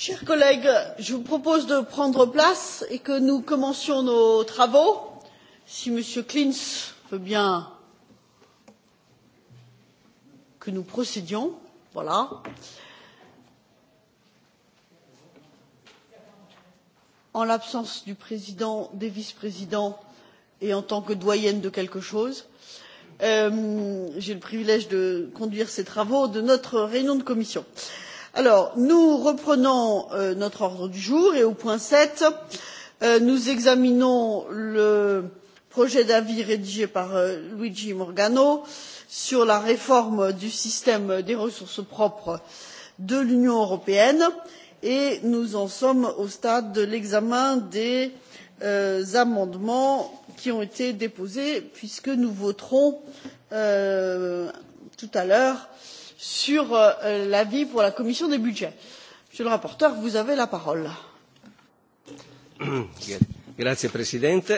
chers collègues je vous propose de prendre place et que nous commencions nos travaux si m. klinz veut bien que nous procédions voilà. en l'absence du président des vice présidents et en tant que doyenne de quelque chose euh, j'ai le privilège de conduire ces travaux de notre réunion de commission. je Alors, nous reprenons euh, notre ordre du jour et au point sept euh, nous examinons le projet d'avis rédigé par euh, luigi morgano sur la réforme du système des ressources propres de l'union européenne et nous en sommes au stade de l'examen des amendements qui ont été déposés puisque nous voterons tout à l'heure sur euh, l'avis pour la commission des budgets. monsieur le rapporteur vous avez la parole. signor presidente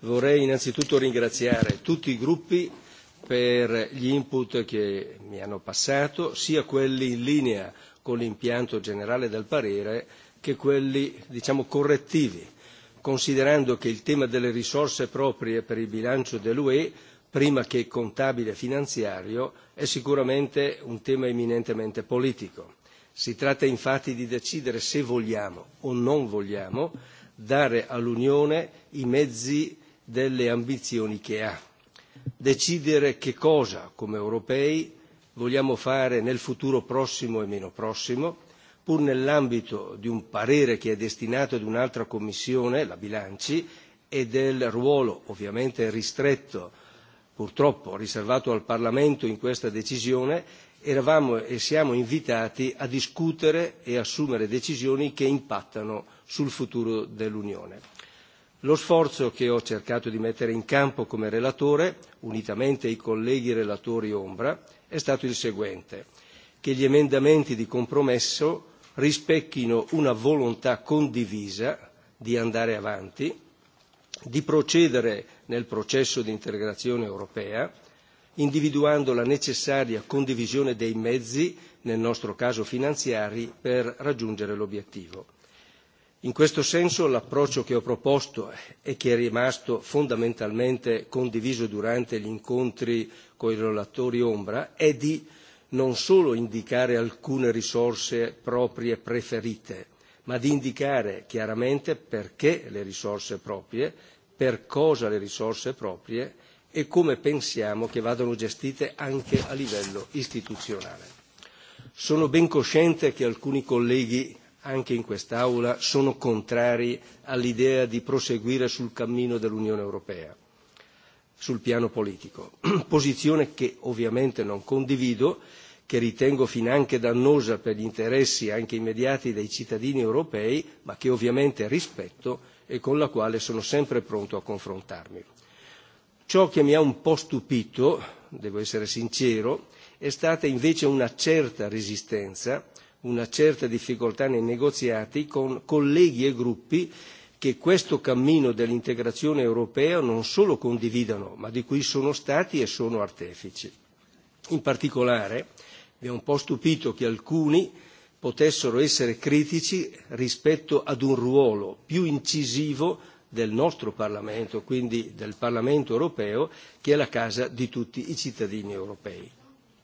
vorrei innanzitutto ringraziare tutti i gruppi per gli input che mi hanno passato sia quelli in linea con l'impianto generale del parere che quelli diciamo correttivi considerando che il tema delle risorse proprie per il bilancio dell'ue prima che contabile finanziario, è sicuramente un tema eminentemente politico. Si tratta infatti di decidere se vogliamo o non vogliamo dare all'Unione i mezzi delle ambizioni che ha. Decidere che cosa, come europei, vogliamo fare nel futuro prossimo e meno prossimo, pur nell'ambito di un parere che è destinato ad un'altra commissione, la bilanci, e del ruolo ovviamente ristretto purtroppo riservato al Parlamento in questa decisione, eravamo e siamo invitati a discutere e assumere decisioni che impattano sul futuro dell'Unione. Lo sforzo che ho cercato di mettere in campo come relatore, unitamente ai colleghi relatori ombra, è stato il seguente che gli emendamenti di compromesso rispecchino una volontà condivisa di andare avanti, di procedere nel processo di integrazione europea, individuando la necessaria condivisione dei mezzi, nel nostro caso finanziari, per raggiungere l'obiettivo. In questo senso l'approccio che ho proposto e che è rimasto fondamentalmente condiviso durante gli incontri con i relatori ombra è di non solo indicare alcune risorse proprie preferite, ma di indicare chiaramente perché le risorse proprie per cosa le risorse proprie e come pensiamo che vadano gestite anche a livello istituzionale. Sono ben cosciente che alcuni colleghi anche in quest'Aula sono contrari all'idea di proseguire sul cammino dell'Unione Europea sul piano politico, posizione che ovviamente non condivido, che ritengo finanche dannosa per gli interessi anche immediati dei cittadini europei, ma che ovviamente rispetto e con la quale sono sempre pronto a confrontarmi. Ciò che mi ha un po' stupito, devo essere sincero, è stata invece una certa resistenza, una certa difficoltà nei negoziati con colleghi e gruppi che questo cammino dell'integrazione europea non solo condividano, ma di cui sono stati e sono artefici. In particolare, mi ha un po' stupito che alcuni potessero essere critici rispetto ad un ruolo più incisivo del nostro Parlamento, quindi del Parlamento europeo, che è la casa di tutti i cittadini europei.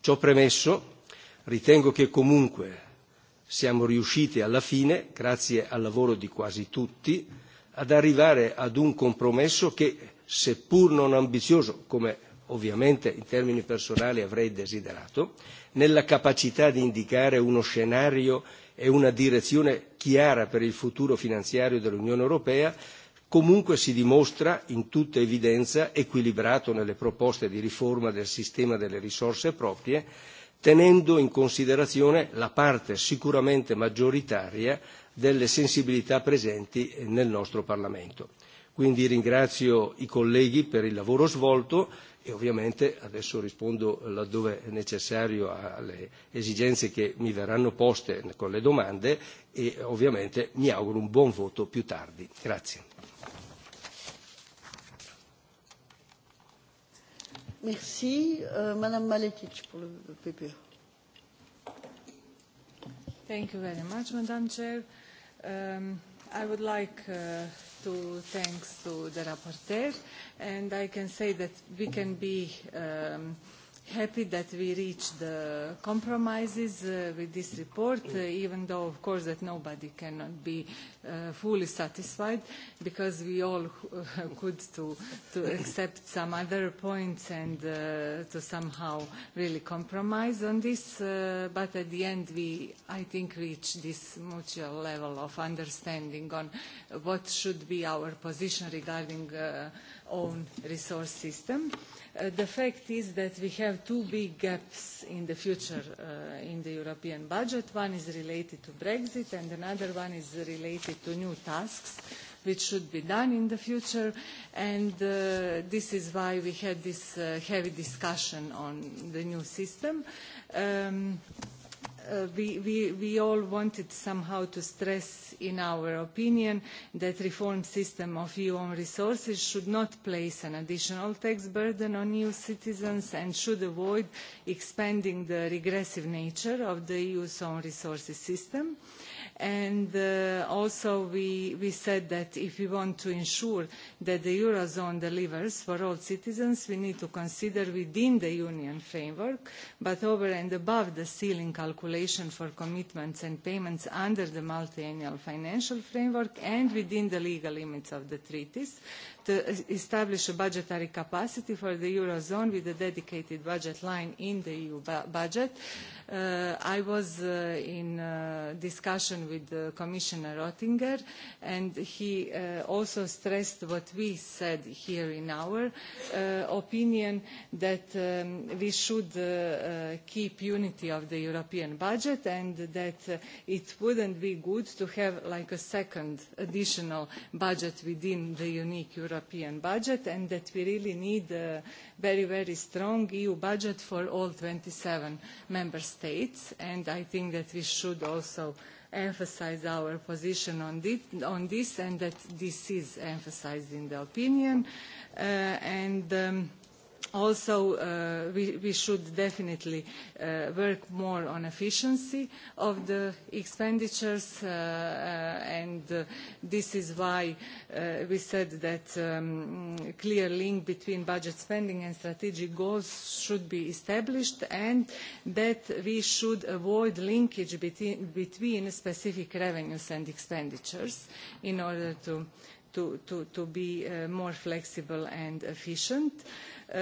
Ciò premesso, ritengo che comunque siamo riusciti alla fine, grazie al lavoro di quasi tutti, ad arrivare ad un compromesso che, seppur non ambizioso, come ovviamente in termini personali avrei desiderato, nella capacità di indicare uno scenario e una direzione chiara per il futuro finanziario dell'Unione Europea, comunque si dimostra in tutta evidenza equilibrato nelle proposte di riforma del sistema delle risorse proprie, tenendo in considerazione la parte sicuramente maggioritaria delle sensibilità presenti nel nostro Parlamento. Quindi ringrazio i colleghi per il lavoro svolto e ovviamente adesso rispondo laddove è necessario alle esigenze che mi verranno poste con le domande e ovviamente mi auguro un buon voto più tardi. Grazie. Merci. Euh, Madame Maletic pour le PPE. Thank you very much, Madame Chair. Um, I would like uh, to thanks to the rapporteur, and I can say that we can be um, happy that we reached the compromises uh, with this report, uh, even though, of course, that nobody cannot be uh, fully satisfied, because we all uh, could to, to accept some other points and uh, to somehow really compromise on this. Uh, but at the end, we, I think, reached this mutual level of understanding on what should be our position regarding uh, own resource system. Uh, the fact is that we have two big gaps in the future uh, in the European budget. One is related to Brexit and another one is related to new tasks which should be done in the future. And uh, this is why we had this uh, heavy discussion on the new system. Um, Uh, we, we, we all wanted somehow to stress in our opinion that reform system of EU own resources should not place an additional tax burden on EU citizens and should avoid expanding the regressive nature of the EU's own resources system and uh, also we, we said that if we want to ensure that the eurozone delivers for all citizens we need to consider within the union framework but over and above the ceiling calculation for commitments and payments under the multiannual financial framework and within the legal limits of the treaties establish a budgetary capacity for the eurozone with a dedicated budget line in the eu budget. Uh, i was uh, in uh, discussion with commissioner oettinger and he uh, also stressed what we said here in our uh, opinion that um, we should uh, keep unity of the european budget and that it wouldn't be good to have like a second additional budget within the unique euro European budget and that we really need a very, very strong EU budget for all 27 member states. And I think that we should also emphasize our position on, this, on this and that this is emphasized in the opinion. Uh, and um, also uh, we, we should definitely uh, work more on efficiency of the expenditures uh, uh, and uh, this is why uh, we said that um, clear link between budget spending and strategic goals should be established and that we should avoid linkage between, between specific revenues and expenditures in order to to, to, to be uh, more flexible and efficient. Uh,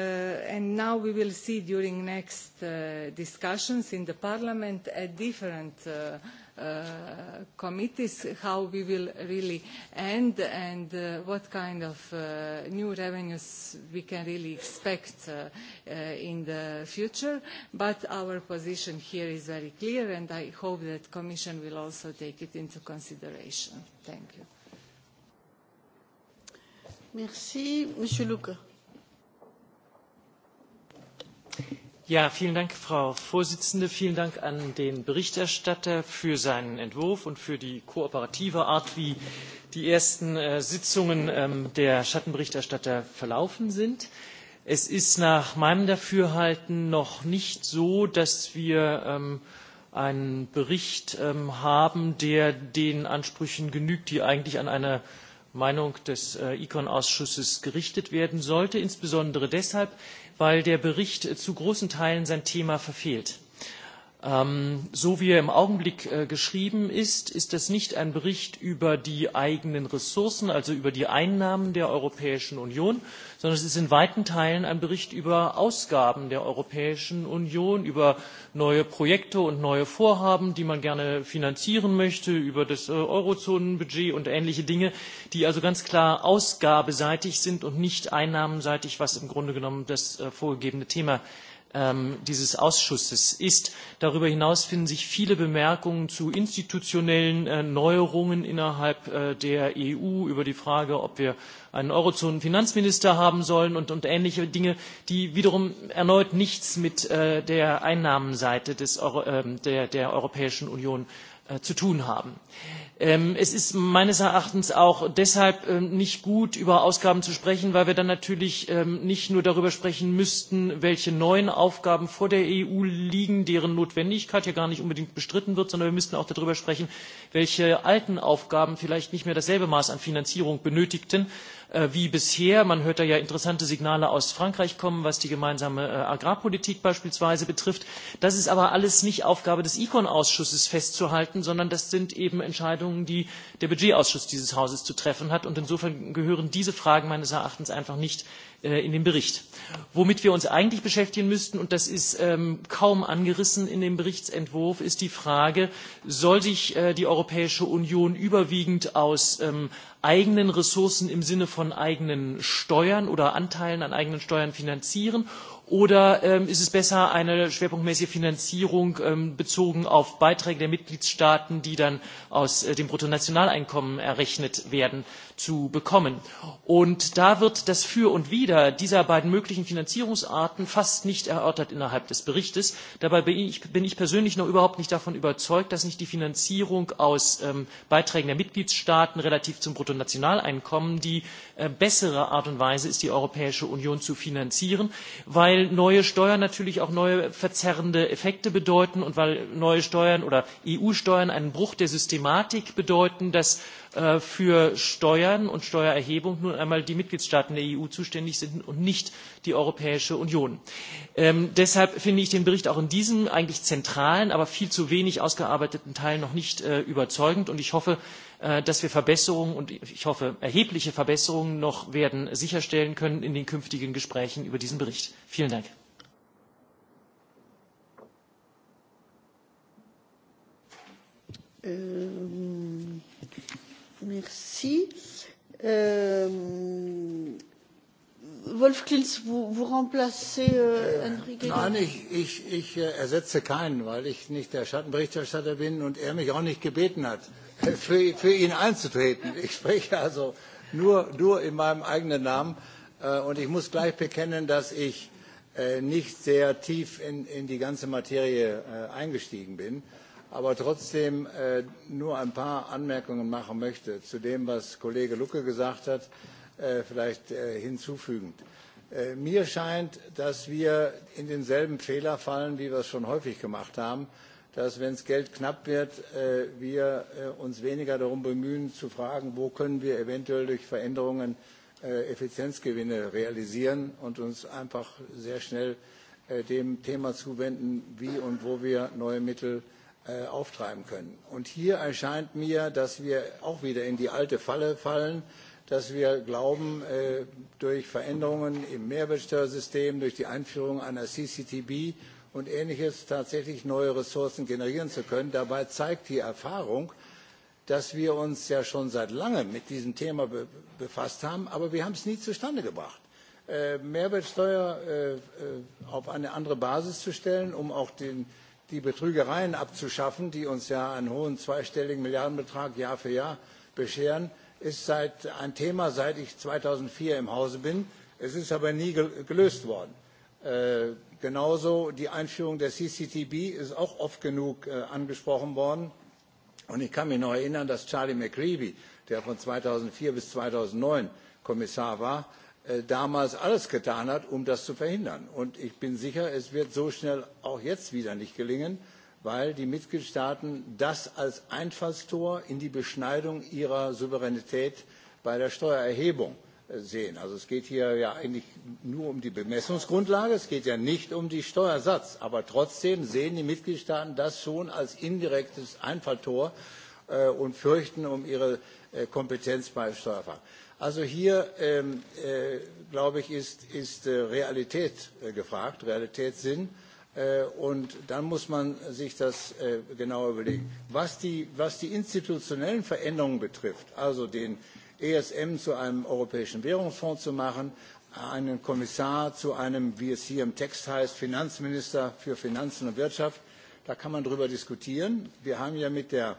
and now we will see during next uh, discussions in the Parliament at different uh, Uh, committees, how we will really end and uh, what kind of uh, new revenues we can really expect uh, uh, in the future. But our position here is very clear, and I hope that Commission will also take it into consideration. Thank you. Frau präsidentin! Vielen Dank an den Berichterstatter für seinen Entwurf und für die kooperative Art, wie die ersten äh, Sitzungen ähm, der Schattenberichterstatter verlaufen sind. Es ist nach meinem Dafürhalten noch nicht so, dass wir ähm, einen Bericht ähm, haben, der den Ansprüchen genügt, die eigentlich an eine Meinung des Econ-Ausschusses äh, gerichtet werden sollte, insbesondere deshalb, weil der Bericht äh, zu großen Teilen sein Thema verfehlt. Ähm, so wie er im augenblick äh, geschrieben ist ist das nicht ein bericht über die eigenen ressourcen also über die einnahmen der europäischen union sondern es ist in weiten teilen ein bericht über ausgaben der europäischen union über neue projekte und neue vorhaben die man gerne finanzieren möchte über das äh, eurozonenbudget und ähnliche dinge die also ganz klar ausgabenseitig sind und nicht einnahmenseitig was im grunde genommen das äh, vorgegebene thema Ähm, dieses Ausschusses ist. Darüber hinaus finden sich viele Bemerkungen zu institutionellen äh, Neuerungen innerhalb äh, der EU über die Frage, ob wir einen Eurozonen-Finanzminister haben sollen und, und ähnliche Dinge, die wiederum erneut nichts mit äh, der Einnahmenseite des Euro, ähm, der, der Europäischen Union zu tun haben. Ähm, es ist meines Erachtens auch deshalb ähm, nicht gut, über Ausgaben zu sprechen, weil wir dann natürlich ähm, nicht nur darüber sprechen müssten, welche neuen Aufgaben vor der EU liegen, deren Notwendigkeit ja gar nicht unbedingt bestritten wird, sondern wir müssten auch darüber sprechen, welche alten Aufgaben vielleicht nicht mehr dasselbe Maß an Finanzierung benötigten äh, wie bisher. Man hört da ja interessante Signale aus Frankreich kommen, was die gemeinsame äh, Agrarpolitik beispielsweise betrifft. Das ist aber alles nicht Aufgabe des Econ-Ausschusses festzuhalten, sondern das sind eben Entscheidungen, Entscheidungen, die der Budgetausschuss dieses Hauses zu treffen hat. Und insofern gehören diese Fragen meines Erachtens einfach nicht äh, in den Bericht. Womit wir uns eigentlich beschäftigen müssten, und das ist ähm, kaum angerissen in dem Berichtsentwurf, ist die Frage, soll sich äh, die Europäische Union überwiegend aus ähm, eigenen Ressourcen im Sinne von eigenen Steuern oder Anteilen an eigenen Steuern finanzieren Oder ähm, ist es besser, eine schwerpunktmäßige Finanzierung ähm, bezogen auf Beiträge der Mitgliedstaaten, die dann aus äh, dem Bruttonationaleinkommen errechnet werden? zu bekommen. Und da wird das Für und Wider dieser beiden möglichen Finanzierungsarten fast nicht erörtert innerhalb des Berichtes. Dabei bin ich, bin ich persönlich noch überhaupt nicht davon überzeugt, dass nicht die Finanzierung aus ähm, Beiträgen der Mitgliedstaaten relativ zum Bruttonationaleinkommen die äh, bessere Art und Weise ist, die Europäische Union zu finanzieren, weil neue Steuern natürlich auch neue verzerrende Effekte bedeuten und weil neue Steuern oder EU-Steuern einen Bruch der Systematik bedeuten, dass Äh, für Steuern und Steuererhebung nun einmal die Mitgliedstaaten der EU zuständig sind und nicht die Europäische Union. Ähm, deshalb finde ich den Bericht auch in diesem eigentlich zentralen, aber viel zu wenig ausgearbeiteten Teil noch nicht äh, überzeugend und ich hoffe, äh, dass wir Verbesserungen und ich hoffe erhebliche Verbesserungen noch werden sicherstellen können in den künftigen Gesprächen über diesen Bericht. Vielen Dank. Ähm, Merci. Euh, Wolf Klintz, vous, vous remplacez euh, Enrique? Nein, ich, ich, ich äh, ersetze keinen, weil ich nicht der Schattenberichterstatter bin und er mich auch nicht gebeten hat, für, für ihn einzutreten. Ich spreche also nur, nur in meinem eigenen Namen äh, und ich muss gleich bekennen, dass ich äh, nicht sehr tief in, in die ganze Materie eingestiegen bin. Äh, aber trotzdem äh, nur ein paar Anmerkungen machen möchte zu dem, was Kollege Lucke gesagt hat, äh, vielleicht äh, hinzufügend. mir scheint, dass wir in denselben Fehler fallen, wie wir es schon häufig gemacht haben, dass wenn das Geld knapp wird, wir uns weniger darum bemühen zu fragen, wo können wir eventuell durch Veränderungen Effizienzgewinne realisieren und uns einfach sehr schnell dem Thema zuwenden, wie und wo wir neue Mittel äh, Äh, auftreiben können. Und hier erscheint mir, dass wir auch wieder in die alte Falle fallen, dass wir glauben, äh, durch Veränderungen im Mehrwertsteuersystem, durch die Einführung einer CCTB und Ähnliches tatsächlich neue Ressourcen generieren zu können. Dabei zeigt die Erfahrung, dass wir uns ja schon seit langem mit diesem Thema be befasst haben, aber wir haben es nie zustande gebracht. Äh, Mehrwertsteuer auf eine andere Basis zu stellen, um auch den die Betrügereien abzuschaffen, die uns ja einen hohen zweistelligen Milliardenbetrag Jahr für Jahr bescheren, ist seit, ein Thema, seit ich 2004 im Hause bin. Es ist aber nie gelöst worden. Äh, genauso die Einführung der CCTB ist auch oft genug äh, angesprochen worden. Und ich kann mich noch erinnern, dass Charlie McCreevy, der von 2004 bis 2009 Kommissar war, Äh, damals alles getan hat, um das zu verhindern. Und ich bin sicher, es wird so schnell auch jetzt wieder nicht gelingen, weil die Mitgliedstaaten das als Einfallstor in die Beschneidung ihrer Souveränität bei der Steuererhebung äh, sehen. Also es geht hier ja eigentlich nur um die Bemessungsgrundlage, es geht ja nicht um den Steuersatz. Aber trotzdem sehen die Mitgliedstaaten das schon als indirektes Einfalltor äh, und fürchten um ihre Kompetenz bei Steuerfragen. Also hier, ähm, äh, glaube ich, ist, ist äh, Realität äh, gefragt, Realitätssinn. Äh, und dann muss man sich das äh, genauer überlegen. Was die, was die institutionellen Veränderungen betrifft, also den ESM zu einem europäischen Währungsfonds zu machen, einen Kommissar zu einem, wie es hier im Text heißt, Finanzminister für Finanzen und Wirtschaft, da kann man darüber diskutieren. Wir haben ja mit der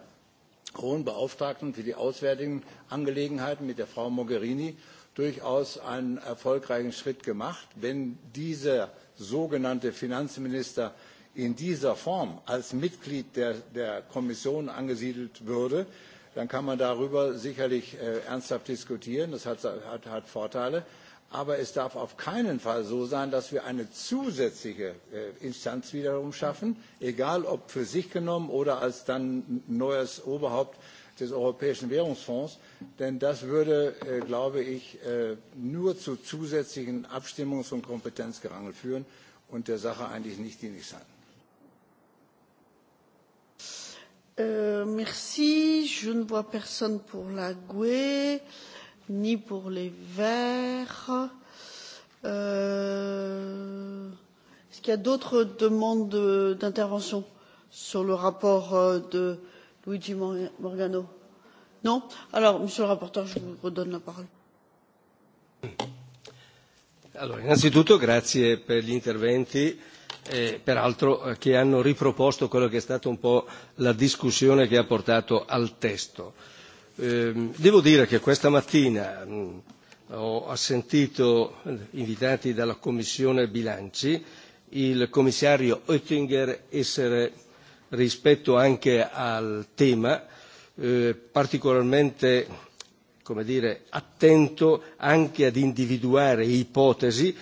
hohen beauftragten für die auswärtigen angelegenheiten mit der frau mogherini durchaus einen erfolgreichen schritt gemacht. wenn dieser sogenannte finanzminister in dieser form als mitglied der, der kommission angesiedelt würde dann kann man darüber sicherlich äh, ernsthaft diskutieren das hat, hat, hat vorteile. Aber es darf auf keinen Fall so sein, dass wir eine zusätzliche äh, Instanz wiederum schaffen, egal ob für sich genommen oder als dann neues Oberhaupt des Europäischen Währungsfonds. Denn das würde, äh, glaube ich, äh, nur zu zusätzlichen Abstimmungs- und Kompetenzgerangel führen und der Sache eigentlich nicht dienlich sein. Euh, merci. Je ne vois personne pour la GUE ni pour les Verts. Euh, Est-ce qu'il y a d'autres demandes d'intervention sur le rapport euh, de Luigi Morgano Non Alors, Monsieur le rapporteur, je vous redonne la parole. Allora, innanzitutto grazie per gli interventi e eh, peraltro che hanno riproposto quello che è stato un po' la discussione che ha portato al testo Ehm, devo dire che questa mattina mm, ho sentito, invitati dalla Commissione Bilanci, il commissario Oettinger essere, rispetto anche al tema, eh, particolarmente come dire, attento anche ad individuare ipotesi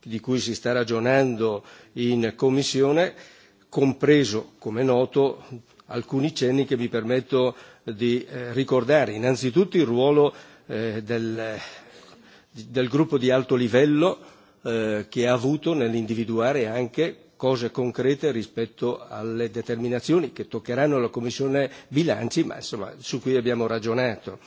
di cui si sta ragionando in Commissione, compreso, come noto, alcuni cenni che mi permetto di eh, ricordare innanzitutto il ruolo eh, del, del gruppo di alto livello eh, che ha avuto nell'individuare anche cose concrete rispetto alle determinazioni che toccheranno la Commissione bilanci, ma insomma, su cui abbiamo ragionato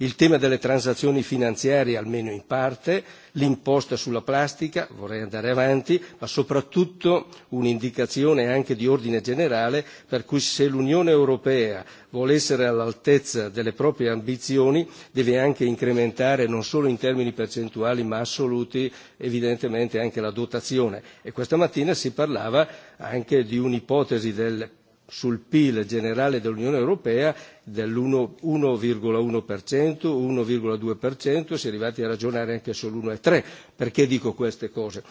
il tema delle transazioni finanziarie almeno in parte, l'imposta sulla plastica, vorrei andare avanti, ma soprattutto un'indicazione anche di ordine generale per cui se l'Unione Europea vuole essere all'altezza delle proprie ambizioni deve anche incrementare non solo in termini percentuali ma assoluti evidentemente anche la dotazione e questa mattina si parlava anche di un'ipotesi del sul PIL generale dell'Unione Europea dell'1,1%, 1,2%, si è arrivati a ragionare anche sull'1,3%. Perché dico queste cose?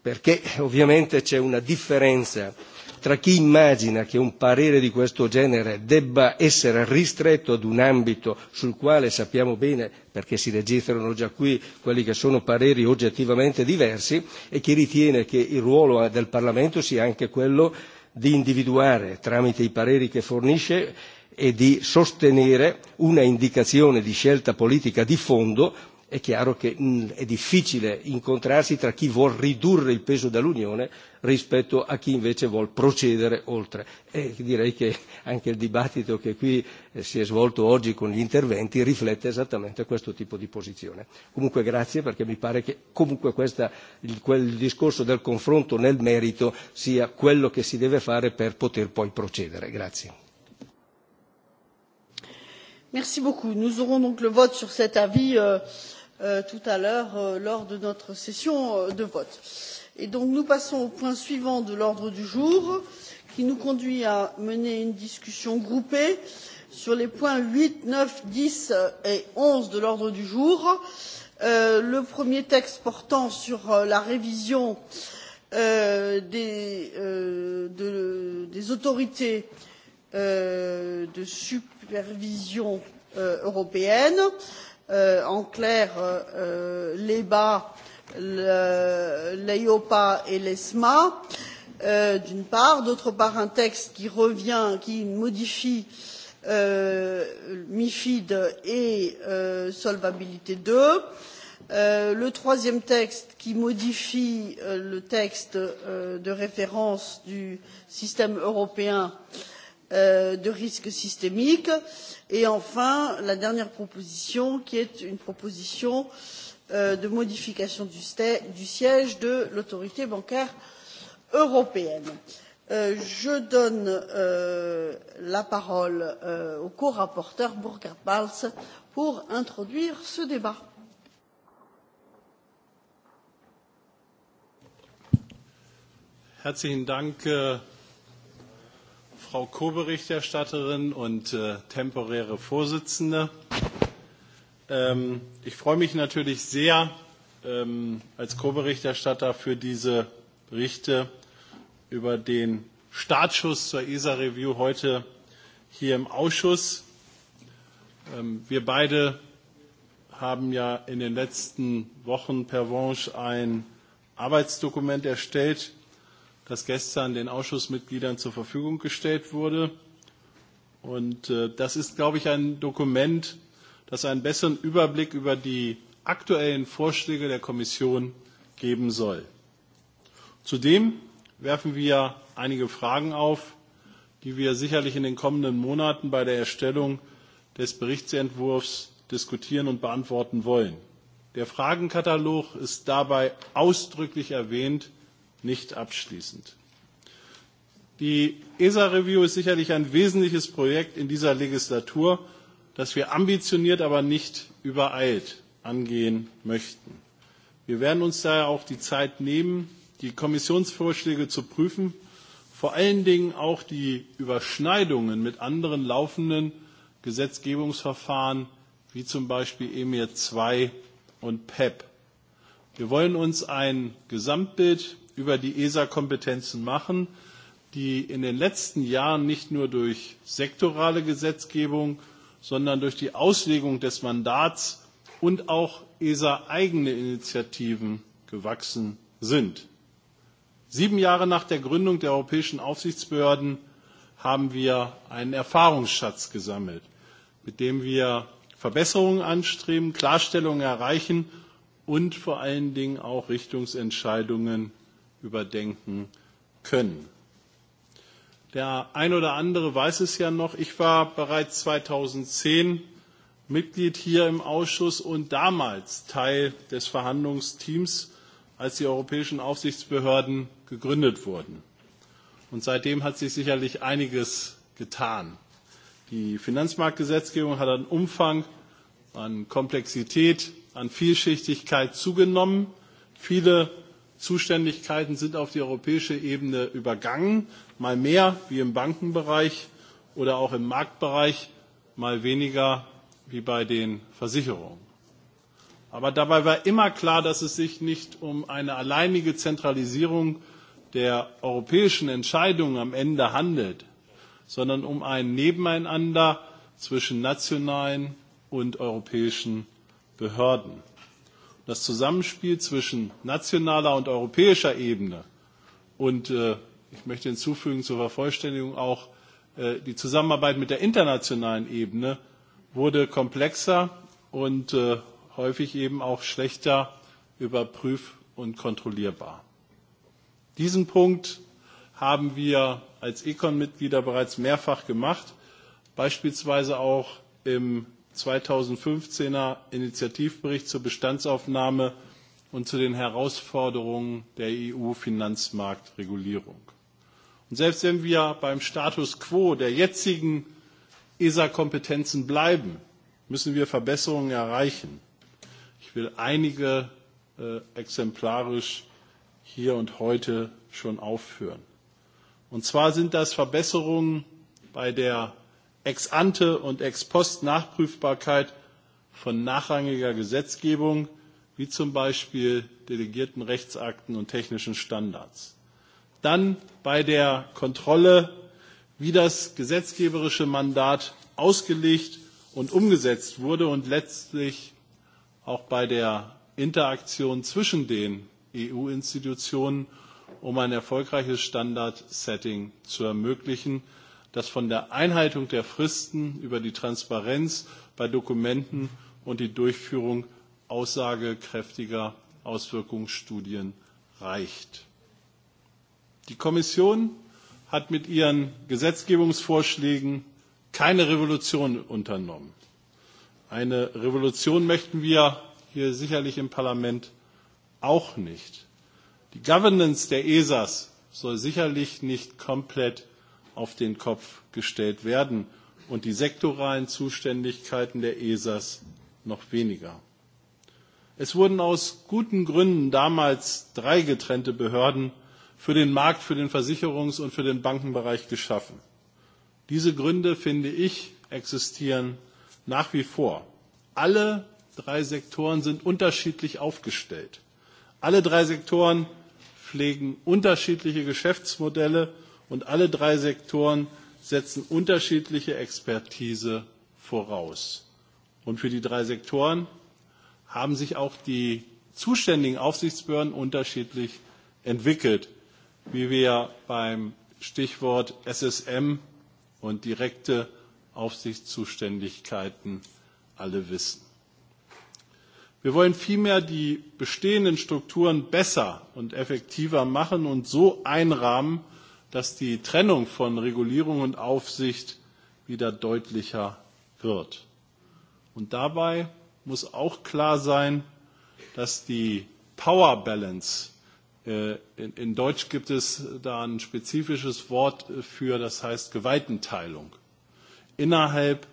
Perché ovviamente c'è una differenza tra chi immagina che un parere di questo genere debba essere ristretto ad un ambito sul quale sappiamo bene, perché si registrano già qui quelli che sono pareri oggettivamente diversi, e chi ritiene che il ruolo del Parlamento sia anche quello di individuare tramite i pareri che fornisce e di sostenere una indicazione di scelta politica di fondo è chiaro che mh, mm, è difficile incontrarsi tra chi vuol ridurre il peso dell'Unione rispetto a chi invece vuol procedere oltre. E direi che anche il dibattito che qui eh, si è svolto oggi con gli interventi riflette esattamente questo tipo di posizione. Comunque grazie perché mi pare che comunque questa, il, quel discorso del confronto nel merito sia quello che si deve fare per poter poi procedere. Grazie merci beaucoup. nous aurons donc le vote sur cet avis euh, euh, tout à l'heure euh, lors de notre session de vote. nous passons au point suivant de l'ordre du jour qui nous conduit à mener une discussion groupée sur les points huit neuf dix et onze de l'ordre du jour le premier texte portant sur la révision des, autorités de Euh, de supervision euh, européenne euh, en clair l'eba l'eiopa et l'esma d'une part et d'autre part un texte qui revient qui modifie mifid et solvabilité ii le troisième texte qui modifie le texte de référence du système européen de Euh, de risque systémique et enfin la dernière proposition qui est une proposition euh, de modification du siège de l'autorité bancaire européenne. Euh, je donne la parole au corapporteur burkhard balz pour introduire ce débat. herzlichen dank äh, Frau Co-Berichterstatterin und äh, temporäre Vorsitzende. Ähm, ich freue mich natürlich sehr, ähm, als Co-Berichterstatter für diese Berichte über den Startschuss zur ESA-Review heute hier im Ausschuss. Ähm, wir beide haben ja in den letzten Wochen per Vange ein Arbeitsdokument erstellt, das gestern den Ausschussmitgliedern zur Verfügung gestellt wurde. Und äh, das ist, glaube ich, ein Dokument, das einen besseren Überblick über die aktuellen Vorschläge der Kommission geben soll. Zudem werfen wir einige Fragen auf, die wir sicherlich in den kommenden Monaten bei der Erstellung des Berichtsentwurfs diskutieren und beantworten wollen. Der Fragenkatalog ist dabei ausdrücklich erwähnt, nicht abschließend. Die ESA Review ist sicherlich ein wesentliches Projekt in dieser Legislatur, das wir ambitioniert, aber nicht übereilt angehen möchten. Wir werden uns daher auch die Zeit nehmen, die Kommissionsvorschläge zu prüfen, vor allen Dingen auch die Überschneidungen mit anderen laufenden Gesetzgebungsverfahren, wie zum Beispiel EMIR II und PEP. E wir wollen uns ein Gesamtbild über die ESA-Kompetenzen machen, die in den letzten Jahren nicht nur durch sektorale Gesetzgebung, sondern durch die Auslegung des Mandats und auch ESA-eigene Initiativen gewachsen sind. Sieben Jahre nach der Gründung der europäischen Aufsichtsbehörden haben wir einen Erfahrungsschatz gesammelt, mit dem wir Verbesserungen anstreben, Klarstellungen erreichen und vor allen Dingen auch Richtungsentscheidungen überdenken können. Der ein oder andere weiß es ja noch, ich war bereits 2010 Mitglied hier im Ausschuss und damals Teil des Verhandlungsteams, als die europäischen Aufsichtsbehörden gegründet wurden. Und seitdem hat sich sicherlich einiges getan. Die Finanzmarktgesetzgebung hat an Umfang, an Komplexität, an Vielschichtigkeit zugenommen. Viele Zuständigkeiten sind auf die europäische Ebene übergangen, mal mehr wie im Bankenbereich oder auch im Marktbereich, mal weniger wie bei den Versicherungen. Aber dabei war immer klar, dass es sich nicht um eine alleinige Zentralisierung der europäischen Entscheidungen am Ende handelt, sondern um ein Nebeneinander zwischen nationalen und europäischen Behörden das Zusammenspiel zwischen nationaler und europäischer Ebene und äh, ich möchte hinzufügen zur Vervollständigung auch äh, die Zusammenarbeit mit der internationalen Ebene wurde komplexer und äh, häufig eben auch schlechter überprüf- und kontrollierbar. Diesen Punkt haben wir als Econ-Mitglieder bereits mehrfach gemacht, beispielsweise auch im 2015er Initiativbericht zur Bestandsaufnahme und zu den Herausforderungen der EU-Finanzmarktregulierung. Und selbst wenn wir beim Status quo der jetzigen ESA-Kompetenzen bleiben, müssen wir Verbesserungen erreichen. Ich will einige äh, exemplarisch hier und heute schon aufführen. Und zwar sind das Verbesserungen bei der ex ante und ex post Nachprüfbarkeit von nachrangiger Gesetzgebung, wie zum Beispiel delegierten Rechtsakten und technischen Standards. Dann bei der Kontrolle, wie das gesetzgeberische Mandat ausgelegt und umgesetzt wurde und letztlich auch bei der Interaktion zwischen den EU-Institutionen, um ein erfolgreiches Standard-Setting zu ermöglichen dass von der Einhaltung der Fristen über die Transparenz bei Dokumenten und die Durchführung aussagekräftiger Auswirkungsstudien reicht. Die Kommission hat mit ihren Gesetzgebungsvorschlägen keine Revolution unternommen. Eine Revolution möchten wir hier sicherlich im Parlament auch nicht. Die Governance der ESAs soll sicherlich nicht komplett auf den Kopf gestellt werden und die sektoralen Zuständigkeiten der ESAs noch weniger. Es wurden aus guten Gründen damals drei getrennte Behörden für den Markt, für den Versicherungs- und für den Bankenbereich geschaffen. Diese Gründe, finde ich, existieren nach wie vor. Alle drei Sektoren sind unterschiedlich aufgestellt. Alle drei Sektoren pflegen unterschiedliche Geschäftsmodelle Und alle drei Sektoren setzen unterschiedliche Expertise voraus. Und für die drei Sektoren haben sich auch die zuständigen Aufsichtsbehörden unterschiedlich entwickelt, wie wir beim Stichwort SSM und direkte Aufsichtszuständigkeiten alle wissen. Wir wollen vielmehr die bestehenden Strukturen besser und effektiver machen und so einrahmen, dass die Trennung von Regulierung und Aufsicht wieder deutlicher wird. Und dabei muss auch klar sein, dass die Power Balance äh, in Deutsch gibt es da ein spezifisches Wort für, das heißt Gewaltenteilung, innerhalb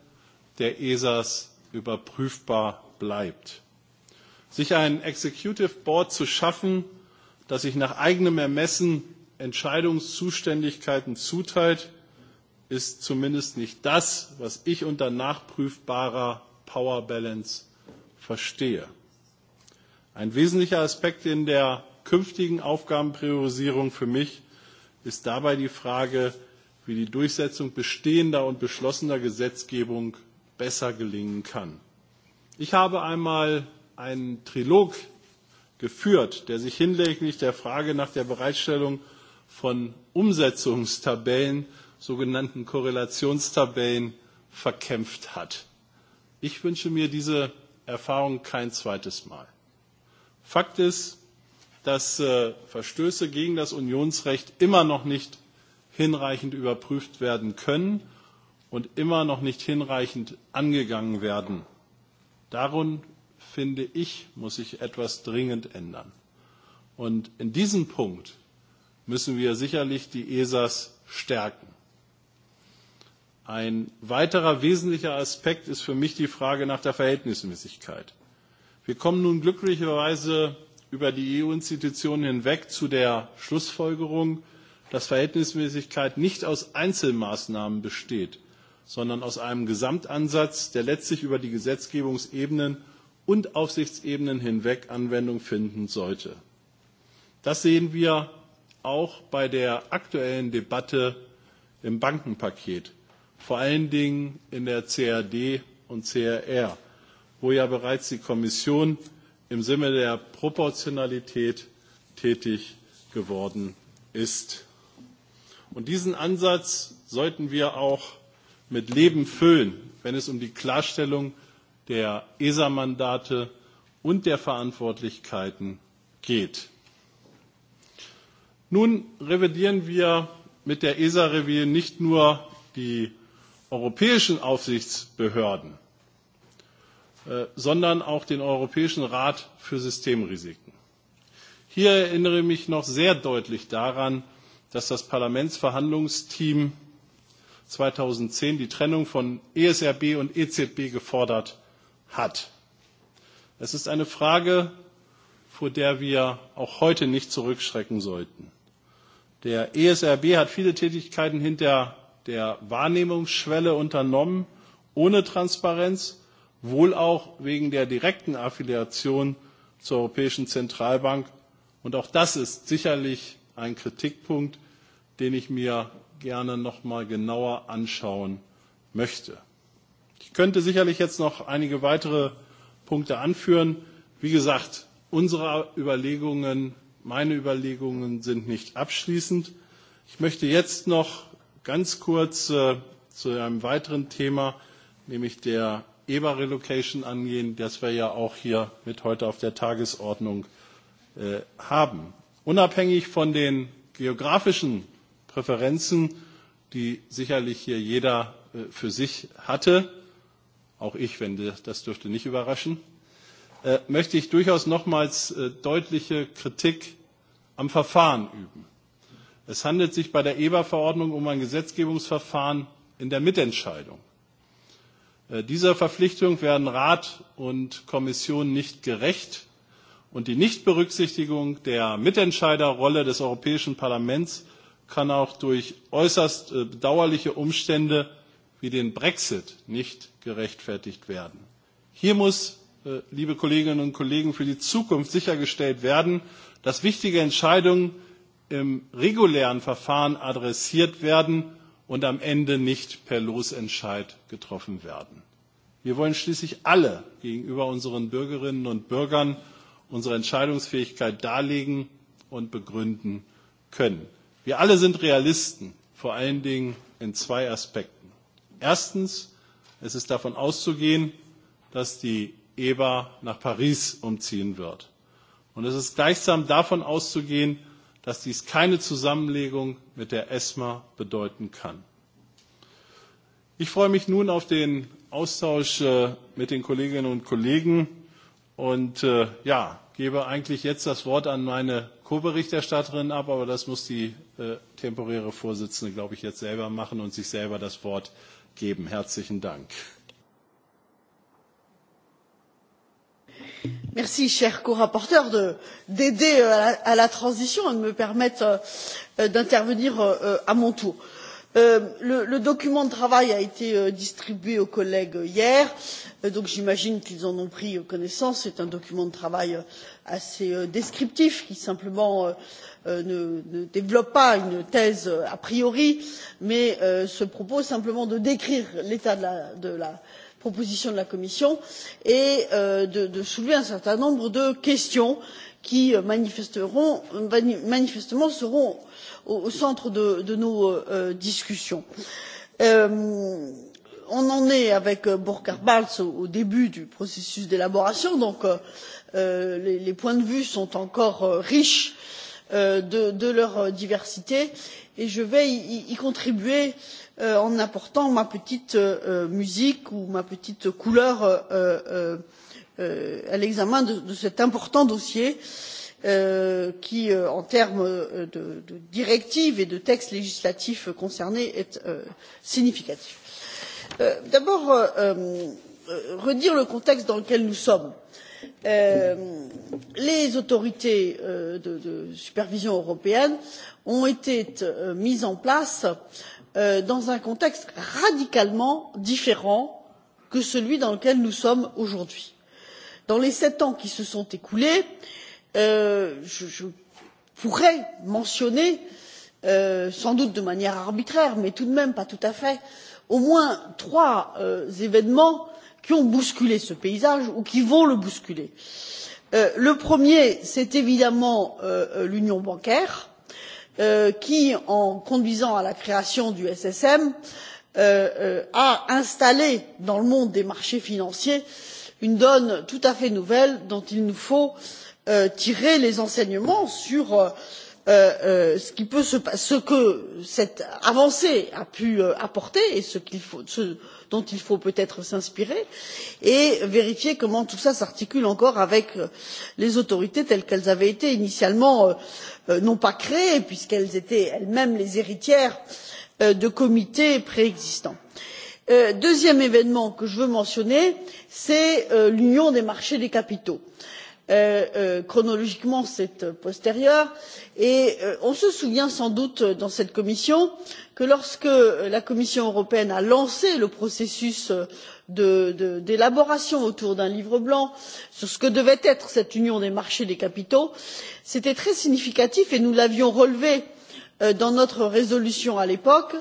der ESAs überprüfbar bleibt. Sich ein Executive Board zu schaffen, das sich nach eigenem Ermessen Entscheidungszuständigkeiten zuteilt, ist zumindest nicht das, was ich unter nachprüfbarer Power Balance verstehe. Ein wesentlicher Aspekt in der künftigen Aufgabenpriorisierung für mich ist dabei die Frage, wie die Durchsetzung bestehender und beschlossener Gesetzgebung besser gelingen kann. Ich habe einmal einen Trilog geführt, der sich hinlänglich der Frage nach der Bereitstellung von Umsetzungstabellen, sogenannten Korrelationstabellen, verkämpft hat. Ich wünsche mir diese Erfahrung kein zweites Mal. Fakt ist, dass äh, Verstöße gegen das Unionsrecht immer noch nicht hinreichend überprüft werden können und immer noch nicht hinreichend angegangen werden. Darum finde ich, muss sich etwas dringend ändern. Und in diesem Punkt müssen wir sicherlich die ESAs stärken. Ein weiterer wesentlicher Aspekt ist für mich die Frage nach der Verhältnismäßigkeit. Wir kommen nun glücklicherweise über die EU-Institutionen hinweg zu der Schlussfolgerung, dass Verhältnismäßigkeit nicht aus Einzelmaßnahmen besteht, sondern aus einem Gesamtansatz, der letztlich über die Gesetzgebungsebenen und Aufsichtsebenen hinweg Anwendung finden sollte. Das sehen wir auch bei der aktuellen Debatte im Bankenpaket, vor allen Dingen in der CRD und CRR, wo ja bereits die Kommission im Sinne der Proportionalität tätig geworden ist. Und diesen Ansatz sollten wir auch mit Leben füllen, wenn es um die Klarstellung der ESA-Mandate und der Verantwortlichkeiten geht. Nun revidieren wir mit der ESA Revier nicht nur die europäischen Aufsichtsbehörden, äh, sondern auch den Europäischen Rat für Systemrisiken. Hier erinnere ich mich noch sehr deutlich daran, dass das Parlamentsverhandlungsteam 2010 die Trennung von ESRB und EZB gefordert hat. Es ist eine Frage, vor der wir auch heute nicht zurückschrecken sollten. Der ESRB hat viele Tätigkeiten hinter der Wahrnehmungsschwelle unternommen, ohne Transparenz, wohl auch wegen der direkten Affiliation zur Europäischen Zentralbank. Und auch das ist sicherlich ein Kritikpunkt, den ich mir gerne noch mal genauer anschauen möchte. Ich könnte sicherlich jetzt noch einige weitere Punkte anführen. Wie gesagt, unsere Überlegungen Meine Überlegungen sind nicht abschließend. Ich möchte jetzt noch ganz kurz äh, zu einem weiteren Thema, nämlich der EBA Relocation angehen, das wir ja auch hier mit heute auf der Tagesordnung äh, haben. Unabhängig von den geografischen Präferenzen, die sicherlich hier jeder äh, für sich hatte, auch ich, wenn das dürfte nicht überraschen, Äh, möchte ich durchaus nochmals äh, deutliche Kritik am Verfahren üben. Es handelt sich bei der EBA-Verordnung um ein Gesetzgebungsverfahren in der Mitentscheidung. Äh, dieser Verpflichtung werden Rat und Kommission nicht gerecht und die Nichtberücksichtigung der Mitentscheiderrolle des Europäischen Parlaments kann auch durch äußerst bedauerliche Umstände wie den Brexit nicht gerechtfertigt werden. Hier muss Äh, liebe Kolleginnen und Kollegen, für die Zukunft sichergestellt werden, dass wichtige Entscheidungen im regulären Verfahren adressiert werden und am Ende nicht per Losentscheid getroffen werden. Wir wollen schließlich alle gegenüber unseren Bürgerinnen und Bürgern unsere Entscheidungsfähigkeit darlegen und begründen können. Wir alle sind Realisten, vor allen Dingen in zwei Aspekten. Erstens, es ist davon auszugehen, dass die EBA nach Paris umziehen wird. Und es ist gleichsam davon auszugehen, dass dies keine Zusammenlegung mit der ESMA bedeuten kann. Ich freue mich nun auf den Austausch äh, mit den Kolleginnen und Kollegen und äh, ja, gebe eigentlich jetzt das Wort an meine Co-Berichterstatterin ab, aber das muss die äh, temporäre Vorsitzende, glaube ich, jetzt selber machen und sich selber das Wort geben. Herzlichen Dank. merci cher corapporteur d'aider euh, à la transition et de me permettre euh, d'intervenir euh, à mon tour. le document de travail a été distribué aux collègues hier donc j'imagine qu'ils en ont pris connaissance. c'est un document de travail assez descriptif qui simplement ne développe pas une thèse a priori mais se propose simplement de décrire l'état de la proposition de la commission et euh, de, soulever un certain nombre de questions qui euh, manifestement seront au centre de, nos euh, discussions. on en est avec burkhard balz au, début du processus d'élaboration donc les, points de vue sont encore riches de, leur diversité et je vais y contribuer Euh, en apportant ma petite euh, euh, musique ou ma petite couleur à l'examen de cet important dossier qui en termes de directive et de textes législatifs concernés est significatif. d'abord redire le contexte dans lequel nous sommes. les autorités de supervision européenne ont été mises en place Euh, dans un contexte radicalement différent de celui dans lequel nous sommes aujourd'hui. dans les sept ans qui se sont écoulés euh, je pourrais mentionner euh, sans doute de manière arbitraire mais tout de même pas tout à fait au moins trois événements qui ont bousculé ce paysage ou qui vont le bousculer. le premier c'est évidemment l'union bancaire Euh, qui en conduisant à la création du ssm euh, euh, a installé dans le monde des marchés financiers une donne tout à fait nouvelle dont il nous faut tirer les enseignements sur ce que cette avancée a pu apporter et ce dont il faut peut être s'inspirer et vérifier comment tout cela s'articule encore avec euh, les autorités telles qu'elles avaient été initialement euh, euh, non pas créées puisqu'elles étaient elles mêmes les héritières de comités préexistants. deuxième événement que je veux mentionner c'est l'union des marchés des capitaux. Euh, euh, chronologiquement c'est euh, postérieur et on se souvient sans doute dans cette commission que lorsque la commission européenne a lancé le processus d'élaboration autour d'un livre blanc sur ce que devait être cette union des marchés des capitaux c'était très significatif et nous l'avions relevé dans notre résolution à l'époque que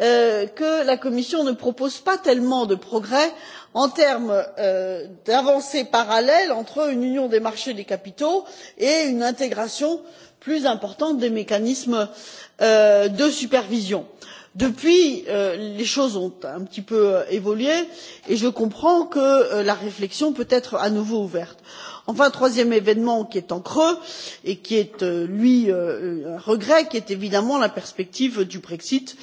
Euh, que la commission ne propose pas tellement de progrès en termes euh, d'avancées parallèles entre une union des marchés des capitaux et une intégration plus importante des mécanismes euh, de supervision. depuis les choses ont un petit peu évolué et je comprends que la réflexion peut être à nouveau ouverte enfin troisième événement qui est en creux et qui est euh, lui euh, un regret qui est évidemment la perspective du brexit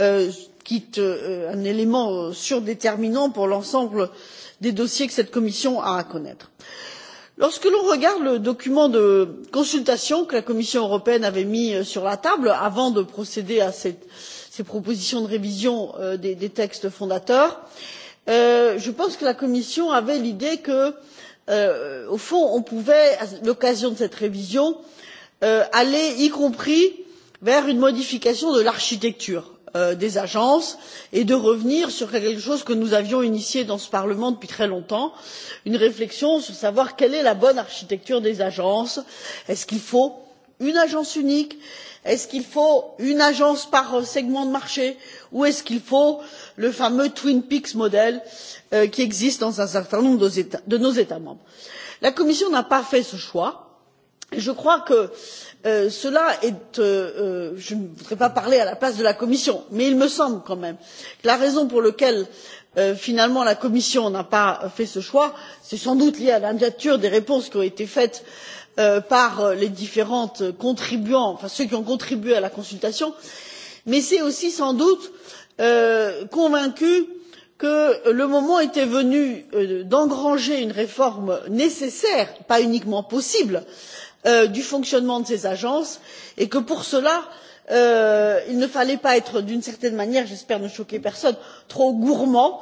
euh, qui est un élément surdéterminant pour l'ensemble des dossiers que cette commission a à connaître. lorsque l'on regarde le document de consultation que la commission européenne avait mis sur la table avant de procéder à ces propositions de révision des textes fondateurs je pense que la commission avait l'idée que Euh, au fond on pouvait à l'occasion de cette révision euh, aller y compris vers une modification de l'architecture euh, des agences et revenir sur quelque chose que nous avions initié dans ce parlement depuis très longtemps une réflexion sur savoir quelle est la bonne architecture des agences est ce qu'il faut une agence unique est ce qu'il faut une agence par segment de marché ou est ce qu'il faut le fameux twin peaks model euh, qui existe dans un certain nombre de nos états membres. la commission n'a pas fait ce choix et je crois que euh, cela est euh, je ne voudrais pas parler à la place de la commission mais il me semble quand même que la raison pour laquelle finalement la commission n'a pas fait ce choix c'est sans doute lié à la nature des réponses qui ont été faites par les différents contribuants enfin ceux qui ont contribué à la consultation mais c'est aussi sans doute lié Euh, convaincue que le moment était venu euh, d'engranger une réforme nécessaire pas uniquement possible euh, du fonctionnement de ces agences et que pour cela il ne fallait pas être d'une certaine manière j'espère ne choquer personne trop gourmand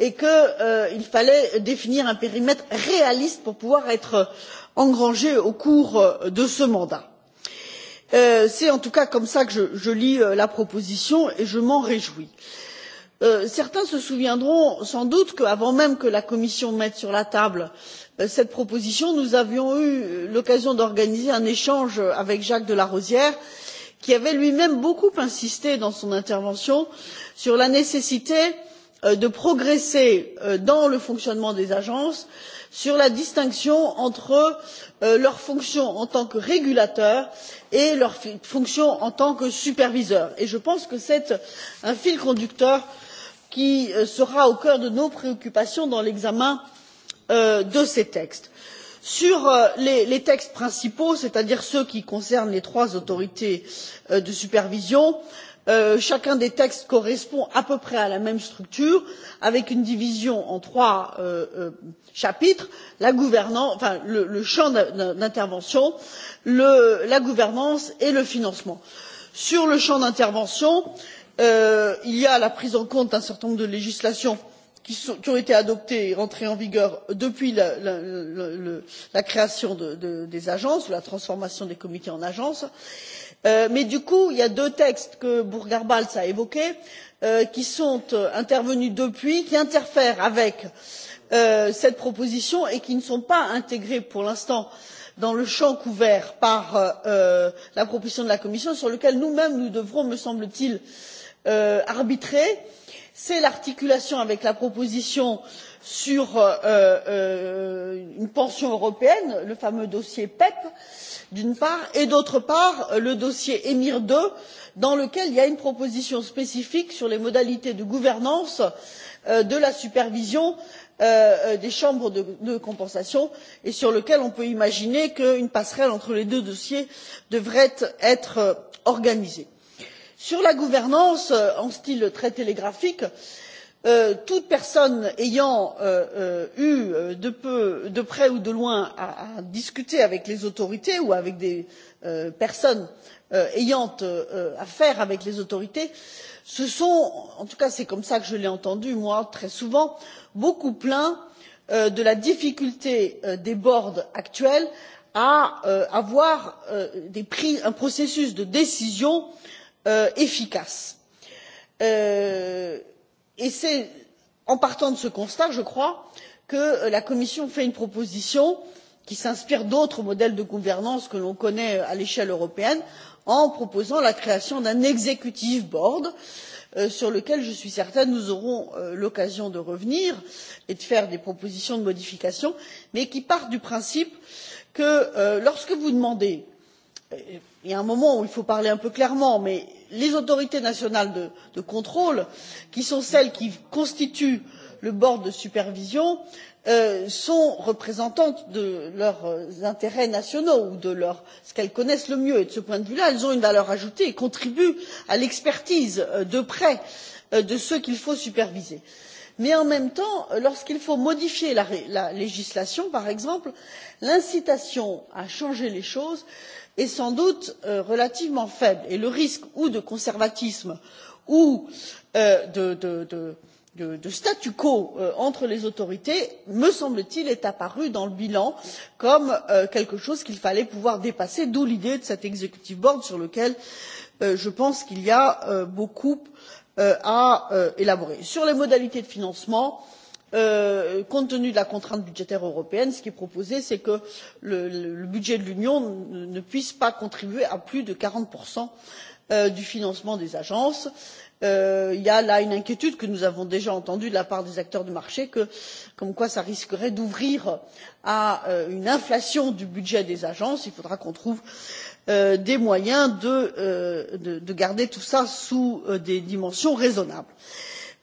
et qu'il fallait définir un périmètre réaliste pour pouvoir être engrangé au cours de ce mandat. Euh, c'est en tout cas comme cela que je, lis euh, la proposition et je m'en réjouis. Euh, certains se souviendront sans doute qu'avant même que la commission mette sur la table cette proposition nous avions eu l'occasion d'organiser un échange avec jacques de larosière qui avait lui même beaucoup insisté dans son intervention sur la nécessité de progresser dans le fonctionnement des agences et sur la distinction entre euh, leur fonction en tant que régulateur et leur fonction en tant que superviseur et je pense que c'est un fil conducteur qui euh, sera au cœur de nos préoccupations dans l'examen euh, de ces textes. sur les textes principaux c'est à dire ceux qui concernent les trois autorités de supervision nous Euh, chacun des textes correspond à peu près à la même structure avec une division en trois euh, euh, chapitres le champ d'intervention la gouvernance et le financement. sur le champ d'intervention il y a la prise en compte d'un certain nombre de législations qui ont été adoptées et entrées en vigueur depuis la création des agences ou la transformation des comités en agences et Euh, mais du coup il y a deux textes que burkhard balz a évoqués euh, qui sont euh, intervenus depuis qui interfèrent avec cette proposition et qui ne sont pas intégrés pour l'instant dans le champ couvert par la proposition de la commission sur lequel nous mêmes nous devrons me semble t il arbitrer c'est l'articulation avec la proposition sur une pension européenne le fameux dossier pepp e d'une part et d'autre part euh, le dossier emir ii dans lequel il y a une proposition spécifique sur les modalités de gouvernance euh, de la supervision euh, des chambres de compensation et sur lequel on peut imaginer qu'une passerelle entre les deux dossiers devrait être organisée. sur la gouvernance en style très télégraphique je Euh, toute personne ayant euh, euh, eu de près ou de loin à discuter avec les autorités ou avec des personnes ayant affaire avec les autorités se sont en tout cas c'est comme cela que je l'ai entendu moi très souvent beaucoup plaints de la difficulté des boards actuels à avoir un processus de décision efficace. il et c'est en partant de ce constat je crois que euh, la commission fait une proposition qui s'inspire d'autres modèles de gouvernance que l'on connaît euh, à l'échelle européenne en proposant la création d'un executive board euh, sur lequel je suis certaine nous aurons l'occasion de revenir et de faire des propositions de modification mais qui part du principe que lorsque vous demandez il y a un moment où il faut parler un peu clairement mais les autorités nationales de contrôle qui sont celles qui constituent le board de supervision euh, sont représentantes de leurs intérêts nationaux ou de ce qu'elles connaissent le mieux et de ce point de vue là elles ont une valeur ajoutée et contribuent à l'expertise euh, de près euh, de ceux qu'il faut superviser. mais en même temps lorsqu'il faut modifier la législation par exemple l'incitation à changer les choses est sans doute euh, relativement faible et le risque ou de conservatisme ou euh, de, statu quo euh, entre les autorités me semble t il est apparu dans le bilan comme quelque chose qu'il fallait pouvoir dépasser d'où l'idée de cet executive board sur lequel je pense qu'il y a beaucoup à élaborer. sur les modalités de financement Euh, compte tenu de la contrainte budgétaire européenne ce qui est proposé c'est que le, budget de l'union ne, puisse pas contribuer à plus de quarante euh, du financement des agences. Euh, il y a là une inquiétude que nous avons déjà entendue de la part des acteurs du marché comme quoi cela risquerait d'ouvrir à une inflation du budget des agences. il faudra qu'on trouve des moyens de, garder tout cela dans des dimensions raisonnables.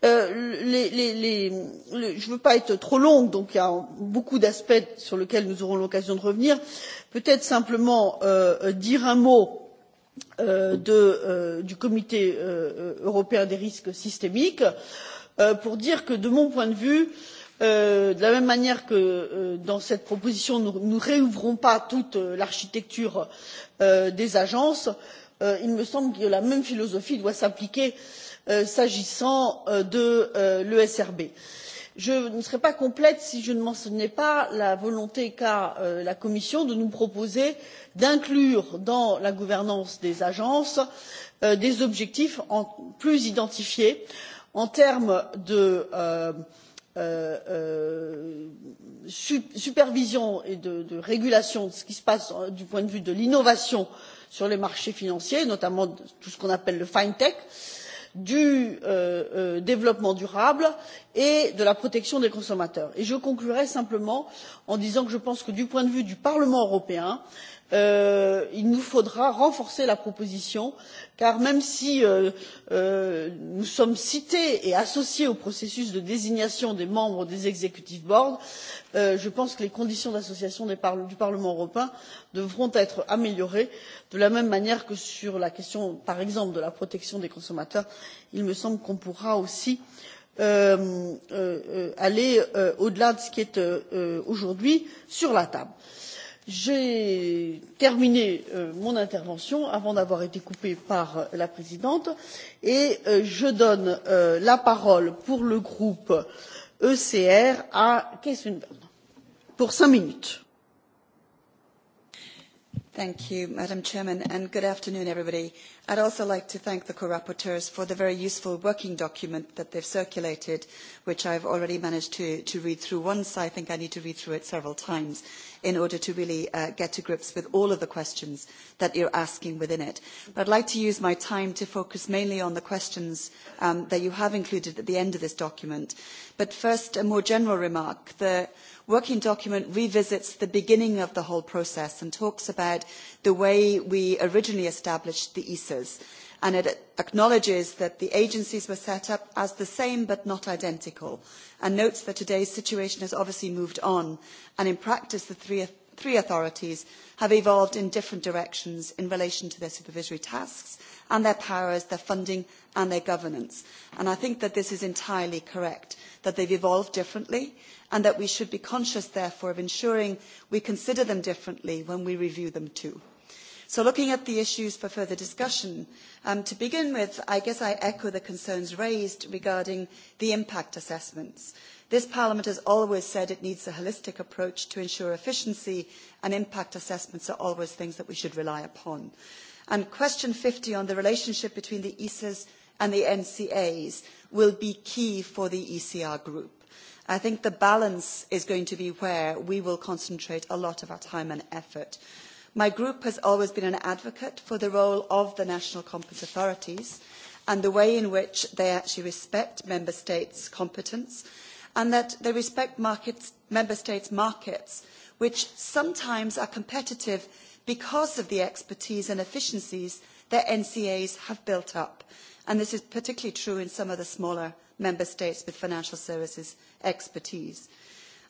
Euh, je ne veux pas être trop longue donc il y a beaucoup d'aspects sur lesquels nous aurons l'occasion de revenir peut être simplement euh, dire un mot euh, du comité européen des risques systémiques pour dire que de mon point de vue de la même manière que dans cette proposition nous ne réouvrons pas toute l'architecture des agences il me semble que la même philosophie doit s'appliquer à Euh, s'agissant euh, de euh, l'esrb. je ne serais pas complète si je ne mentionnais pas la volonté qu'a la commission de nous proposer d'inclure dans la gouvernance des agences des objectifs plus identifiés en termes de supervision et de régulation de ce qui se passe du point de vue de l'innovation sur les marchés financiers notamment tout ce qu'on appelle le fintech du euh, euh, développement durable et de la protection des consommateurs. je conclurai simplement en disant que je pense que du point de vue du parlement européen il Euh, il nous faudra renforcer la proposition car même si euh, euh, nous sommes cités et associés au processus de désignation des membres des exécutifs boards je pense que les conditions d'association du parlement européen devront être améliorées de la même manière que sur la question par exemple de la protection des consommateurs il me semble qu'on pourra aussi aller au delà de ce qui est aujourd'hui sur la table j'ai terminé euh, mon intervention avant d'avoir été coupée par euh, la présidente et euh, je donne la parole pour le groupe ecr à kees sundberg pour cinq minutes. thank I'd also like to thank the co-rapporteurs for the very useful working document that they've circulated, which I've already managed to, to read through once. I think I need to read through it several times in order to really uh, get to grips with all of the questions that you're asking within it. But I'd like to use my time to focus mainly on the questions um, that you have included at the end of this document. But first, a more general remark. The working document revisits the beginning of the whole process and talks about the way we originally established the ESA matters and it acknowledges that the agencies were set up as the same but not identical and notes that today's situation has obviously moved on and in practice the three, three authorities have evolved in different directions in relation to their supervisory tasks and their powers their funding and their governance and i think that this is entirely correct that they've evolved differently and that we should be conscious therefore of ensuring we consider them differently when we review them too. So looking at the issues for further discussion, um, to begin with, I guess I echo the concerns raised regarding the impact assessments. This Parliament has always said it needs a holistic approach to ensure efficiency and impact assessments are always things that we should rely upon. And question 50 on the relationship between the ESAs and the NCAs will be key for the ECR group. I think the balance is going to be where we will concentrate a lot of our time and effort my group has always been an advocate for the role of the national competence authorities and the way in which they actually respect member states' competence and that they respect markets, member states' markets which sometimes are competitive because of the expertise and efficiencies that ncas have built up and this is particularly true in some of the smaller member states with financial services expertise.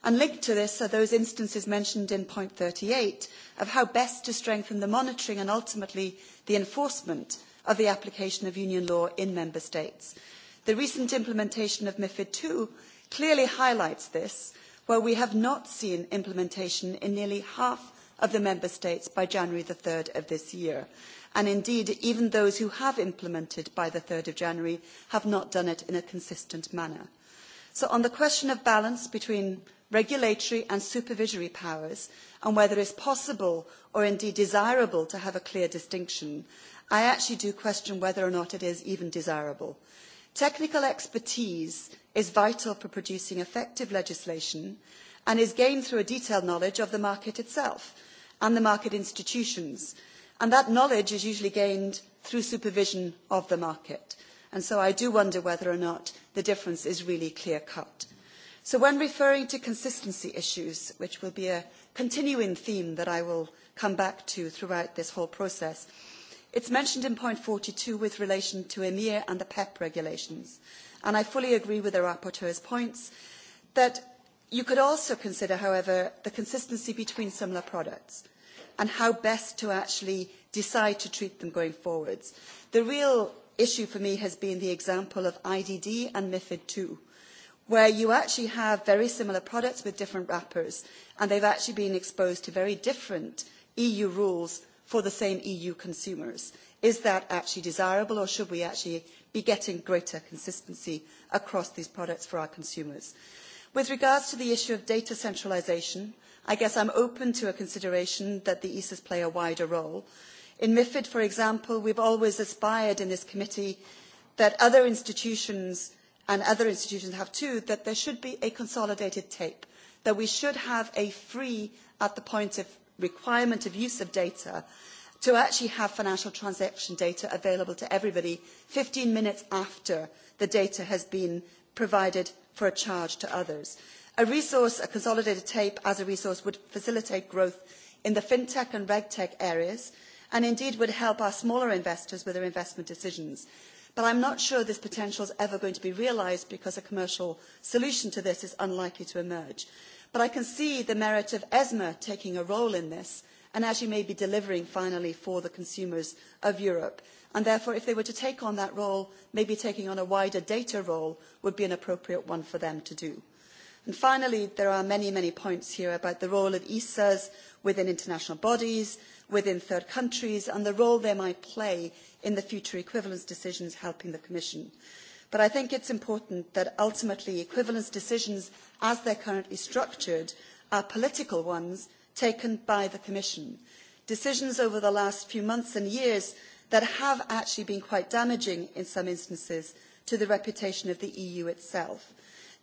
And linked to this are those instances mentioned in point 38 of how best to strengthen the monitoring and ultimately the enforcement of the application of union law in member states. The recent implementation of MIFID II clearly highlights this, where we have not seen implementation in nearly half of the member states by January the 3rd of this year. And indeed, even those who have implemented by the 3rd of January have not done it in a consistent manner. So on the question of balance between regulatory and supervisory powers and whether it is possible or indeed desirable to have a clear distinction, I actually do question whether or not it is even desirable. Technical expertise is vital for producing effective legislation and is gained through a detailed knowledge of the market itself and the market institutions. And that knowledge is usually gained through supervision of the market and so i do wonder whether or not the difference is really clear cut. so when referring to consistency issues which will be a continuing theme that i will come back to throughout this whole process it is mentioned in point forty two with relation to emir and the pep e regulations and i fully agree with the rapporteur's points that you could also consider however the consistency between similar products and how best to actually decide to treat them going forwards. the real issue for me has been the example of IDD and MIFID II, where you actually have very similar products with different wrappers, and they've actually been exposed to very different EU rules for the same EU consumers. Is that actually desirable, or should we actually be getting greater consistency across these products for our consumers? With regards to the issue of data centralisation, I guess I'm open to a consideration that the ESAs play a wider role in mifid for example we have always aspired in this committee that other institutions and other institutions have too that there should be a consolidated tape that we should have a free at the point of requirement of use of data to actually have financial transaction data available to everybody 15 minutes after the data has been provided for a charge to others. A resource, a consolidated tape as a resource would facilitate growth in the fintech and regtech areas and indeed would help our smaller investors with their investment decisions. But I'm not sure this potential is ever going to be realised because a commercial solution to this is unlikely to emerge. But I can see the merit of ESMA taking a role in this and actually maybe delivering finally for the consumers of Europe. And therefore, if they were to take on that role, maybe taking on a wider data role would be an appropriate one for them to do. And finally, there are many, many points here about the role of ESAs within international bodies, within third countries and the role they might play in the future equivalence decisions helping the Commission. But I think it's important that ultimately equivalence decisions, as they're currently structured, are political ones taken by the Commission. Decisions over the last few months and years that have actually been quite damaging in some instances to the reputation of the EU itself.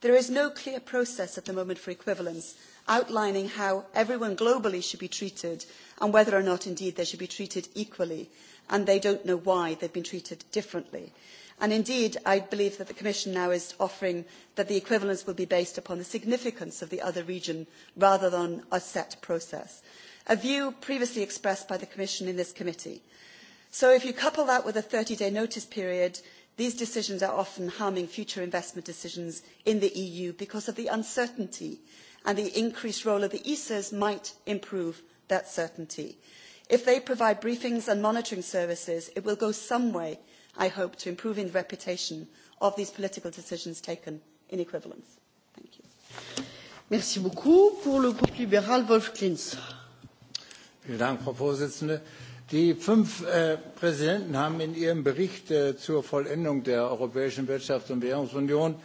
There is no clear process at the moment for equivalence, outlining how everyone globally should be treated and whether or not indeed they should be treated equally and they don't know why they've been treated differently. And indeed i believe that the commission now is offering that the equivalence will be based upon the significance of the other region rather than a set process a view previously expressed by the commission in this committee. so if you couple that with a thirty day notice period these decisions are often harming future investment decisions in the eu because of the uncertainty and the increased role of the esas might improve that certainty. if they provide briefings and monitoring services it will go some way i hope to improving the reputation of these political decisions taken in equivalence. Thank you. Merci beaucoup. Pour le groupe libéral, Wolf Klintz. Frau Vorsitzende. Die fünf äh, Präsidenten haben in ihrem Bericht äh, zur Vollendung der Europäischen Wirtschafts- und Währungsunion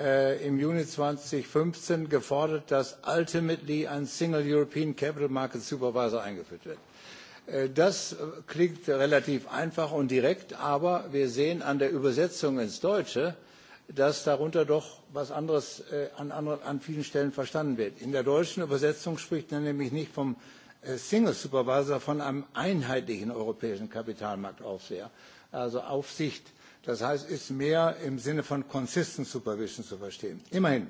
Äh, im Juni 2015 gefordert, dass ultimately ein Single European Capital Market Supervisor eingeführt wird. Äh, das klingt relativ einfach und direkt, aber wir sehen an der Übersetzung ins Deutsche, dass darunter doch was anderes äh, an, anderen, an vielen Stellen verstanden wird. In der deutschen Übersetzung spricht man nämlich nicht vom Single Supervisor, von einem einheitlichen europäischen Kapitalmarktaufseher, also Aufsicht Das heißt, es ist mehr im Sinne von Consistent Supervision zu verstehen. Immerhin,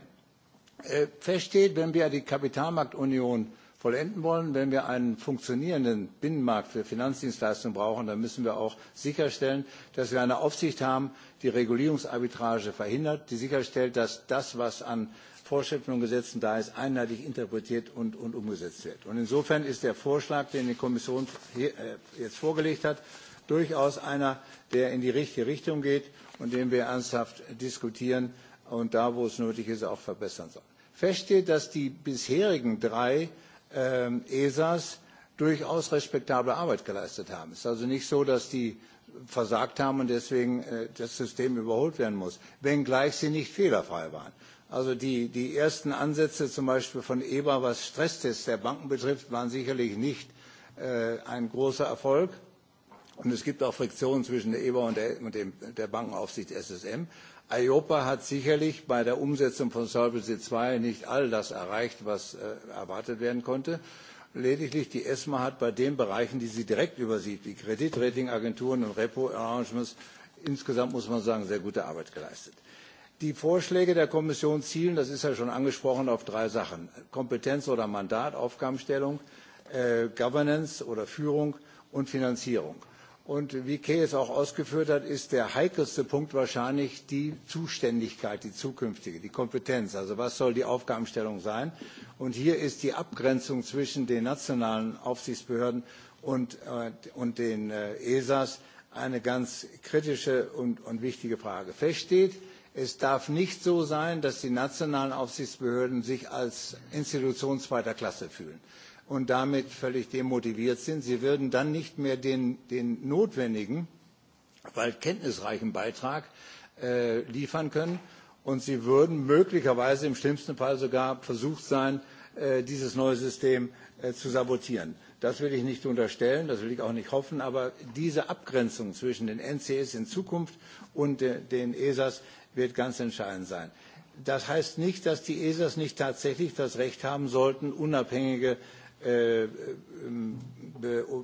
äh, fest steht, wenn wir die Kapitalmarktunion vollenden wollen, wenn wir einen funktionierenden Binnenmarkt für Finanzdienstleistungen brauchen, dann müssen wir auch sicherstellen, dass wir eine Aufsicht haben, die Regulierungsarbitrage verhindert, die sicherstellt, dass das, was an Vorschriften und Gesetzen da ist, einheitlich interpretiert und, und umgesetzt wird. Und insofern ist der Vorschlag, den die Kommission hier, äh, jetzt vorgelegt hat, durchaus einer, der in die richtige Richtung geht und den wir ernsthaft diskutieren und da, wo es nötig ist, auch verbessern sollen. Fest steht, dass die bisherigen drei äh, ESAs durchaus respektable Arbeit geleistet haben. Es ist also nicht so, dass die versagt haben und deswegen äh, das System überholt werden muss, wenngleich sie nicht fehlerfrei waren. Also die, die ersten Ansätze zum Beispiel von EBA, was Stresstests der Banken betrifft, waren sicherlich nicht äh, ein großer Erfolg. Und es gibt auch Friktionen zwischen der EBA und der, und dem, der Bankenaufsicht SSM. EIOPA hat sicherlich bei der Umsetzung von Solvency II nicht all das erreicht, was äh, erwartet werden konnte. Lediglich die ESMA hat bei den Bereichen, die sie direkt übersieht, wie Kreditratingagenturen und Repo-Arrangements, insgesamt muss man sagen, sehr gute Arbeit geleistet. Die Vorschläge der Kommission zielen, das ist ja schon angesprochen, auf drei Sachen. Kompetenz oder Mandat, Aufgabenstellung, äh, Governance oder Führung und Finanzierung. Und wie Kay es auch ausgeführt hat, ist der heikelste Punkt wahrscheinlich die Zuständigkeit, die zukünftige, die Kompetenz. Also was soll die Aufgabenstellung sein? Und hier ist die Abgrenzung zwischen den nationalen Aufsichtsbehörden und, äh, und den äh, ESAs eine ganz kritische und, und wichtige Frage. Fest steht, es darf nicht so sein, dass die nationalen Aufsichtsbehörden sich als Institution zweiter Klasse fühlen und damit völlig demotiviert sind. Sie würden dann nicht mehr den, den notwendigen, bald kenntnisreichen Beitrag äh, liefern können. Und sie würden möglicherweise im schlimmsten Fall sogar versucht sein, äh, dieses neue System äh, zu sabotieren. Das will ich nicht unterstellen, das will ich auch nicht hoffen, aber diese Abgrenzung zwischen den NCS in Zukunft und äh, den ESAs wird ganz entscheidend sein. Das heißt nicht, dass die ESAs nicht tatsächlich das Recht haben sollten, unabhängige Äh,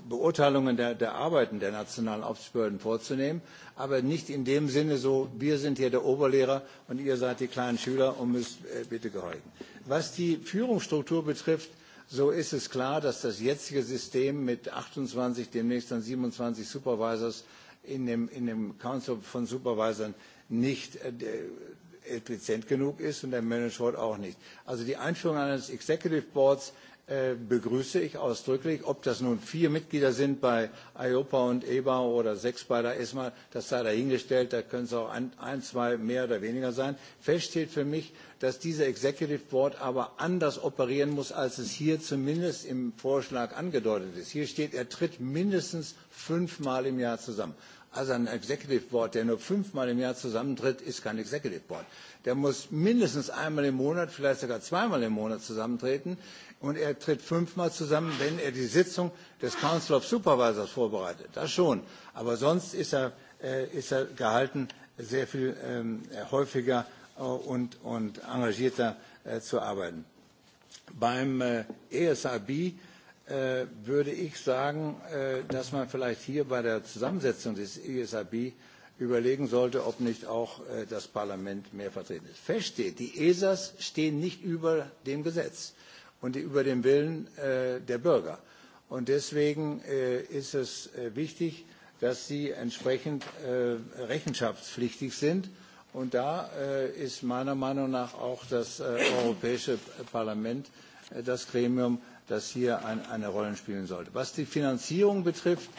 Beurteilungen der, der Arbeiten der nationalen Aufsichtsbehörden vorzunehmen, aber nicht in dem Sinne so, wir sind hier der Oberlehrer und ihr seid die kleinen Schüler und müsst äh, bitte gehorchen. Was die Führungsstruktur betrifft, so ist es klar, dass das jetzige System mit 28, demnächst dann 27 Supervisors in dem, in dem Council von Supervisern nicht äh, effizient genug ist und der Management auch nicht. Also die Einführung eines Executive Boards Äh, begrüße ich ausdrücklich. Ob das nun vier Mitglieder sind bei IOPA und EBA oder sechs bei der ESMA, das sei dahingestellt, da können es auch ein, ein, zwei mehr oder weniger sein. Fest steht für mich, dass dieser Executive Board aber anders operieren muss, als es hier zumindest im Vorschlag angedeutet ist. Hier steht, er tritt mindestens fünfmal im Jahr zusammen. Also ein Executive Board, der nur fünfmal im Jahr zusammentritt, ist kein Executive Board. Der muss mindestens einmal im Monat, vielleicht sogar zweimal im Monat zusammentreten. Und er tritt fünfmal zusammen, wenn er die Sitzung des Council of Supervisors vorbereitet. Das schon. Aber sonst ist er, äh, ist er gehalten, sehr viel ähm, häufiger äh, und, und engagierter äh, zu arbeiten. Beim äh, ESRB Äh, würde ich sagen, äh, dass man vielleicht hier bei der Zusammensetzung des ESRB überlegen sollte, ob nicht auch äh, das Parlament mehr vertreten ist. Fest steht, die ESAs stehen nicht über dem Gesetz und über dem Willen der Bürger. Und deswegen ist es wichtig, dass sie entsprechend rechenschaftspflichtig sind. Und da ist meiner Meinung nach auch das Europäische Parlament das Gremium, das hier ein, eine Rolle spielen sollte. Was die Finanzierung betrifft,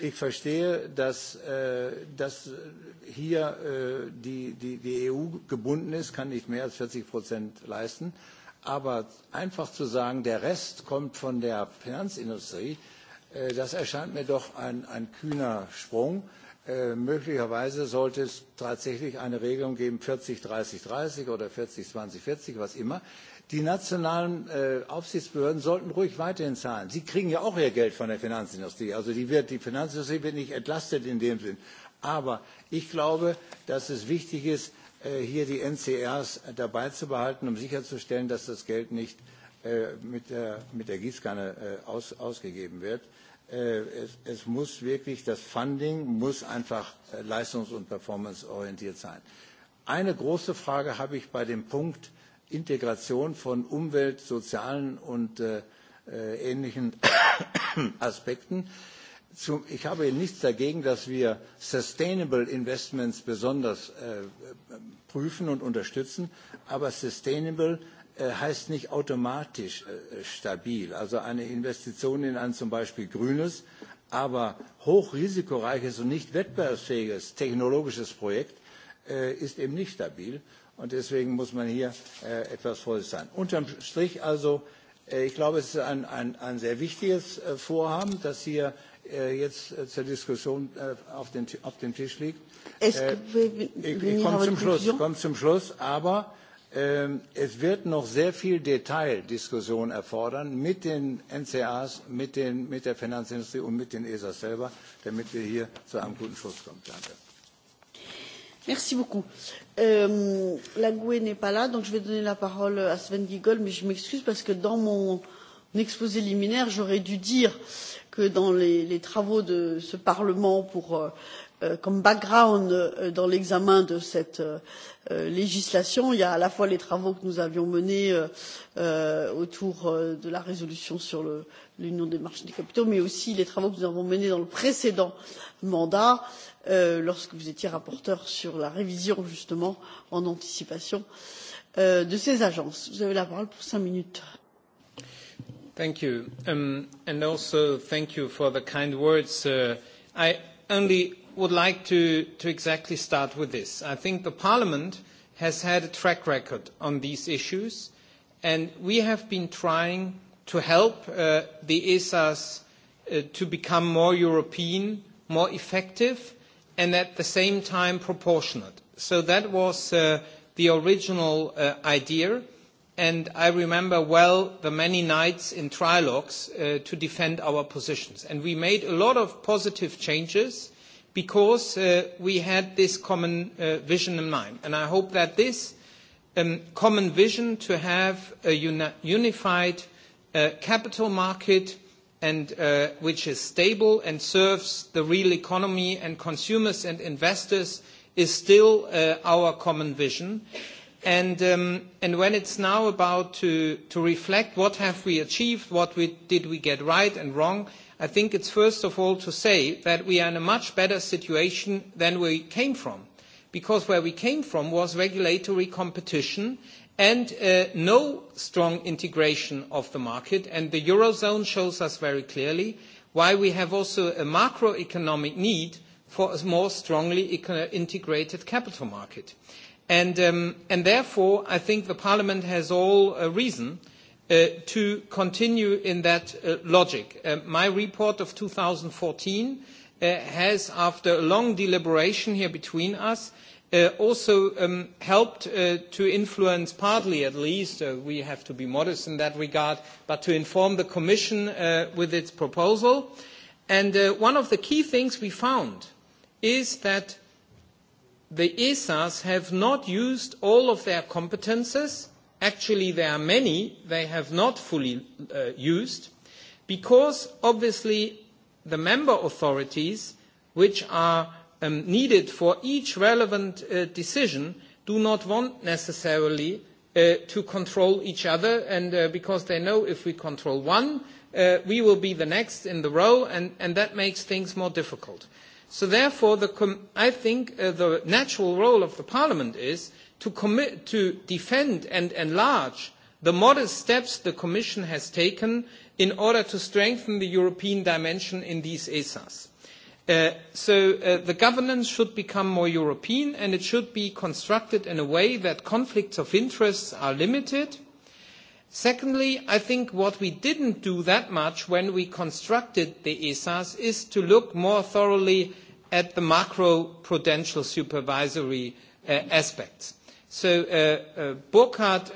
ich verstehe, dass, äh, dass hier äh, die, die, die EU gebunden ist, kann nicht mehr als 40 Prozent leisten. Aber einfach zu sagen, der Rest kommt von der Finanzindustrie, äh, das erscheint mir doch ein, ein kühner Sprung. Äh, möglicherweise sollte es tatsächlich eine Regelung geben, 40, 30, 30 oder 40, 20, 40, was immer. Die nationalen äh, Aufsichtsbehörden sollten ruhig weiterhin zahlen. Sie kriegen ja auch ihr Geld von der Finanzindustrie. Also die, wird, die Finanzindustrie wird nicht entlastet in dem Sinn. Aber ich glaube, dass es wichtig ist, äh, hier die NCRs dabei zu behalten, um sicherzustellen, dass das Geld nicht äh, mit, der, mit der Gießkanne äh, aus, ausgegeben wird. Äh, es, es muss wirklich, das Funding muss einfach äh, leistungs- und performanceorientiert sein. Eine große Frage habe ich bei dem Punkt, Integration von Umwelt, sozialen und äh, äh ähnlichen Aspekten. Zum, ich habe nichts dagegen, dass wir Sustainable Investments besonders äh, prüfen und unterstützen, aber Sustainable äh, heißt nicht automatisch äh, stabil. Also eine Investition in ein zum Beispiel grünes, aber hochrisikoreiches und nicht wettbewerbsfähiges technologisches Projekt äh, ist eben nicht stabil Und deswegen muss man hier äh, etwas vorsichtig sein. Unterm Strich also, äh, ich glaube, es ist ein, ein, ein sehr wichtiges äh, Vorhaben, das hier äh, jetzt äh, zur Diskussion äh, auf, den, auf dem Tisch liegt. Äh, ich ich komme zum Schluss, komm zum Schluss, aber äh, es wird noch sehr viel Detaildiskussion erfordern mit den NCAs, mit, den, mit der Finanzindustrie und mit den ESAs selber, damit wir hier zu einem guten Schluss kommen. Danke. Merci beaucoup. Euh, la GUE n'est pas là, donc je vais donner la parole à Sven Giegold, mais je m'excuse parce que dans mon exposé liminaire, j'aurais dû dire que dans les, les travaux de ce Parlement pour euh, euh comme background euh, dans l'examen de cette euh, euh, législation, il y a à la fois les travaux que nous avions menés euh, euh, autour euh, de la résolution sur l'union des marchés des capitaux, mais aussi les travaux que nous avons menés dans le précédent mandat. Euh, Euh, lorsque vous étiez rapporteur sur la révision justement en anticipation euh, de ces agences. vous avez la parole pour cinq minutes. Thank you. Um, and also thank you for the kind words. Uh, I only would like to, to exactly start with this. I think the Parliament has had a track record on these issues, and we have been trying to help uh, the ESAs uh, to become more European, more effective, and at the same time proportionate. So that was uh, the original uh, idea, and I remember well the many nights in trilogues uh, to defend our positions. And we made a lot of positive changes because uh, we had this common uh, vision in mind. And I hope that this um, common vision to have a uni unified uh, capital market – and uh, which is stable and serves the real economy and consumers and investors is still uh, our common vision. And, um, and when it's now about to, to reflect what have we achieved, what we, did we get right and wrong, I think it's first of all to say that we are in a much better situation than we came from. Because where we came from was regulatory competition and uh, no strong integration of the market. And the Eurozone shows us very clearly why we have also a macroeconomic need for a more strongly integrated capital market. And, um, and therefore, I think the Parliament has all uh, reason uh, to continue in that uh, logic. Uh, my report of 2014 uh, has, after a long deliberation here between us, uh, also um, helped uh, to influence, partly at least, uh, we have to be modest in that regard, but to inform the Commission uh, with its proposal. And uh, one of the key things we found is that the ESAs have not used all of their competences. Actually, there are many they have not fully uh, used because obviously the member authorities, which are um, needed for each relevant uh, decision do not want necessarily uh, to control each other and uh, because they know if we control one uh, we will be the next in the row and, and that makes things more difficult so therefore the i think uh, the natural role of the parliament is to commit to defend and enlarge the modest steps the commission has taken in order to strengthen the european dimension in these ASAs. Uh, so uh, the governance should become more European and it should be constructed in a way that conflicts of interests are limited. Secondly, I think what we didn't do that much when we constructed the ESAs is to look more thoroughly at the macro prudential supervisory uh, aspects. So uh, uh, Burkhard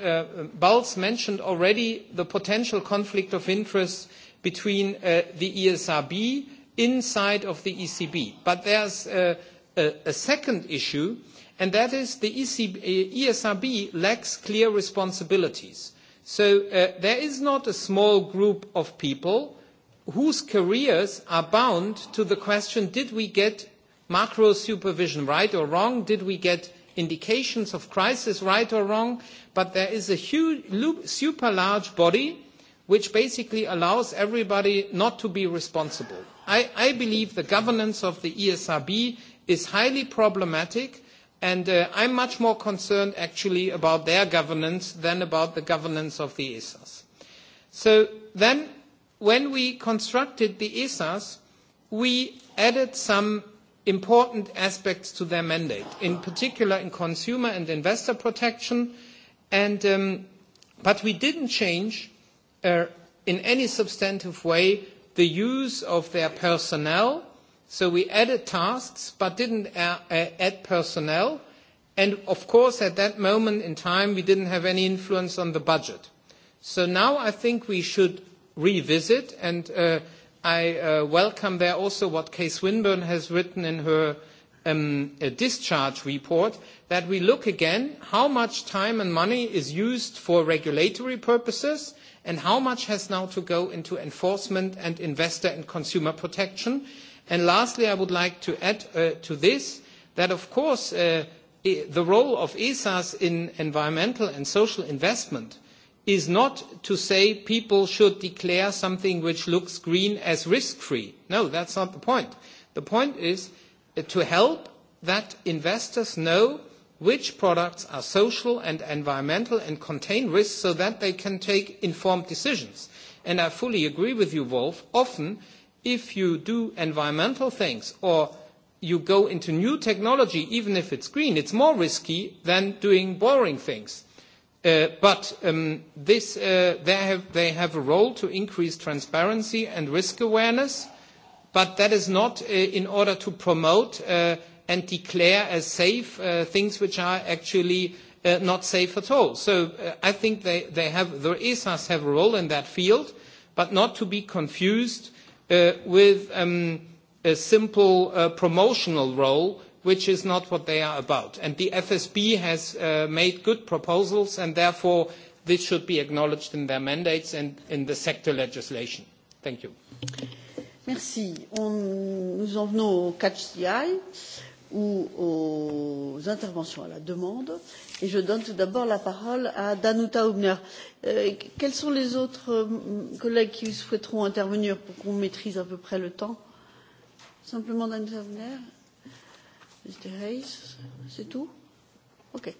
Balz mentioned already the potential conflict of interest between the ESRB inside of the ECB. But there's a, a, a second issue, and that is the ECB, ESRB lacks clear responsibilities. So uh, there is not a small group of people whose careers are bound to the question, did we get macro supervision right or wrong? Did we get indications of crisis right or wrong? But there is a huge, super large body which basically allows everybody not to be responsible. I, I believe the governance of the ESRB is highly problematic, and uh, I'm much more concerned actually about their governance than about the governance of the ESAs. So then, when we constructed the ESAs, we added some important aspects to their mandate, in particular in consumer and investor protection, and, um, but we didn't change Uh, in any substantive way the use of their personnel. So we added tasks but didn't add personnel. And of course, at that moment in time, we didn't have any influence on the budget. So now I think we should revisit, and uh, I uh, welcome there also what Kay Swinburne has written in her Um, a discharge report that we look again how much time and money is used for regulatory purposes and how much has now to go into enforcement and investor and consumer protection. And lastly, I would like to add uh, to this that, of course, uh, the role of ESAs in environmental and social investment is not to say people should declare something which looks green as risk-free. No, that's not the point. The point is to help that investors know which products are social and environmental and contain risks so that they can take informed decisions. And I fully agree with you, Wolf. Often, if you do environmental things or you go into new technology, even if it's green, it's more risky than doing boring things. Uh, but um, this, uh, they, have, they have a role to increase transparency and risk awareness but that is not uh, in order to promote uh, and declare as safe uh, things which are actually uh, not safe at all. So uh, I think they, they have, the ESAs have a role in that field, but not to be confused uh, with um, a simple uh, promotional role, which is not what they are about. And the FSB has uh, made good proposals, and therefore this should be acknowledged in their mandates and in the sector legislation. Thank you. Merci. On, nous en venons au catch the eye ou aux interventions à la demande et je donne tout d'abord la parole à Danuta Hübner. Euh, quels sont les autres euh, collègues qui souhaiteront intervenir pour qu'on maîtrise à peu près le temps Simplement Danuta Hübner Mr. Hayes, c'est tout Ok.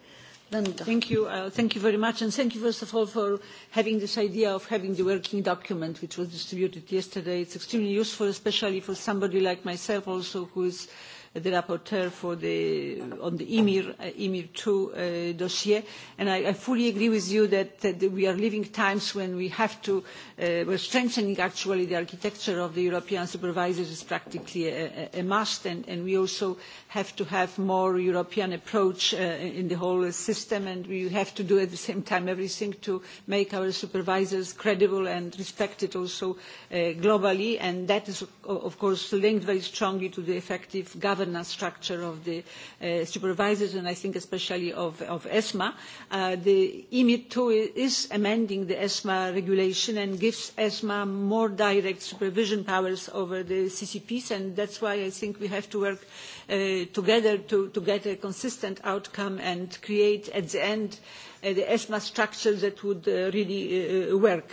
Danuta. Thank you. Uh, thank you very much. And thank you, first of all, for having this idea of having the working document, which was distributed yesterday. It's extremely useful, especially for somebody like myself also, who is uh, the rapporteur for the, on the EMIR, uh, EMIR 2 uh, dossier. And I, I fully agree with you that, that we are living times when we have to, uh, we're strengthening actually the architecture of the European supervisors is practically a, a, a must. And, and we also have to have more European approach uh, in the whole system. And we have to do at the same time everything to make our supervisors credible and respected also uh, globally. And that is, of course, linked very strongly to the effective governance governance structure of the uh, supervisors, and I think especially of, of ESMA. Uh, the EMID 2 is amending the ESMA regulation and gives ESMA more direct supervision powers over the CCPs, and that's why I think we have to work uh, together to, to get a consistent outcome and create at the end uh, the ESMA structure that would uh, really uh, uh work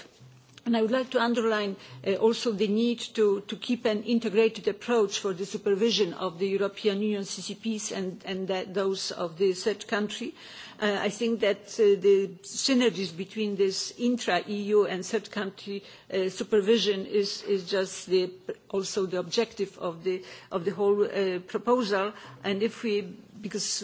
And I would like to underline uh, also the need to, to, keep an integrated approach for the supervision of the European Union CCPs and, and that, those of the third country. Uh, I think that uh, the synergies between this intra-EU and third country uh, supervision is, is just the, also the objective of the, of the whole uh, proposal. And if we because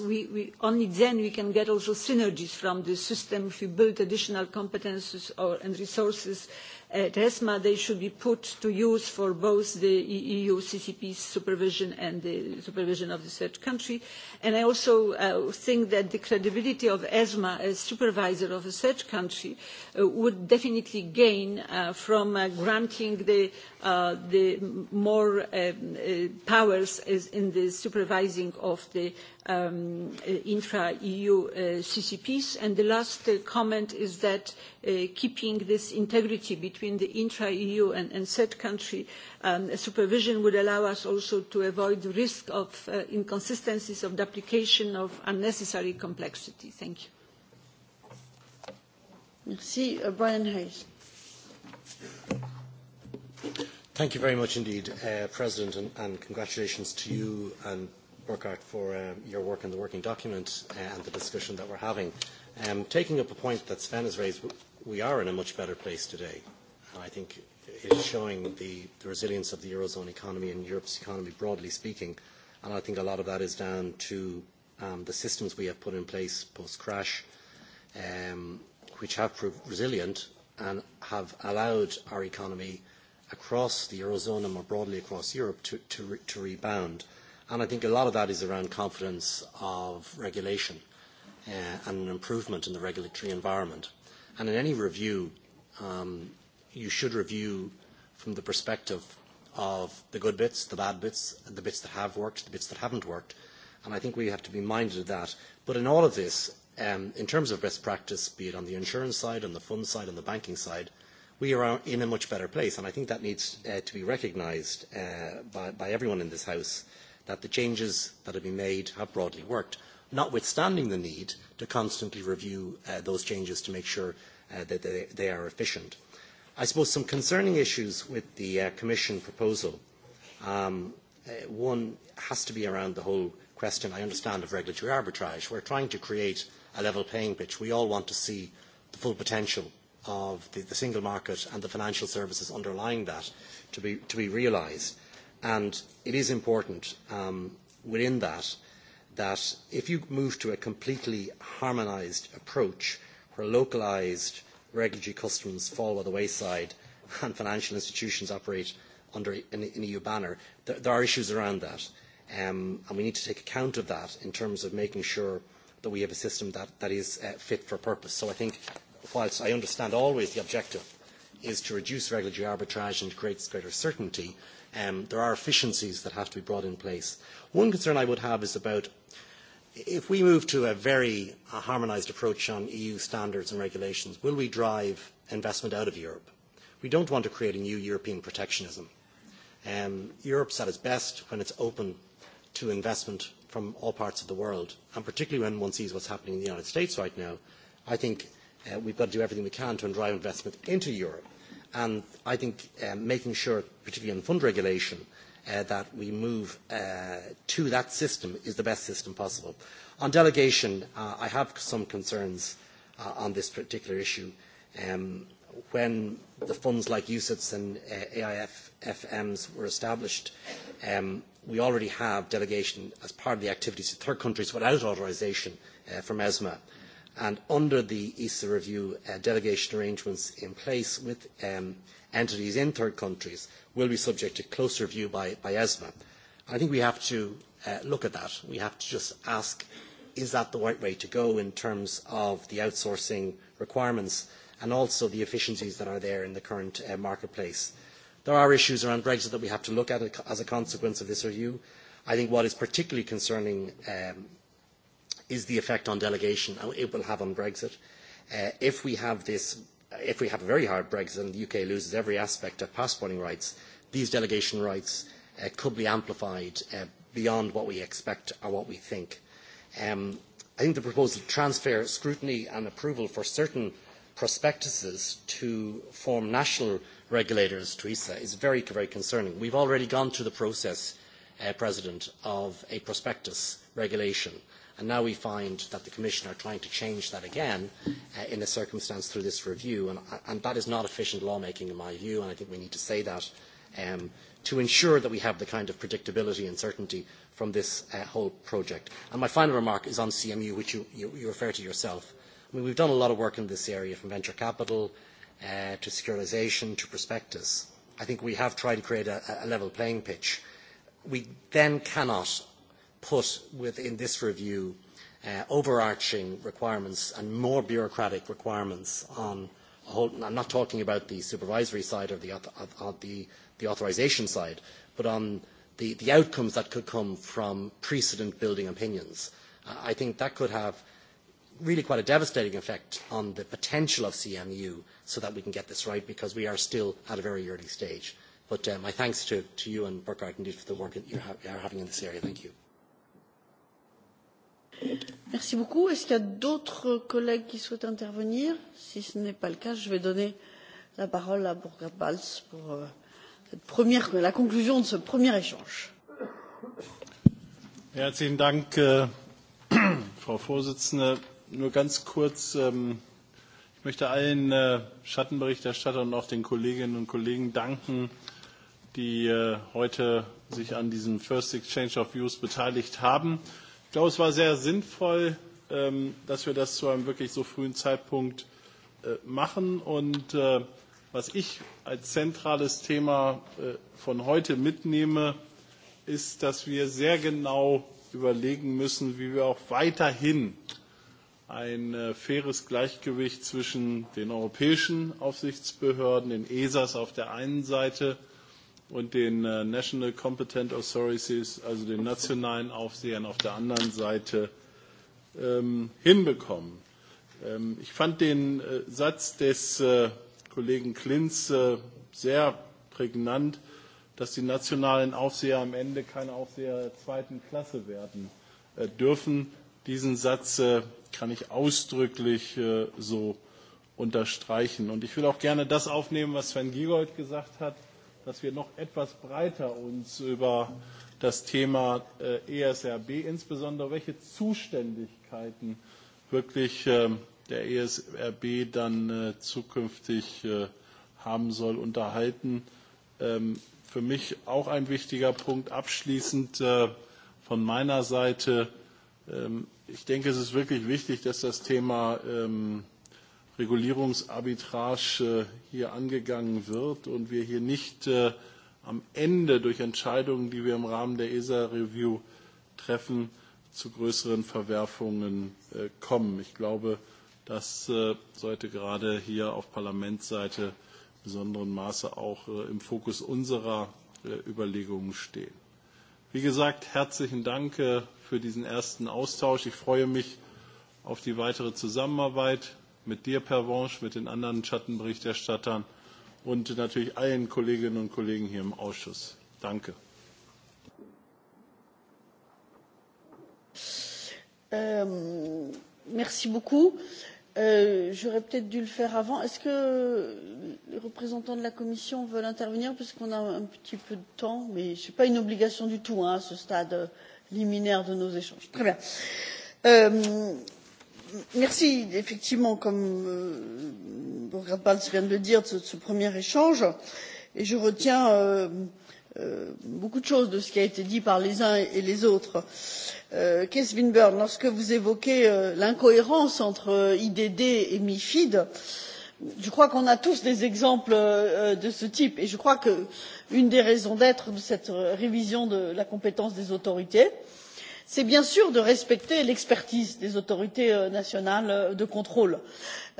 only then we can get also synergies from the system. If we build additional competences or, and resources at ESMA, they should be put to use for both the EU e CCP supervision and the supervision of the third country. And I also uh, think that the credibility of ESMA as supervisor of a third country uh, would definitely gain uh, from granting the, the more um, powers in the supervising of the Um, intra-EU uh, CCPs. And the last uh, comment is that uh, keeping this integrity between the intra-EU and, third country um, supervision would allow us also to avoid the risk of inconsistencies of the application of unnecessary complexity. Thank you. Merci. Brian Hayes. Thank you very much indeed, President, and congratulations to you and Burkhardt, for um, your work in the working document and the discussion that we're having. Um, taking up a point that Sven has raised, we are in a much better place today. And I think it is showing the, the resilience of the Eurozone economy and Europe's economy, broadly speaking. And I think a lot of that is down to um, the systems we have put in place post-crash, um, which have proved resilient and have allowed our economy across the Eurozone and more broadly across Europe to, to, to rebound. And I think a lot of that is around confidence of regulation uh, and an improvement in the regulatory environment. And in any review, um, you should review from the perspective of the good bits, the bad bits, the bits that have worked, the bits that haven't worked. And I think we have to be minded of that. But in all of this, um, in terms of best practice, be it on the insurance side, on the fund side, on the banking side, we are in a much better place. And I think that needs uh, to be recognised uh, by, by everyone in this House that the changes that have been made have broadly worked, notwithstanding the need to constantly review uh, those changes to make sure uh, that they, they are efficient. I suppose some concerning issues with the uh, Commission proposal. Um, uh, one has to be around the whole question, I understand, of regulatory arbitrage. We're trying to create a level playing pitch. We all want to see the full potential of the, the single market and the financial services underlying that to be, to be realised. And it is important um, within that that if you move to a completely harmonised approach where localised regulatory customs fall by the wayside and financial institutions operate under an, an EU banner, there, there, are issues around that. Um, and we need to take account of that in terms of making sure that we have a system that, that is uh, fit for purpose. So I think, whilst I understand always the objective is to reduce regulatory arbitrage and create greater certainty, um, there are efficiencies that have to be brought in place. One concern I would have is about if we move to a very uh, harmonised approach on EU standards and regulations, will we drive investment out of Europe? We don't want to create a new European protectionism. Um, Europe's at its best when it's open to investment from all parts of the world, and particularly when one sees what's happening in the United States right now, I think uh, we've got to do everything we can to drive investment into Europe. And I think um, making sure, particularly in fund regulation, uh, that we move uh, to that system is the best system possible. On delegation, uh, I have some concerns uh, on this particular issue. Um, when the funds like USITS and uh, AIFMs were established, um, we already have delegation as part of the activities to third countries without authorisation uh, from ESMA and under the ESA review, uh, delegation arrangements in place with um, entities in third countries will be subject to closer review by, by ESMA. I think we have to uh, look at that. We have to just ask, is that the right way to go in terms of the outsourcing requirements and also the efficiencies that are there in the current uh, marketplace? There are issues around Brexit that we have to look at as a consequence of this review. I think what is particularly concerning um, is the effect on delegation oh, it will have on Brexit. Uh, if we have this, if we have a very hard Brexit and the UK loses every aspect of passporting rights, these delegation rights uh, could be amplified uh, beyond what we expect or what we think. Um, I think the proposal to transfer scrutiny and approval for certain prospectuses to form national regulators, Teresa, is very, very concerning. We've already gone through the process, uh, President, of a prospectus regulation And now we find that the Commission are trying to change that again uh, in a circumstance through this review. And, uh, and that is not efficient lawmaking in my view, and I think we need to say that um, to ensure that we have the kind of predictability and certainty from this uh, whole project. And my final remark is on CMU, which you, you, you refer to yourself. I mean, we've done a lot of work in this area, from venture capital uh, to securisation to prospectus. I think we have tried to create a, a level playing pitch. We then cannot put within this review uh, overarching requirements and more bureaucratic requirements on a whole, I'm not talking about the supervisory side or the, authorisation the, the authorization side, but on the, the outcomes that could come from precedent building opinions. Uh, I think that could have really quite a devastating effect on the potential of CMU so that we can get this right because we are still at a very early stage. But uh, my thanks to, to you and Burkhardt indeed for the work that you are having in this area. Thank you. Merci beaucoup. Est-ce qu'il y a d'autres collègues qui souhaitent intervenir Si ce n'est pas le cas, je vais donner la parole à Burkhard Balz pour euh, cette première, la conclusion de ce premier échange. Herzlichen Dank, äh, Frau Vorsitzende. Nur ganz kurz. Ähm, ich möchte allen äh, Schattenberichterstattern und auch den Kolleginnen und Kollegen danken, die äh, heute sich an diesem First Exchange of Views beteiligt haben. Äh, Ich glaube, es war sehr sinnvoll, ähm, dass wir das zu einem wirklich so frühen Zeitpunkt äh, machen. Und äh, was ich als zentrales Thema äh, von heute mitnehme, ist, dass wir sehr genau überlegen müssen, wie wir auch weiterhin ein faires Gleichgewicht zwischen den europäischen Aufsichtsbehörden, den ESAs auf der einen Seite und den äh, National Competent Authorities, also den nationalen Aufsehern auf der anderen Seite ähm, hinbekommen. Ähm, ich fand den äh, Satz des äh, Kollegen Klinz äh, sehr prägnant, dass die nationalen Aufseher am Ende keine Aufseher der zweiten Klasse werden äh, dürfen. Diesen Satz äh, kann ich ausdrücklich äh, so unterstreichen. Und ich will auch gerne das aufnehmen, was Sven Giegold gesagt hat dass wir noch etwas breiter uns über das Thema äh, ESRB, insbesondere welche Zuständigkeiten wirklich ähm, der ESRB dann äh, zukünftig äh, haben soll, unterhalten. Ähm, für mich auch ein wichtiger Punkt abschließend von meiner Seite. Ähm, ich denke, es ist wirklich wichtig, dass das Thema Regulierungsarbitrage äh, hier angegangen wird und wir hier nicht äh, am Ende durch Entscheidungen, die wir im Rahmen der ESA-Review treffen, zu größeren Verwerfungen äh, kommen. Ich glaube, das sollte gerade hier auf Parlamentsseite in besonderem Maße auch im Fokus unserer Überlegungen stehen. Wie gesagt, herzlichen Dank für diesen ersten Austausch. Ich freue mich auf die weitere Zusammenarbeit mit dir, Per Pervenche, mit den anderen Schattenberichterstattern und natürlich allen Kolleginnen und Kollegen hier im Ausschuss. Danke. Ähm, merci beaucoup. Euh, J'aurais peut-être dû le faire avant. Est-ce que les représentants de la Commission veulent intervenir parce qu'on a un petit peu de temps, mais ce n'est pas une obligation du tout hein, à ce stade euh, liminaire de nos échanges. Très bien. Euh, effectivement comme euh, burkhard balz vient de le dire de ce premier échange et je retiens euh, euh, beaucoup de choses de ce qui a été dit par les uns et les autres. kees winburn lorsque vous évoquez l'incohérence entre idd et mifid je crois qu'on a tous des exemples de ce type et je crois qu'une des raisons d'être de cette révision de la compétence des autorités c'est c'est bien sûr de respecter l'expertise des autorités euh, nationales euh, de contrôle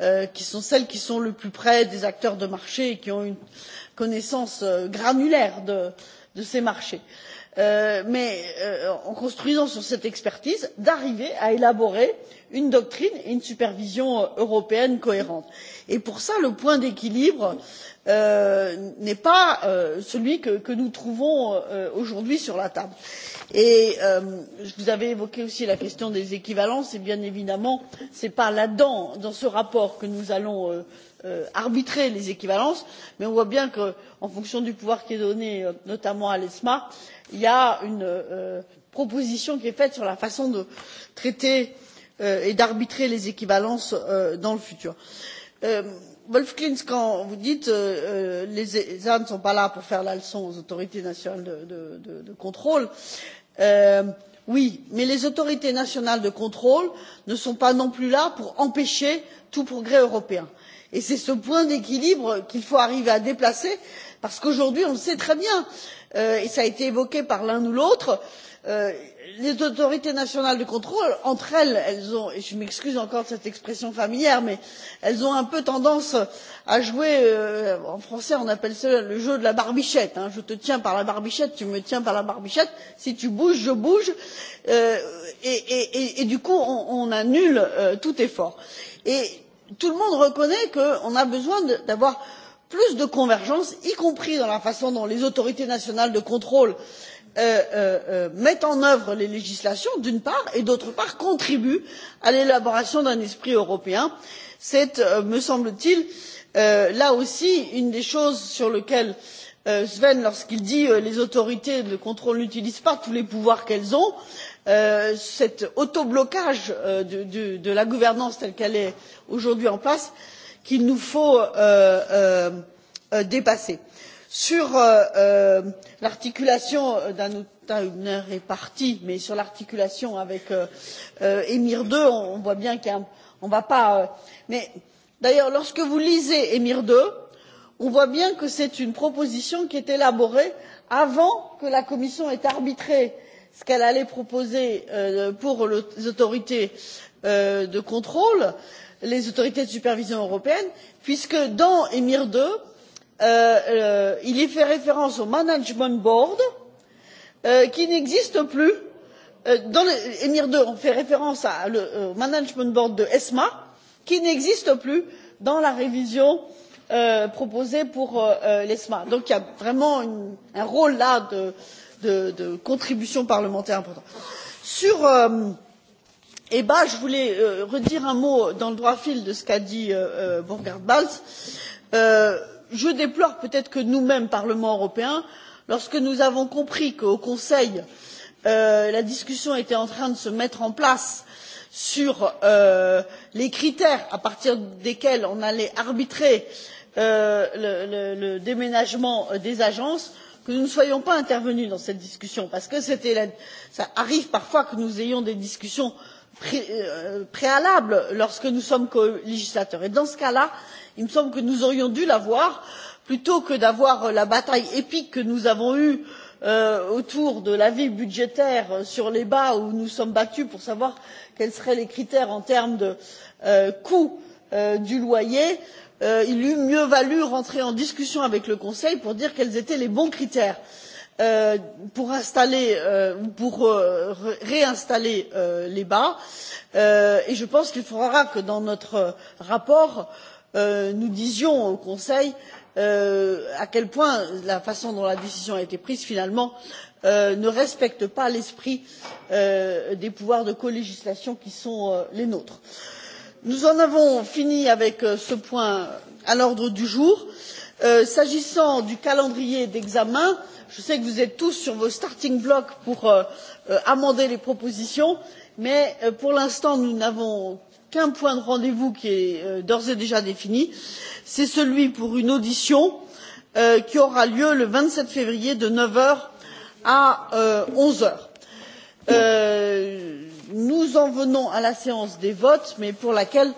euh, qui sont celles qui sont le plus près des acteurs de marché et qui ont une connaissance granulaire de ces marchés mais en construisant sur cette expertise d'arriver à élaborer une doctrine et une supervision européenne cohérentes. et pour cela le point d'équilibre Euh, n'est pas euh, celui que, nous trouvons euh, aujourd'hui sur la table. vous avez évoqué aussi la question des équivalences et bien évidemment ce n'est pas là dedans dans ce rapport que nous allons arbitrer les équivalences mais on voit bien qu'en fonction du pouvoir qui est donné notamment à l'esma il y a une proposition qui est faite sur la façon de traiter et d'arbitrer les équivalences dans le futur wolf klinz quand vous dites que euh, euh, les esa ne sont pas là pour faire la leçon aux autorités nationales de, contrôle euh, oui mais les autorités nationales de contrôle ne sont pas non plus là pour empêcher tout progrès européen et c'est ce point d'équilibre qu'il faut arriver à déplacer parce qu'aujourd'hui on le sait très bien et cela a été évoqué par l'un ou l'autre euh, Euh, les autorités nationales de contrôle entre elles elles ont et je m'excuse encore de cette expression familière mais elles ont un peu tendance à jouer euh, en français on appelle cela le jeu de la barbichette je te tiens par la barbichette tu me tiens par la barbichette si tu bouges je bouge euh, et du coup on annule tout effort. et tout le monde reconnaît qu'on a besoin d'avoir plus de convergence y compris dans la façon dont les autorités nationales de contrôle Euh, euh, euh, mettent en œuvre les législations d'une part et d'autre part contribue à l'élaboration d'un esprit européen. c'est me semble t il là aussi une des choses sur lesquelles sven lorsqu'il dit que les autorités de contrôle n'utilisent pas tous les pouvoirs qu'elles ont cet autoblocage de la gouvernance telle qu'elle est aujourd'hui en place qu'il nous faut dépasser sur euh, euh, l'articulation euh, d'un état une partie mais sur l'articulation avec emir ii on voit bien qu'on ne va pas mais d'ailleurs lorsque vous lisez emir ii on voit bien que c'est une proposition qui est élaborée avant que la commission ait arbitré ce qu'elle allait proposer pour les autorités de contrôle les autorités de supervision européenne puisque dans emir ii Euh, euh, il y fait référence au management board euh, qui n'existe plus. dans emir ii on fait référence au management board de l'esma qui n'existe plus dans la révision proposée pour l'esma. donc il y a vraiment un rôle là de contribution parlementaire important. sur l'eba je voulais redire un mot dans le droit fil de ce qu'a dit burkhard balz je déplore peut être que nous mêmes parlement européen lorsque nous avons compris qu'au conseil euh, la discussion était en train de se mettre en place sur euh, les critères à partir desquels on allait arbitrer euh, le, déménagement des agences que nous ne soyons pas intervenus dans cette discussion parce que la, arrive parfois que nous ayons des discussions Euh, préalable lorsque nous sommes colégislateurs et dans ce cas là il me semble que nous aurions dû l'avoir plutôt que d'avoir la bataille épique que nous avons eue euh, autour de l'avis budgétaire sur les bas où nous nous sommes battus pour savoir quels seraient les critères en termes de euh, coût du loyer il eût mieux valu entrer en discussion avec le conseil pour dire quels étaient les bons critères. Euh, pour installer euh, ou pour euh, réinstaller les bas et je pense qu'il faudra que dans notre rapport nous disions au conseil à quel point la façon dont la décision a été prise finalement ne respecte pas l'esprit des pouvoirs de colégislation qui sont les nôtres. nous en avons fini avec ce point à l'ordre du jour. s'agissant du calendrier d'examen je sais que vous êtes tous sur vos starting blocks pour euh, euh, amender les propositions mais euh, pour l'instant nous n'avons qu'un point de rendez vous qui est d'ores et déjà défini c'est celui pour une audition qui aura lieu le vingt sept février de neuf heures à onze heures. nous en venons à la séance des votes mais pour laquelle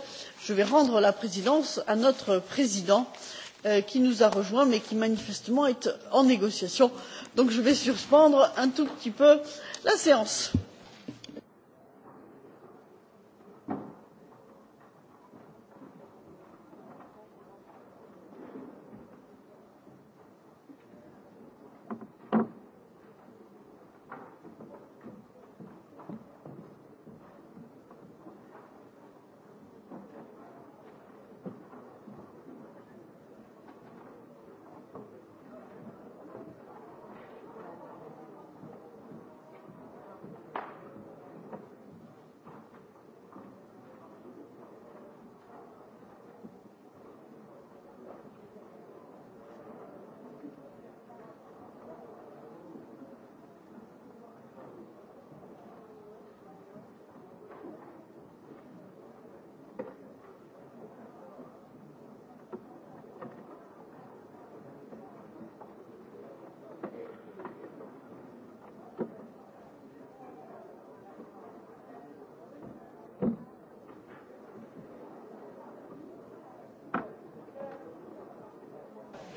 je vais rendre la présidence à notre président Euh, qui nous a rejoints mais qui manifestement est en négociation donc je vais suspendre un tout petit peu la séance.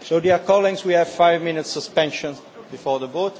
so dear colleagues we have five minutes suspension before the vote.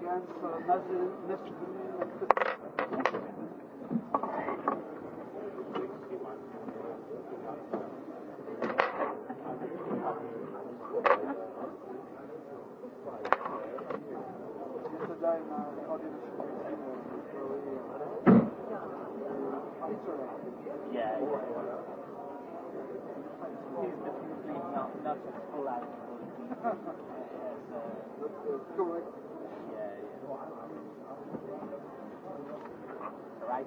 against uh, Muslim, Muslim is the complete, not, not just full out as, uh, Correct. Yeah, yeah. Right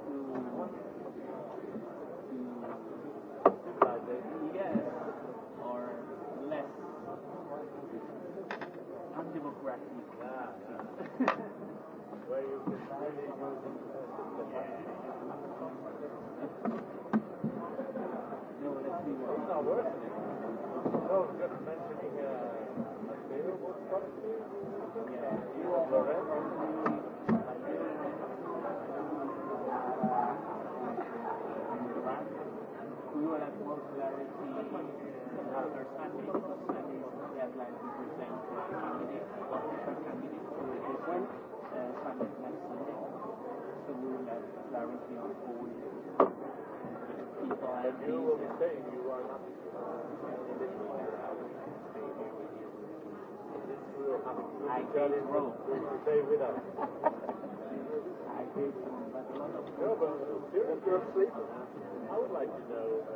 Charlie Brown. Stay with us. I but a if you're asleep, I would like to know uh,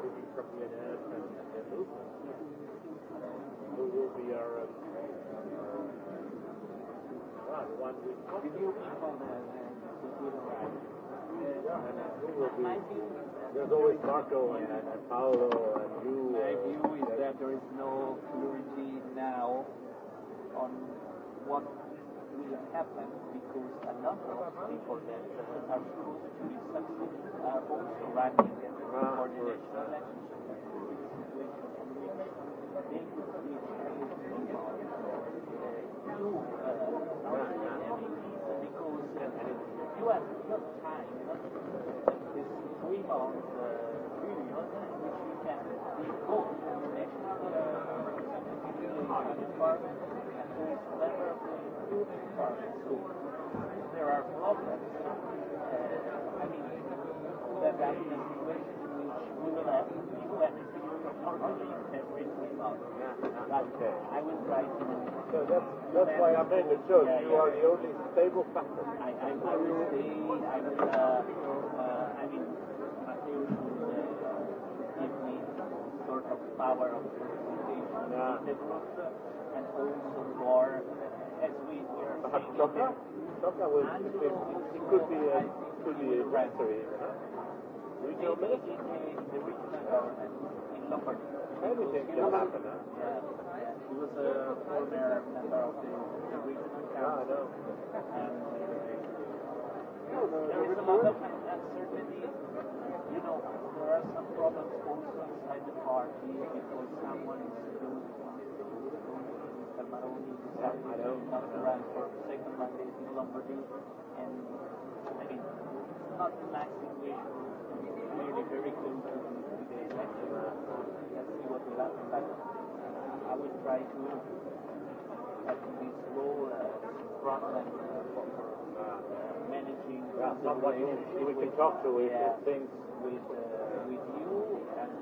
anything from the NF and, and movement. Who will be our um, uh, one week? Did you come on that? yeah, and who will be? There's always Marco and, and, and Paolo and you. My uh, view is that there is no clarity now on what will happen because a number of people that are supposed to be successful are also running ah, for the coordination. uh, because you have not time, not songs uh, you can be in which we have people have to figure out how to I will try So that's, that's why I'm in the show. Yeah, you yeah, are yeah. the only stable factor. I, I, I will stay. I will. Uh, of power of representation networks uh, uh, and also more uh, as we were Perhaps Chopra? Chopra was and it, it could be a could be a answer even, huh? Regional minister? In the, in the regional government in Lombardy. Anything can happen, huh? Yeah. He was a former member of the, the regional council. Ah, I know. And uh, there is a lot of uncertainty. You know, there are some problems inside the party because someone is doing Mr. Maroni decided to run for second mandate in Lombardy, and I mean, not the nice situation, really very close to the election. Let's see what will happen, but I will try to have this role uh, frontline uh, managing. Ah, uh, yeah, not what you, you to if yeah, things will. Uh,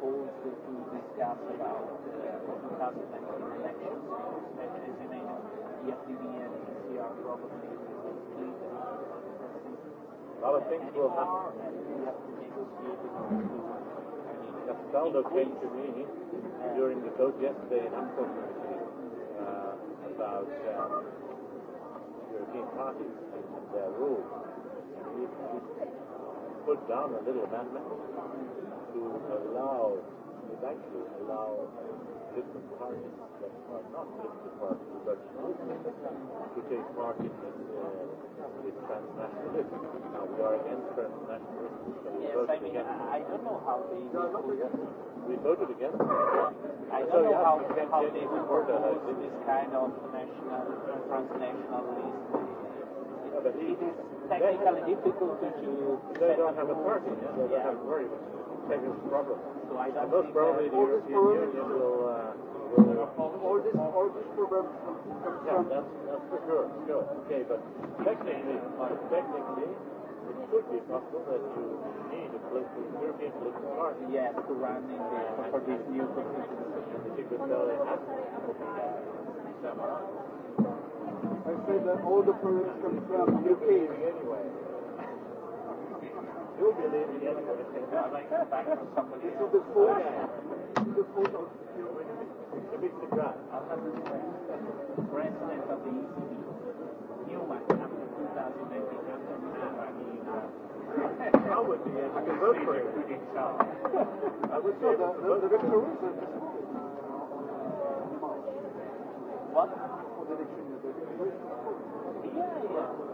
calls to, to discuss about uh, 2019 elections. And as you know, EFDB and ECR probably will split. A lot of things will happen. we have to negotiate in order to Castaldo came to me during the vote yesterday in AMCO committee uh, about um, European parties and, their rules. He, he put down a little amendment to allow, eventually allow different parties that are not political parties, but to take part in this, uh, this transnationalism. Now we are against transnationalism. yes, voted I mean, against I don't know how they. No, not against We voted against it. I don't so, know yeah, how, can, how they would work out this kind of national, transnational Yeah, but it is technically difficult to. They don't have a party, yeah? they don't yeah. don't have very much. Can you So I think most probably the European Union will. Uh, or this or this program from, from yeah, that's, that's for sure. Sure. Okay, but technically, uh, technically, it should be possible that you need a political European political party. Yes, to run in the, uh, for these new positions. If you could tell it has uh, I said that all the programs come from UK anyway. You'll be there in the end of everything. Like back to somebody else. This is the fourth. This is the fourth of your winning. The big surprise. I'll have this president of the ECB. Human after 2019, after Milan, I mean, I would be. I can vote for him. I would say the, the, the referendum is this morning. What? For the election, the Yeah, yeah.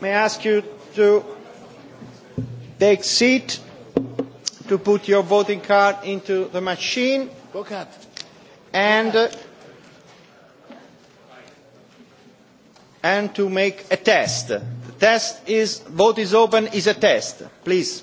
may I ask you to take seat, to put your voting card into the machine, and uh, and to make a test. The test is vote is open is a test. Please.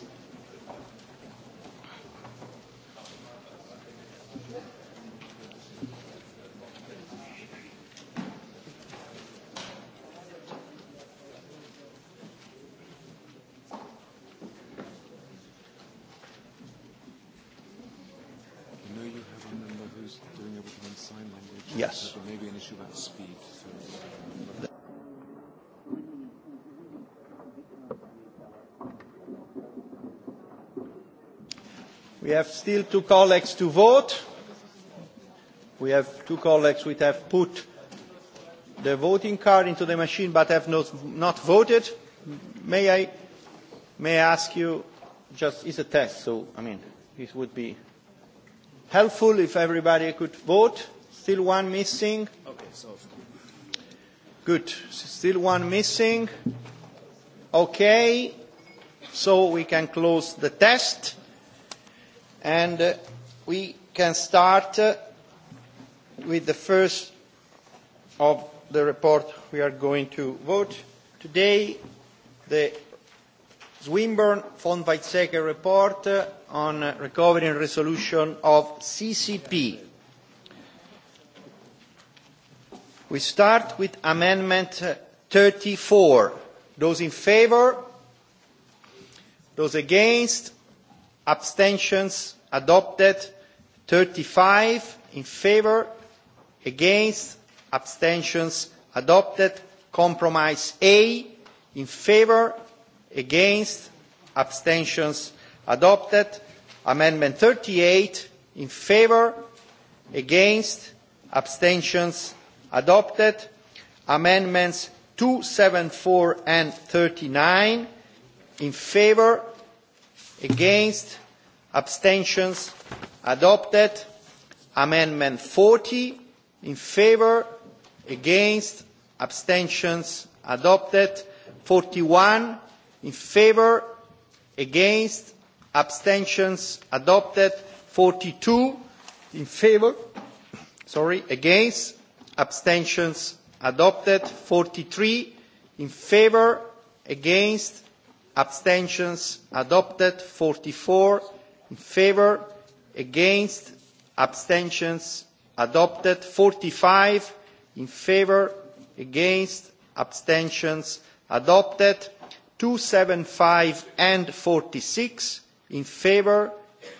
We have still two colleagues to vote. We have two colleagues which have put the voting card into the machine but have not, not voted. May I, may I ask you, just it's a test, so I mean, it would be helpful if everybody could vote. Still one missing. Okay, so. Good. Still one missing. Okay. So we can close the test and uh, we can start uh, with the first of the report we are going to vote today, the Swinburne von Weizsäcker report uh, on recovery and resolution of CCP. We start with Amendment 34. Uh, Those in favour? Those against? abstentions adopted thirty five in favour against abstentions adopted compromise a in favour against abstentions adopted amendment thirty eight in favour against abstentions adopted amendments two hundred and seventy four and thirty nine in favour against abstentions adopted amendment 40 in favour against abstentions adopted 41 in favour against abstentions adopted 42 in favour sorry against abstentions adopted 43 in favour against abstentions adopted 44 in favour against abstentions adopted 45 in favour against abstentions adopted 275 and 46 in favour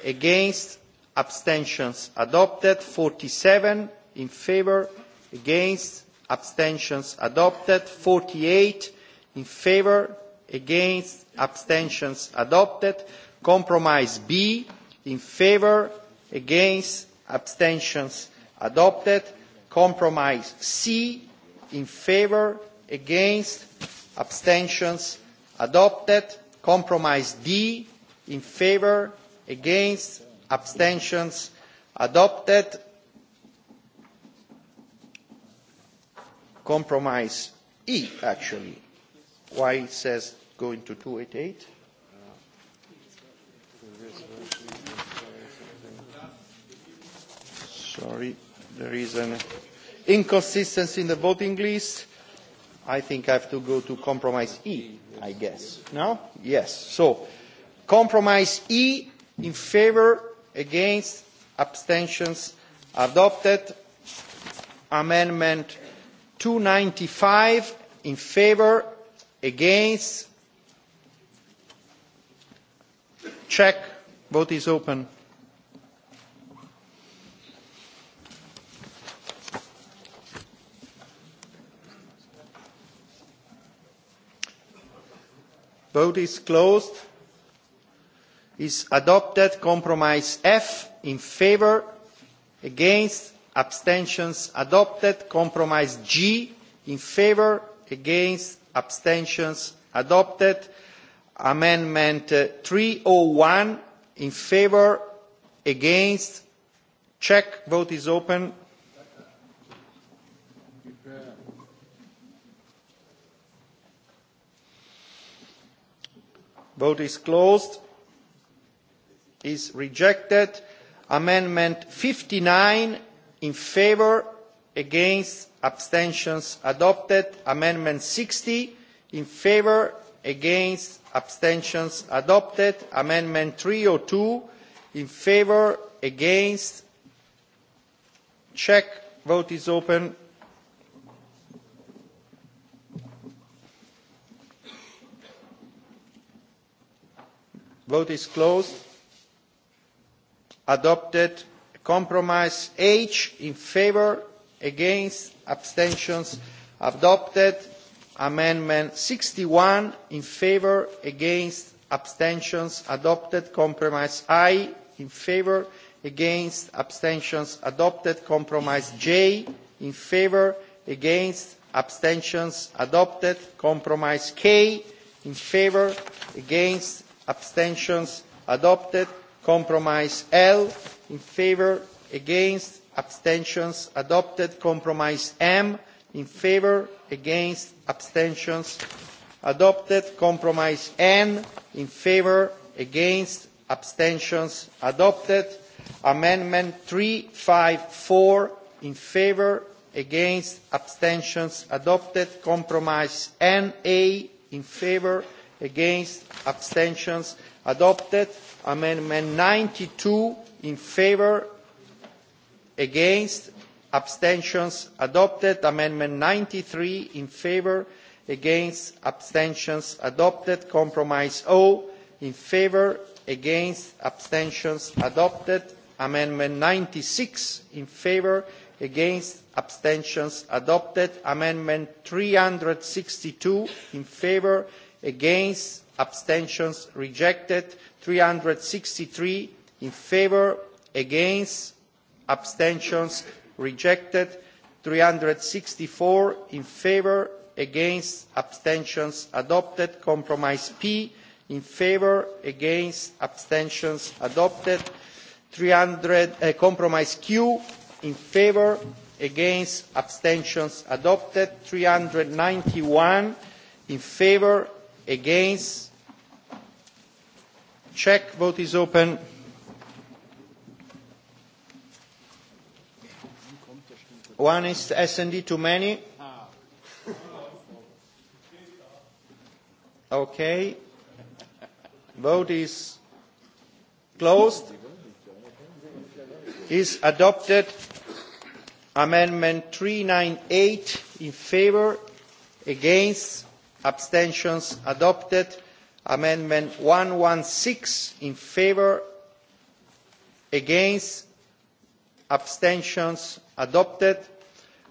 against abstentions adopted 47 in favour against abstentions adopted 48 in favour against abstentions adopted compromise b in favour against abstentions adopted compromise c in favour against abstentions adopted compromise d in favour against abstentions adopted compromise e actually why it says going to 288. Sorry, there is an inconsistency in the voting list. I think I have to go to compromise E, I guess. No? Yes. So, compromise E in favour, against, abstentions adopted. Amendment 295 in favour, against check vote is open vote is closed is adopted compromise f in favour against abstentions adopted compromise g in favour against abstentions adopted amendment uh, three hundred oh and one in favour against check vote is open vote is closed is rejected amendment fifty nine in favour against abstentions adopted amendment sixty in favour against abstentions adopted amendment three hundred oh and two in favour against check vote is open vote is closed adopted compromise h in favour against abstentions adopted amendment sixty one in favour against abstentions adopted compromise i in favour against abstentions adopted compromise j in favour against abstentions adopted compromise k in favour against abstentions adopted compromise l in favour against abstentions adopted compromise m in favour against abstentions adopted compromise n in favour against abstentions adopted amendment three hundred and fifty four in favour against abstentions adopted compromise n a in favour against abstentions adopted amendment ninety two in favour against abstentions adopted amendment ninety three in favour against abstentions adopted compromise o in favour against abstentions adopted amendment ninety six in favour against abstentions adopted amendment three hundred and sixty two in favour against abstentions rejected three hundred and sixty three in favour against abstentions rejected three hundred and sixty four in favour against abstentions adopted compromise p in favour against abstentions adopted compromise q in favour against abstentions adopted three hundred and ninety one in favour against check vote is open One is SND too many. Okay. Vote is closed. Is adopted. Amendment 398 in favor, against, abstentions adopted. Amendment 116 in favor, against, abstentions adopted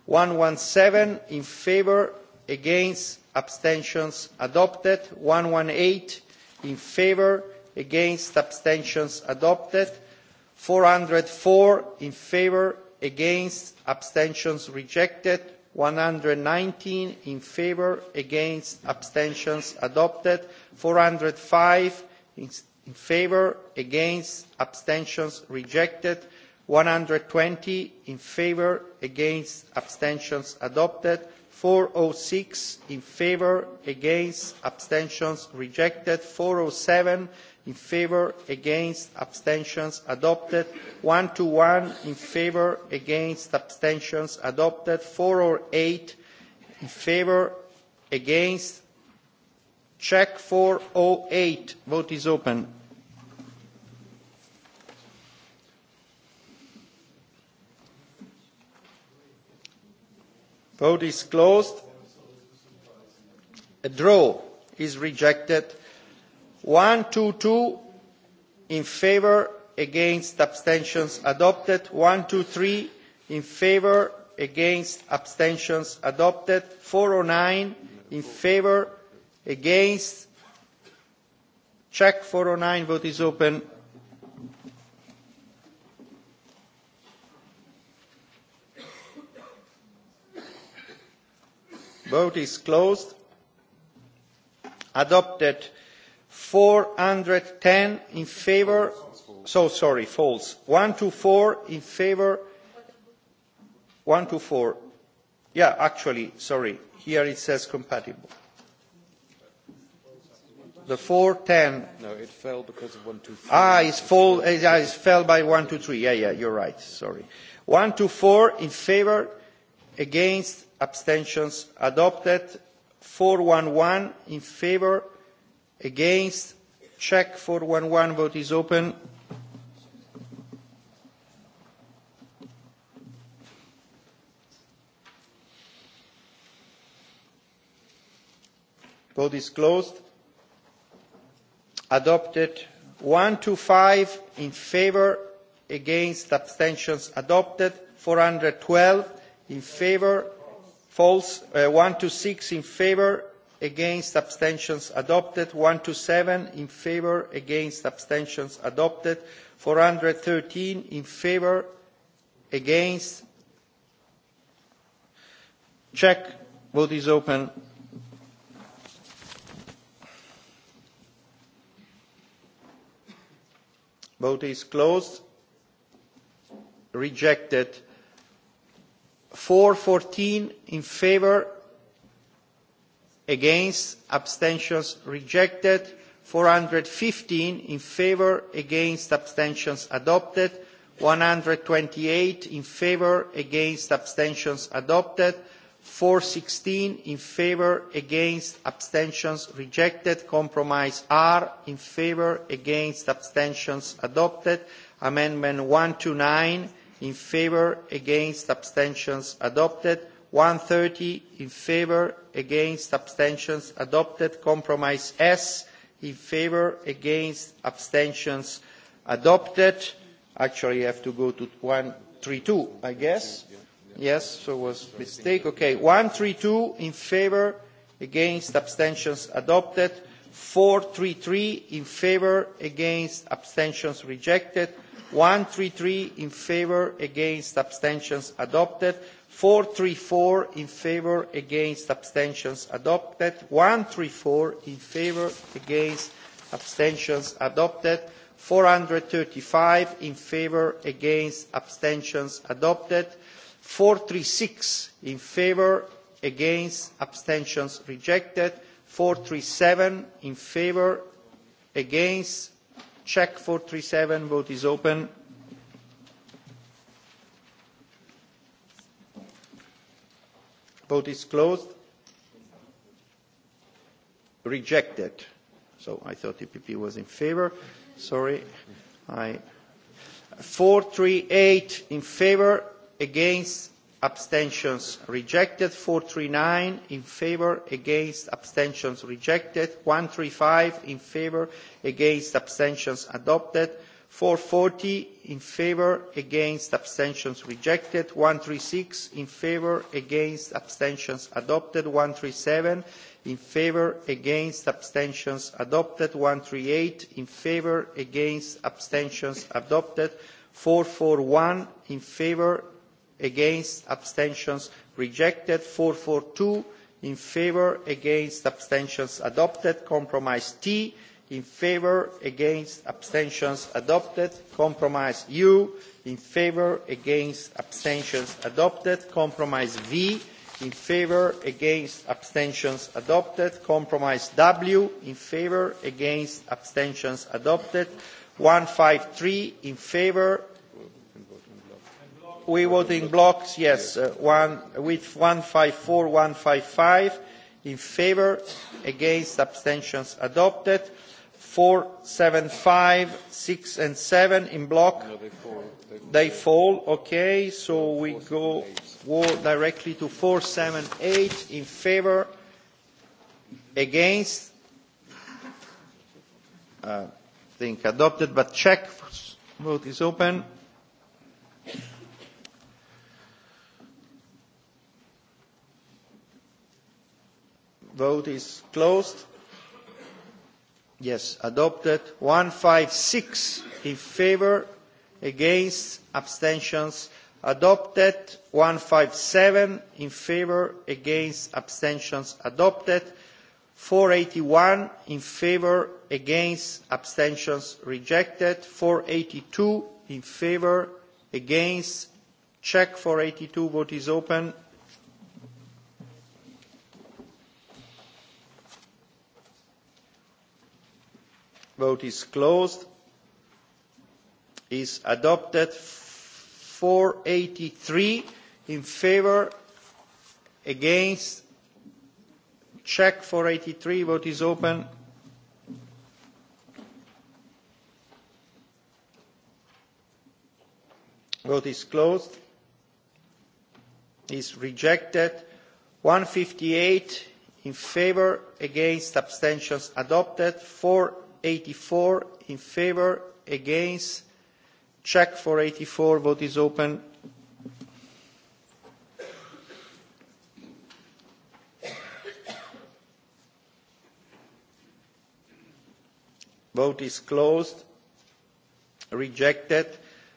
one 117 in favour against abstentions adopted one 118 in favour against abstentions adopted four 404 in favour against abstentions rejected one 119 in favour against abstentions adopted 405 in, in favour against abstentions rejected 120 in favour against abstentions adopted 406 in favour against abstentions rejected 407 in favour against abstentions adopted 121 in favour against abstentions adopted 408 in favour against check 408 vote is open vote is closed a draw is rejected one two two in favour against abstentions adopted one two three in favour against abstentions adopted four oh nine in favour against check four oh nine vote is open vote is closed adopted four hundred and ten in favour so sorry false one to four in favour one to four yeah actually sorry here it says compatible the four ten no it fell because of one two three ah it's fall eh, yeah, it fell by one two three yeah yeah you're right sorry one to four in favour against abstentions adopted four one one in favour against check four one one vote is open vote is closed adopted one two five in favour against abstentions adopted four hundred and twelve in favour false uh, one to six in favour against abstentions adopted one to seven in favour against abstentions adopted four hundred and thirteen in favour against check vote is open vote is closed rejected 414 in favour against abstentions rejected 415 in favour against abstentions adopted 128 in favour against abstentions adopted 416 in favour against abstentions rejected compromise r in favour against abstentions adopted amendment 129 in favour against abstentions adopted one hundred and thirty in favour against abstentions adopted compromise s in favour against abstentions adopted actually you have to go to one thirty two i guess yes so was a mistake okay one thirty two in favour against abstentions adopted four thirty three in favour against abstentions rejected 133 in favour against abstentions adopted 434 in favour against abstentions adopted 134 in favour against abstentions adopted 435 in favour against abstentions adopted 436 in favour against abstentions rejected 437 in favour against check 437 vote is open vote is closed rejected so i thought epp was in favor sorry i 438 in favor against abstentions rejected four three nine in favour against abstentions rejected one three five in favour against abstentions adopted four forty in favour against abstentions rejected one three six in favour against abstentions adopted one three seven in favour against abstentions adopted one three eight in favour against abstentions adopted four four one in favour against abstentions rejected four hundred and forty two in favour against abstentions adopted compromise t in favour against abstentions adopted compromise u in favour against abstentions adopted compromise v in favour against abstentions adopted compromise w in favour against abstentions adopted one hundred and fifty three in favour we vote in blocks, yes, uh, one, with 154, 155 in favour, against abstentions adopted. 4, 7, five 6 and 7 in block. they, fall. okay, so we go directly to 4, 7, eight in favour, against, I uh, think adopted, but check, vote is open. vote is closed yes adopted 156 in favor against abstentions adopted 157 in favor against abstentions adopted 481 in favor against abstentions rejected 482 in favor against check 482 vote is open vote is closed is adopted 483 in favour against check 483 vote is open vote is closed is rejected 158 in favour against abstentions adopted 4 84 in favour against check for 84 vote is open vote is closed rejected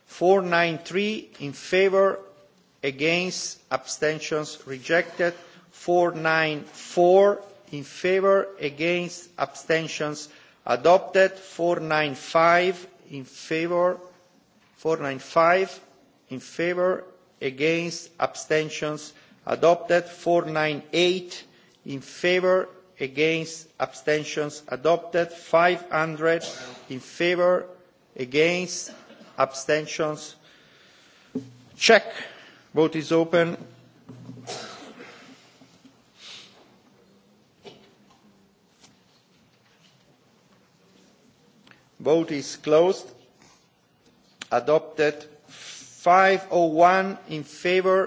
493 in favour against abstentions rejected 494 in favour against abstentions rejected adopted 495 in favour, 495 in favour against abstentions adopted 498 in favour against abstentions adopted 500 in favour against abstentions check vote is open vote is closed adopted five hundred oh and one in favour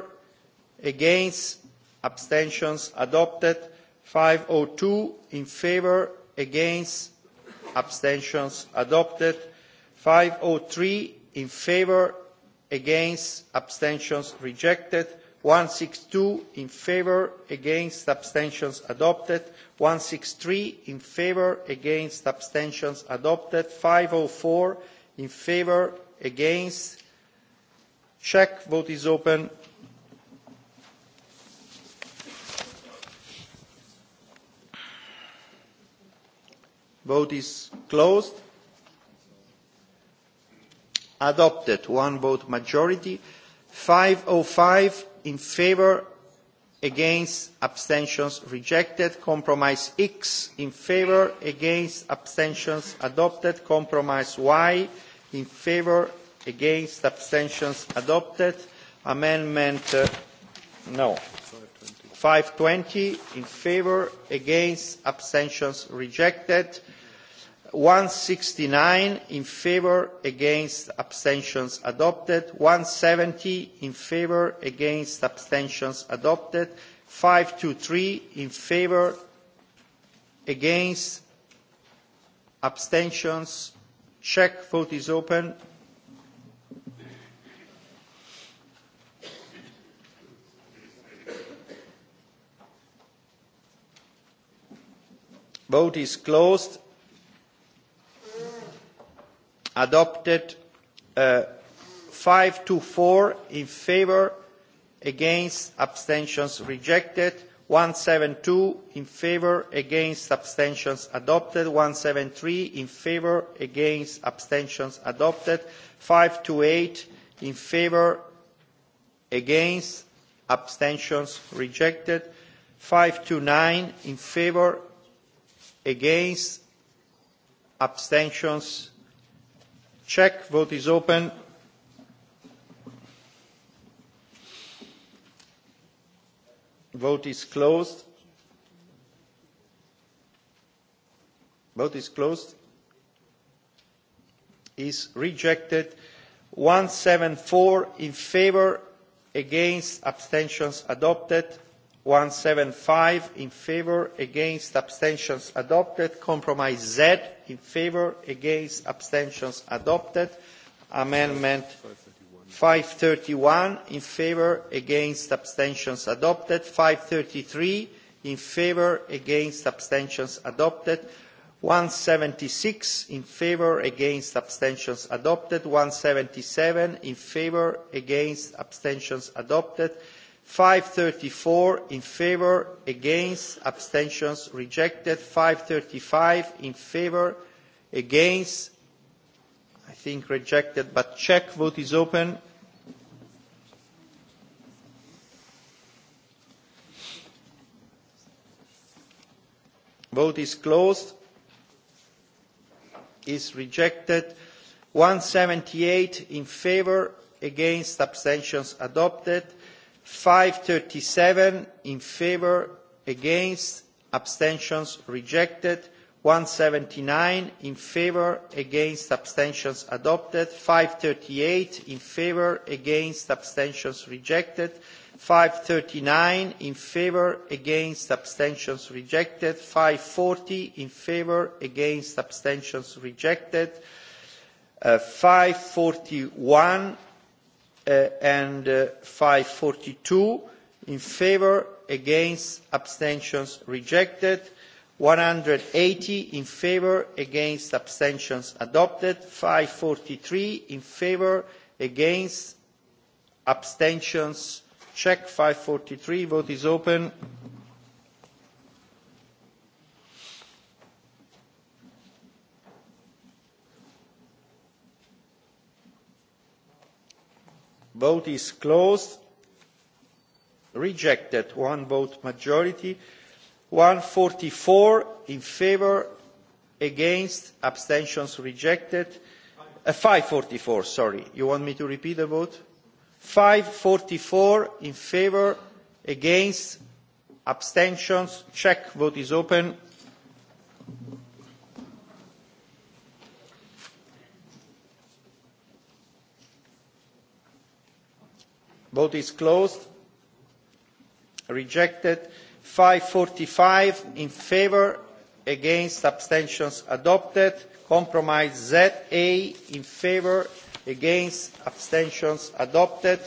against abstentions adopted five hundred oh and two in favour against abstentions adopted five hundred oh and three in favour against abstentions rejected 162 in favour against abstentions adopted 163 in favour against abstentions adopted 504 in favour against check vote is open vote is closed adopted one vote majority 505 in favour against abstentions rejected compromise x in favour against abstentions adopted compromise y in favour against abstentions adopted amendment hundred uh, no 520 in favour against abstentions rejected 169 in favour against abstentions adopted 170 in favour against abstentions adopted three in favour against abstentions check vote is open vote is closed adopted uh, 5 to 4 in favour against abstentions rejected 172 in favour against abstentions adopted 173 in favour against abstentions adopted 5 to 8 in favour against abstentions rejected 5 to 9 in favour against abstentions Check. Vote is open. Vote is closed. Vote is closed. Is rejected. 174 in favour, against, abstentions adopted. 175 in favour against abstentions adopted compromise z in favour against abstentions adopted amendment 531 in favour against abstentions adopted 533 in favour against abstentions adopted 176 in favour against abstentions adopted 177 in favour against abstentions adopted 534 in favour against abstentions rejected 535 in favour against i think rejected but check vote is open vote is closed is rejected 178 in favour against abstentions adopted 537 in favour against abstentions rejected 179 in favour against abstentions adopted 538 in favour against abstentions rejected 539 in favour against abstentions rejected 540 in favour against abstentions rejected uh, 541 uh, and uh, forty 542 in favour against abstentions rejected 180 in favour against abstentions adopted 543 in favour against abstentions check 543 vote is open vote is closed rejected one vote majority one hundred and forty four in favour against abstentions rejected uh, five forty four sorry you want me to repeat the vote five forty four in favour against abstentions check vote is open vote is closed rejected five forty five in favour against abstentions adopted compromise za in favour against abstentions adopted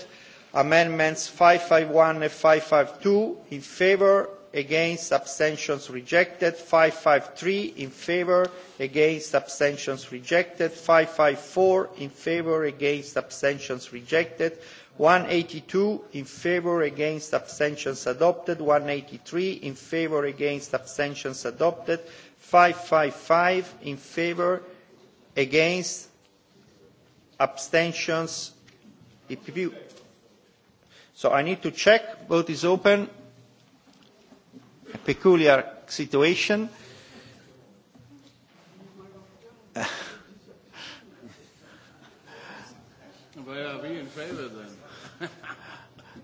amendments five 551 and five two in favour against abstentions rejected five three in favour against abstentions rejected five four in favour against abstentions rejected 182 in favour against abstentions adopted 183 in favour against abstentions adopted 555 in favour against abstentions so i need to check vote is open a peculiar situation where are we in then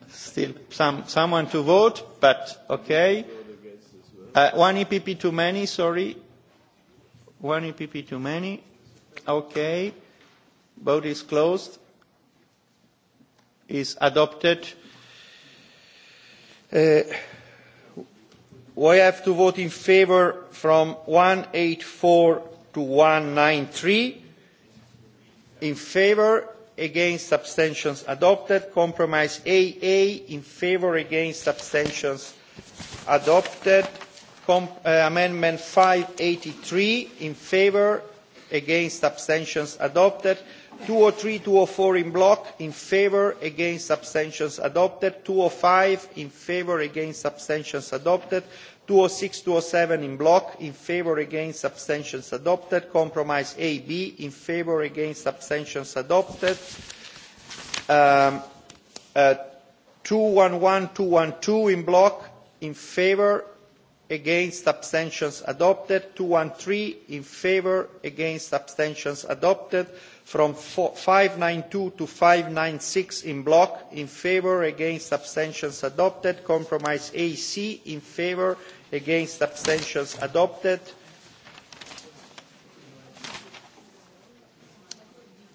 Still some, someone to vote, but okay. Uh, one EPP too many, sorry. One EPP too many. Okay. Vote is closed. Is adopted. Uh, we have to vote in favour from 184 to 193. In favour, against abstentions adopted compromise aa in favour against abstentions adopted uh, amendment five hundred and eighty three in favour against abstentions adopted two oh two hundred oh hundred and three and four in block in favour against abstentions adopted two hundred oh and five in favour against abstentions adopted two hundred oh and six two hundred oh and seven in block in favour against abstentions adopted compromise ab in favour against abstentions adopted um, uh, 211 212 in block in favour against abstentions adopted 213 in favour against abstentions adopted from 592 to 596 in block in favour against abstentions adopted compromise ac in favour against abstentions adopted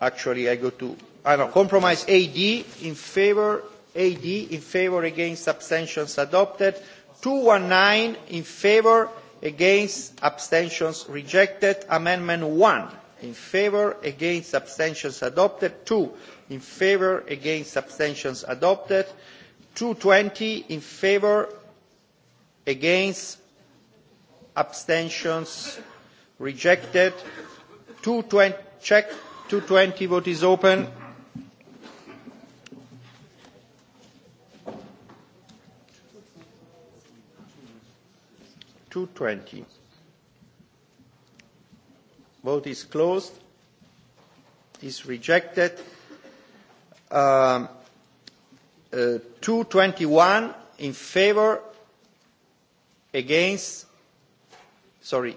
actually I go to I know, compromise AD in favor AD in favor against abstentions adopted 219 in favor against abstentions rejected amendment 1 in favor against abstentions adopted 2 in favor against abstentions adopted 220 in favor against abstentions rejected two twenty check two twenty vote is open two twenty vote is closed is rejected um, uh, two twenty one in favor against sorry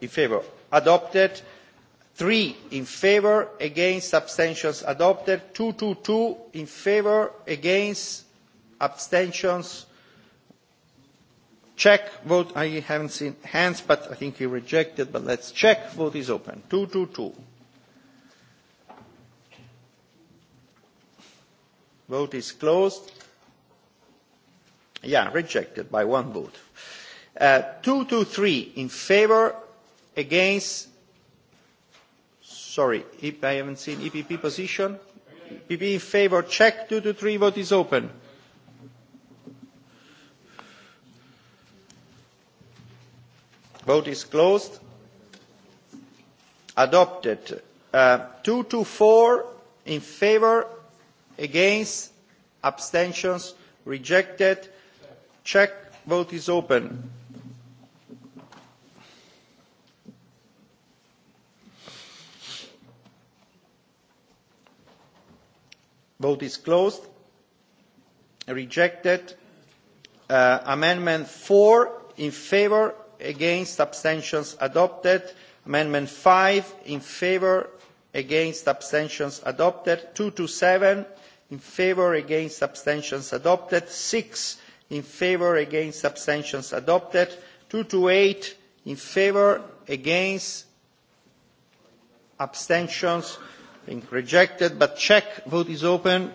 in favour adopted three in favour against abstentions adopted two two two in favour against abstentions check vote i haven't seen hands but i think he rejected but let's check vote is open two two two vote is closed yeah rejected by one vote uh, three in favor against sorry e i haven't seen epp position epp in favor check three vote is open vote is closed adopted uh, four in favor against abstentions rejected Check. Vote is open. Vote is closed. Rejected. Uh, amendment 4 in favour, against abstentions adopted. Amendment 5 in favour, against abstentions adopted. 2 to 7 in favour, against abstentions adopted. 6 in favour against abstentions adopted two to eight in favour against abstentions being rejected but check vote is open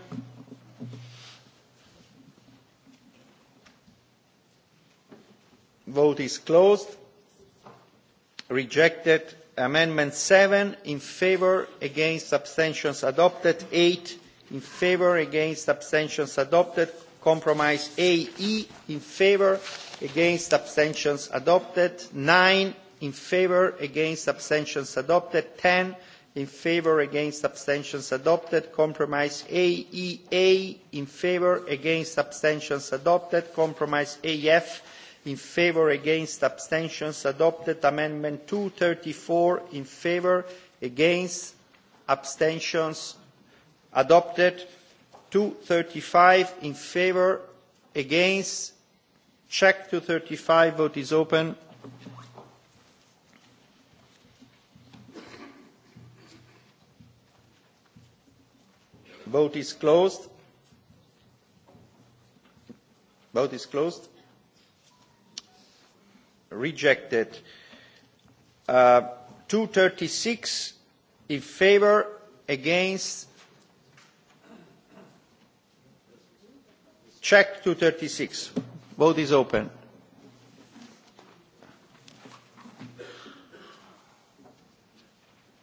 vote is closed rejected amendment seven in favour against abstentions adopted eight in favour against abstentions adopted compromise AE in favour against abstentions adopted 9 in favour against abstentions adopted 10 in favour against abstentions adopted compromise AEA e, in favour against abstentions adopted compromise AF in favour against abstentions adopted amendment 234 in favour against abstentions adopted 235 in favour against check 235 vote is open vote is closed vote is closed rejected uh, 236 in favour against check two thirty six vote is open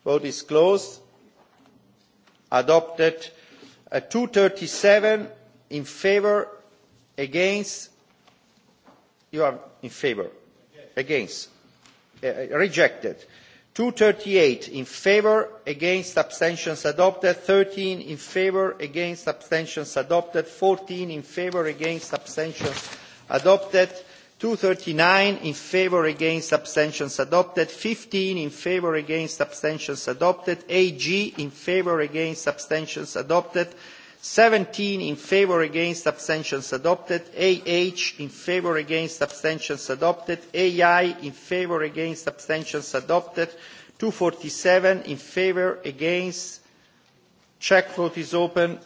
vote is closed adopted uh, two thirty seven in favour against you are in favour against uh, rejected two thirty eight in favour against abstentions adopted thirteen in favour against abstentions adopted fourteen in favour against abstentions adopted two thirty nine in favour against abstentions adopted fifteen in favour against abstentions adopted ag in favour against abstentions adopted 17 in favour against abstentions adopted ah in favour against abstentions adopted ai in favour against abstentions adopted 247 in favour against check vote is open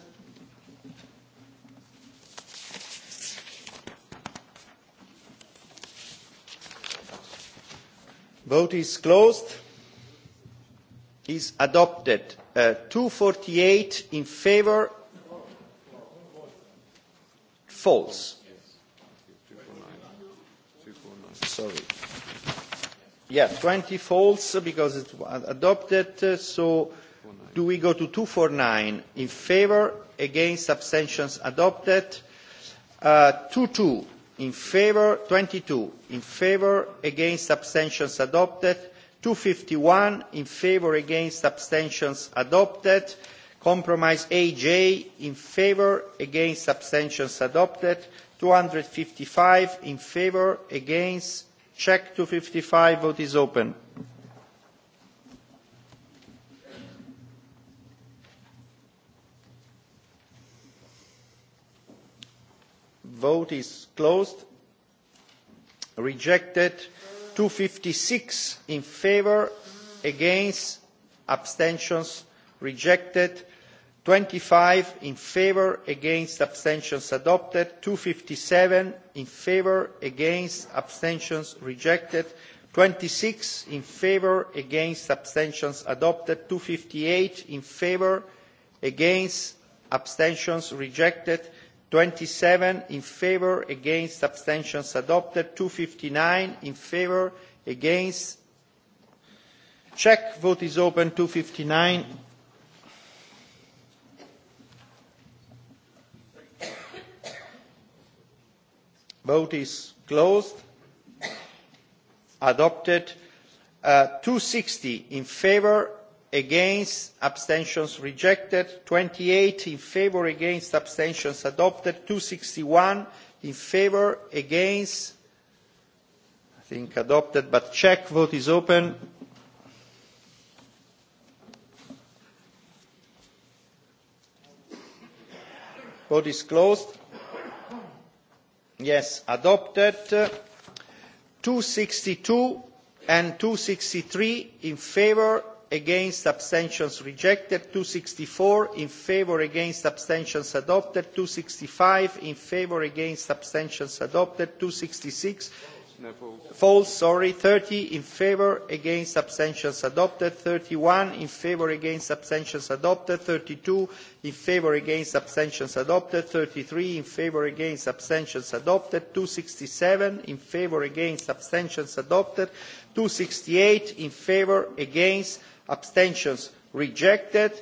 vote is closed is adopted uh, forty eight in favour false. Sorry. Yeah, 20 false uh, because it was adopted. Uh, so do we go to 249 in favor, against abstentions adopted? Uh, 22 in favor, 22 in favor, against abstentions adopted. 251 in favor, against abstentions adopted compromise aj in favour against abstentions adopted two hundred and fifty five in favour against check two hundred and fifty five vote is open vote is closed rejected two hundred and fifty six in favour against abstentions rejected twenty five in favour against abstentions adopted two hundred and fifty seven in favour against abstentions rejected twenty six in favour against abstentions adopted two hundred and fifty eight in favour against abstentions rejected twenty seven in favour against abstentions adopted two hundred and fifty nine in favour against check vote is open two hundred and fifty nine vote is closed adopted and uh, sixty in favour against abstentions rejected eight in favour against abstentions adopted 261 in favour against i think adopted but check vote is open vote is closed yes adopted two hundred and sixty two and two hundred and sixty three in favour against abstentions rejected two hundred and sixty four in favour against abstentions adopted two hundred and sixty five in favour against abstentions adopted two hundred and sixty six false sorry 30 in favor against abstentions adopted 31 in favor against abstentions adopted 32 in favor against abstentions adopted 33 in favor against abstentions adopted 267 in favor against abstentions adopted 268 in favor against abstentions rejected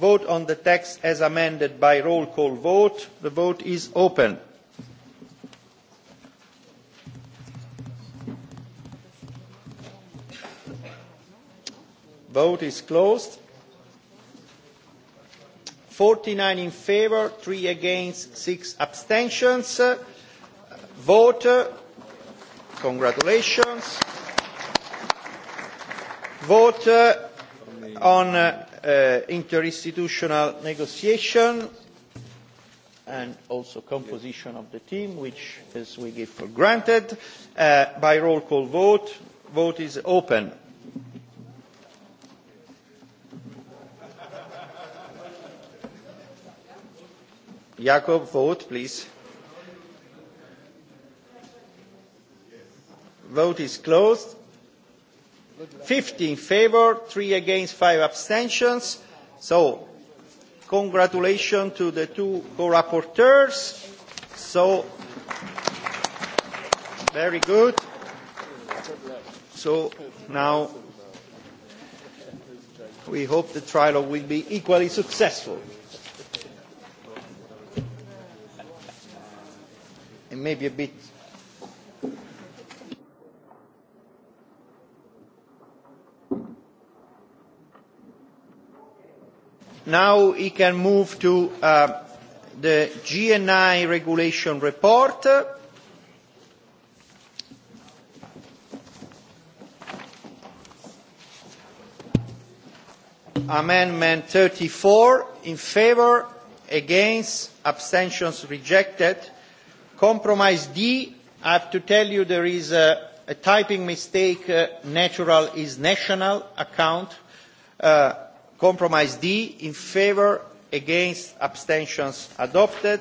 vote on the text as amended by roll call vote the vote is open vote is closed forty nine in favour three against six abstentions vote congratulations vote on uh, interinstitutional negotiation and also composition of the team which as we give for granted uh, by roll call vote vote is open Jakob, vote, please. Vote is closed. 15 favor, 3 against, 5 abstentions. So, congratulations to the two co-rapporteurs. So, very good. So, now we hope the trilogue will be equally successful. maybe a bit Now we can move to uh, the GNI regulation report. Amendment 34 in favor, against, abstentions rejected. Compromise D, I have to tell you there is a, a typing mistake. Uh, natural is national account. Uh, compromise D in favour, against, abstentions adopted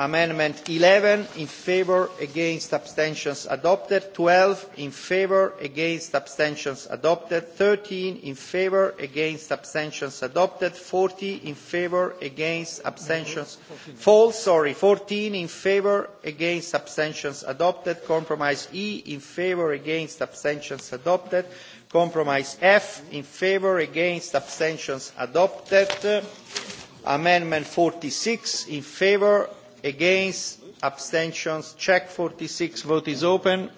amendment eleven in favour against abstentions adopted twelve in favour against abstentions adopted thirteen in favour against abstentions adopted forty in favour against abstentions false sorry fourteen in favour against abstentions adopted compromise e in favour against abstentions adopted compromise f in favour against abstentions adopted amendment forty six in favour against abstentions check 46 vote is open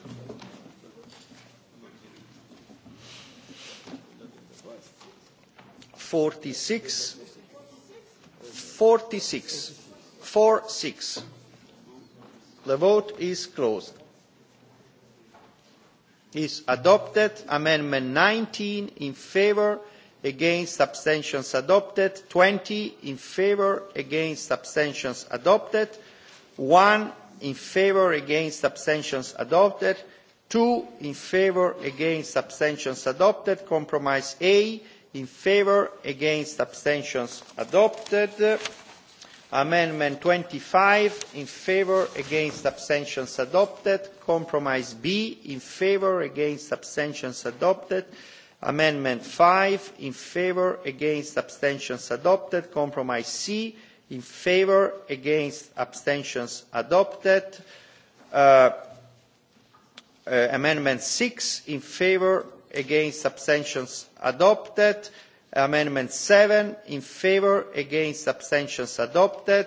forty six forty six four six the vote is closed is adopted amendment nineteen in favour against abstentions adopted Twenty in favour against abstentions adopted One in favour against abstentions adopted Two in favour against abstentions adopted compromise a in favour against abstentions adopted amendment 25 in favour against abstentions adopted compromise b in favour against abstentions adopted amendment five in favour against abstentions adopted compromise c in favour against abstentions adopted uh, uh, amendment six in favour against abstentions adopted amendment seven in favour against abstentions adopted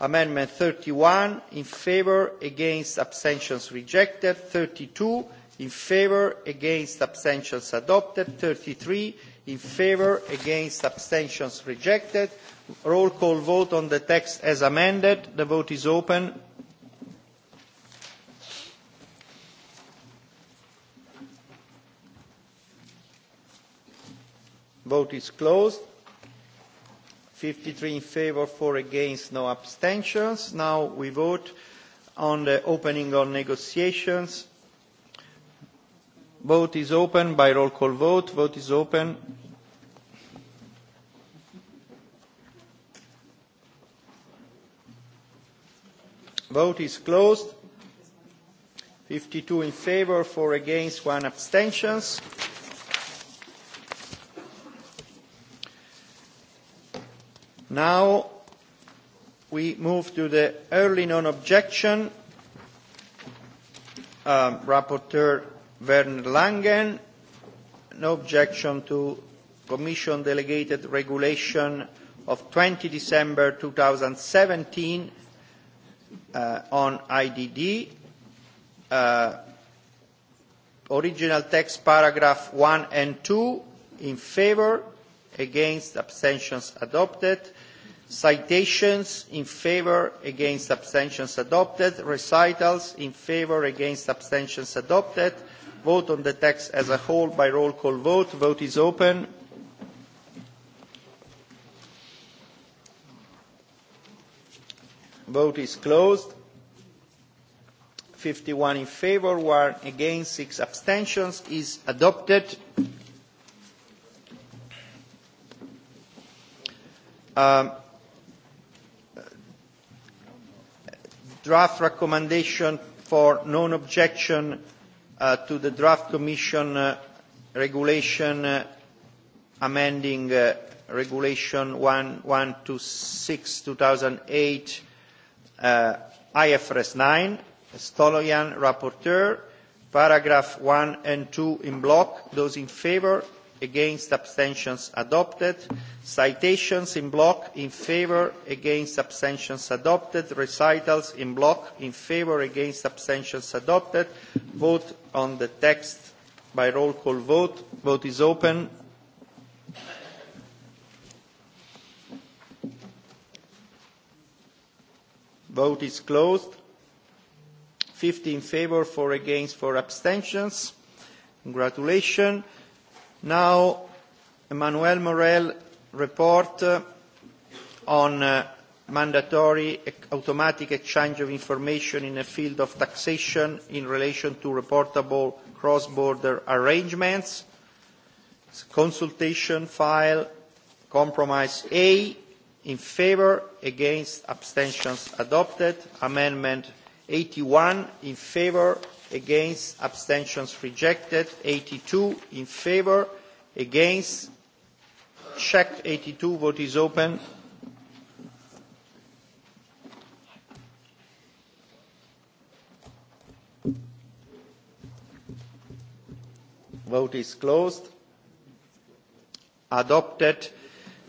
amendment thirty one in favour against abstentions rejected thirty two in favour against abstentions adopted thirty three in favour against abstentions rejected roll call vote on the text as amended the vote is open vote is closed fifty three in favour four against no abstentions now we vote on the opening of negotiations Vote is open by roll call vote. Vote is open. Vote is closed. 52 in favor, 4 against, 1 abstentions. Now we move to the early non-objection. Um, rapporteur Werner Langen. No objection to Commission delegated regulation of 20 December 2017 uh, on IDD. Uh, original text paragraph 1 and 2 in favor, against abstentions adopted. Citations in favor, against abstentions adopted. Recitals in favor, against abstentions adopted vote on the text as a whole by roll call vote. Vote is open. Vote is closed. 51 in favour, 1 against, 6 abstentions is adopted. Um, draft recommendation for non-objection uh, to the draft Commission uh, regulation uh, amending uh, regulation 126 2008 uh, IFRS 9, Stolojan rapporteur, paragraph 1 and 2 in block. Those in favour? against abstentions adopted citations in block in favour against abstentions adopted recitals in block in favour against abstentions adopted vote on the text by roll call vote vote is open vote is closed fifty in favour four against four abstentions congratulations Now, Emmanuel Morel report uh, on uh, mandatory e-, automatic exchange of information in the field of taxation in relation to reportable cross-border arrangements. Consultation file, compromise A, in favour, against, abstentions adopted. Amendment 81, in favour, against abstentions rejected 82 in favor against check 82 vote is open vote is closed adopted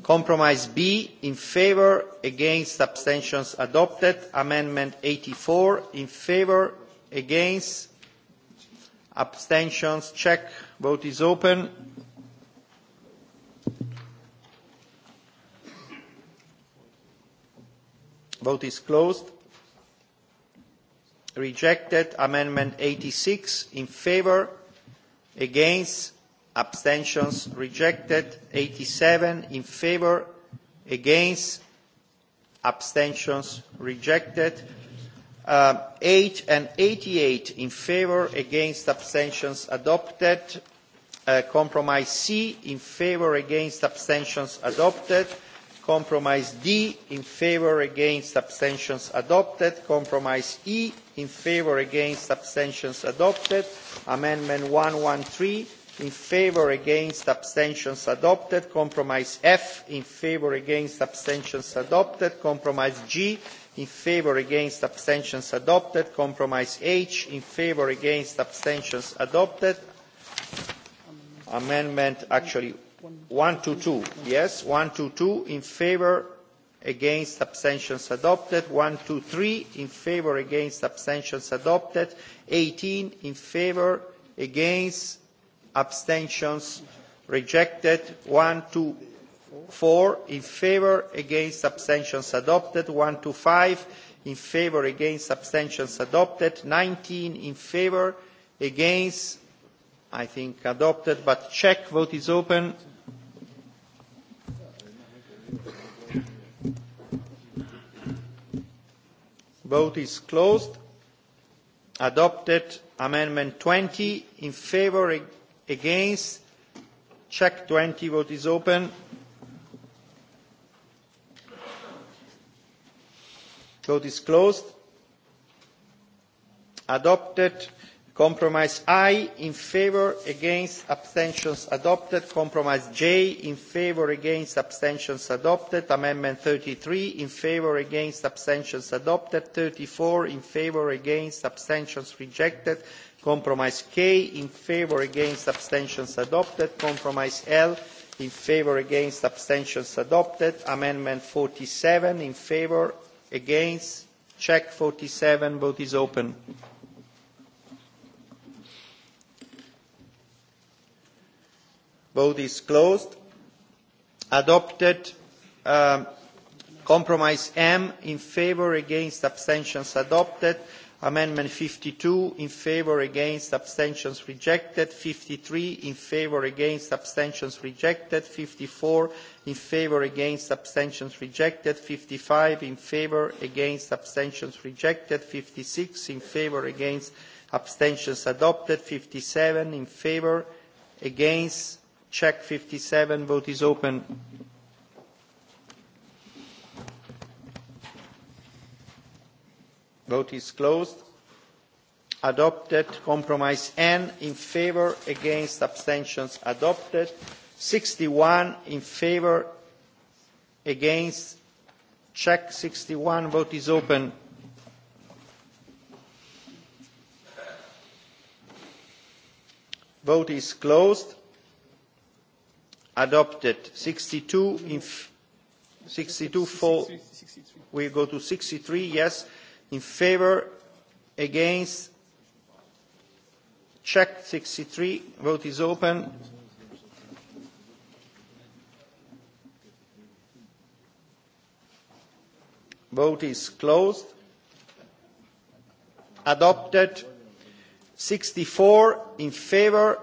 compromise b in favour against abstentions adopted amendment eighty four in favour against abstentions check vote is open vote is closed rejected amendment 86 in favor against abstentions rejected 87 in favor against abstentions rejected Um, eight and eighty eight in favour against abstentions adopted uh, compromise c in favour against abstentions adopted compromise d in favour against abstentions adopted compromise e in favour against abstentions adopted amendment one hundred and thirteen in favour against abstentions adopted compromise f in favour against abstentions adopted compromise g in favour against abstentions adopted compromise h in favour against abstentions adopted amendment actually one to two yes one to two in favour against abstentions adopted one to three in favour against abstentions adopted eighteen in favour against abstentions rejected one to four in favour against abstentions adopted one to five in favour against abstentions adopted nineteen in favour against i think adopted but check vote is open vote is closed adopted amendment twenty in favour against check twenty vote is open vote is closed adopted compromise i in favour against abstentions adopted compromise j in favour against abstentions adopted amendment thirty three in favour against abstentions adopted thirty four in favour against abstentions rejected compromise k in favour against abstentions adopted compromise l in favour against abstentions adopted amendment forty seven in favour against check 47 vote is open vote is closed adopted um, compromise m in favour against abstentions adopted amendment fifty two in favour against abstentions rejected fifty three in favour against abstentions rejected fifty four in favour against abstentions rejected fifty five in favour against abstentions rejected fifty six in favour against abstentions adopted fifty seven in favour against check fifty seven vote is open vote is closed adopted compromise n in favour against abstentions adopted sixty one in favour against check sixty one vote is open vote is closed adopted sixty two in sixty two for we go to sixty three yes in favour against check 63 vote is open vote is closed adopted 64 in favour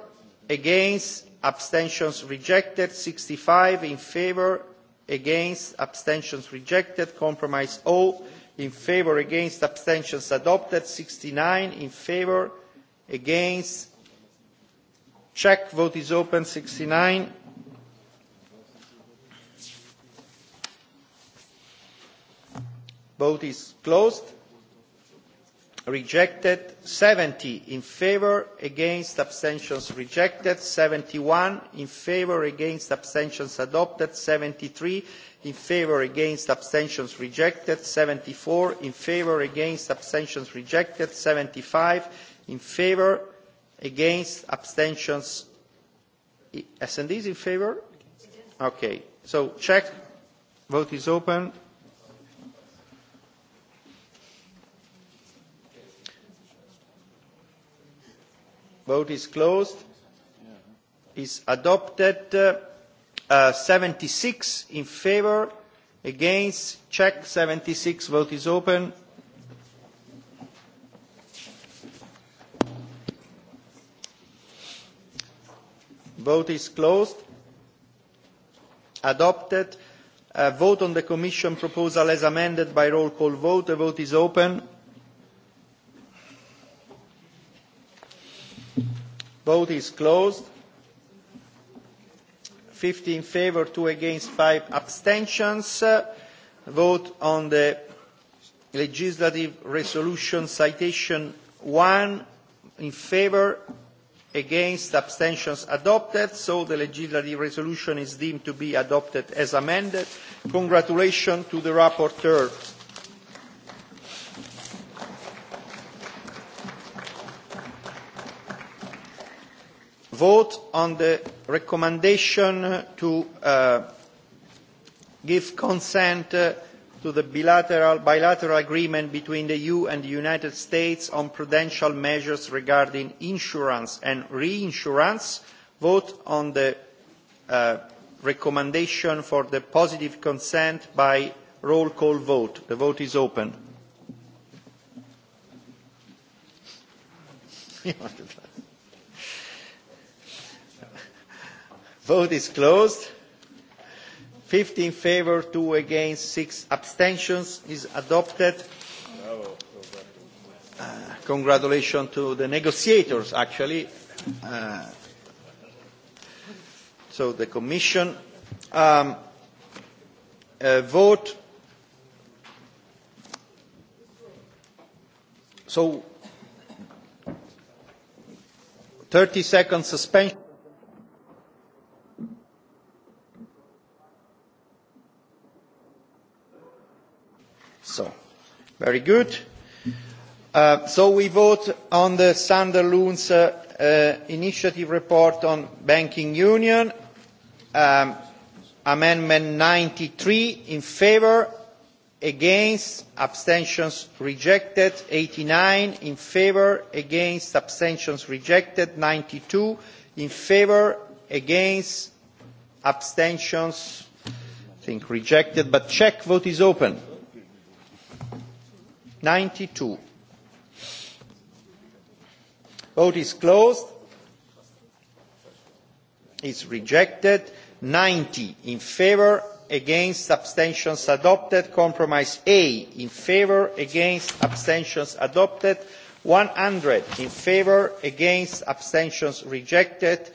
against abstentions rejected 65 in favour against abstentions rejected compromise o in favour against abstentions adopted sixty nine in favour against check vote is open sixty nine vote is closed rejected seventy in favour against abstentions rejected seventy one in favour against abstentions adopted seventy three in favour against abstentions rejected seventy four in favour against abstentions rejected seventy five in favour against abstentions s d is in favour ok so check vote is open vote is closed is adopted uh, 76 uh, in favor against check 76 vote is open vote is closed adopted uh, vote on the commission proposal as amended by roll call vote the vote is open vote is closed fifty in favour two against five abstentions. vote on the legislative resolution citation one in favour against abstentions adopted so the legislative resolution is deemed to be adopted as amended. congratulations to the rapporteur. vote on the recommendation to uh, give consent uh, to the bilateral, bilateral agreement between the EU and the United States on prudential measures regarding insurance and reinsurance. Vote on the uh, recommendation for the positive consent by roll call vote. The vote is open. vote is closed. fifteen in favour two against six abstentions is adopted. Uh, congratulations to the negotiators actually. Uh, so the commission um, uh, vote so 30 seconds suspension so very good. Uh, so we vote on the Sander Loons uh, uh, initiative report on banking union. Um, amendment 93 in favour, against, abstentions rejected. 89 in favour, against, abstentions rejected. 92 in favour, against, abstentions, I think rejected, but check, vote is open ninety two vote is closed is rejected ninety in favour against abstentions adopted compromise a in favour against abstentions adopted one hundred in favour against abstentions rejected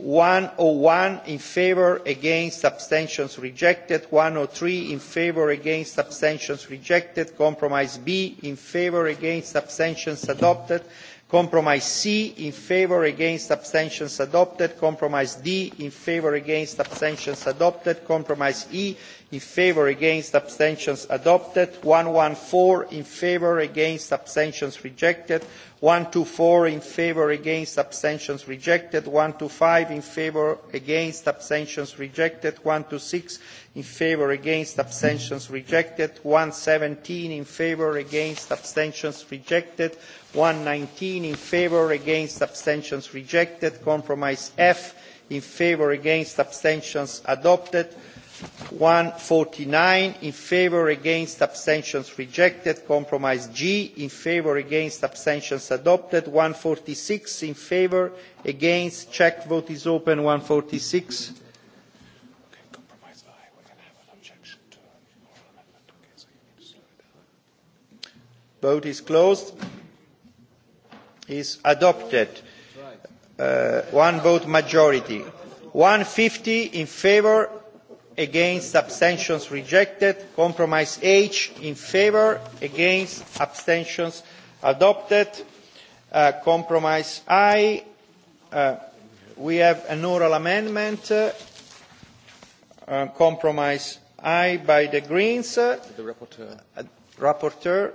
Oh one in favour against abstentions rejected one hundred oh and three in favour against abstentions rejected compromise b in favour against abstentions adopted compromise c in favour against abstentions adopted compromise d in favour against abstentions adopted compromise e in favour against abstentions adopted one hundred and fourteen in favour against abstentions rejected one to four in favour against abstentions rejected one to five in favour against abstentions rejected one to six in favour against abstentions rejected one seventeen in favour against abstentions rejected one nineteen in favour against abstentions rejected compromise f in favour against abstentions adopted 149 in favour against abstentions rejected compromise g in favour against abstentions adopted 146 in favour against check vote is open 146 vote is closed is adopted uh, one vote majority 150 in favour against abstentions rejected compromise h in favour against abstentions adopted uh, compromise i uh, we have an oral amendment uh, compromise i by the greens the rapporteur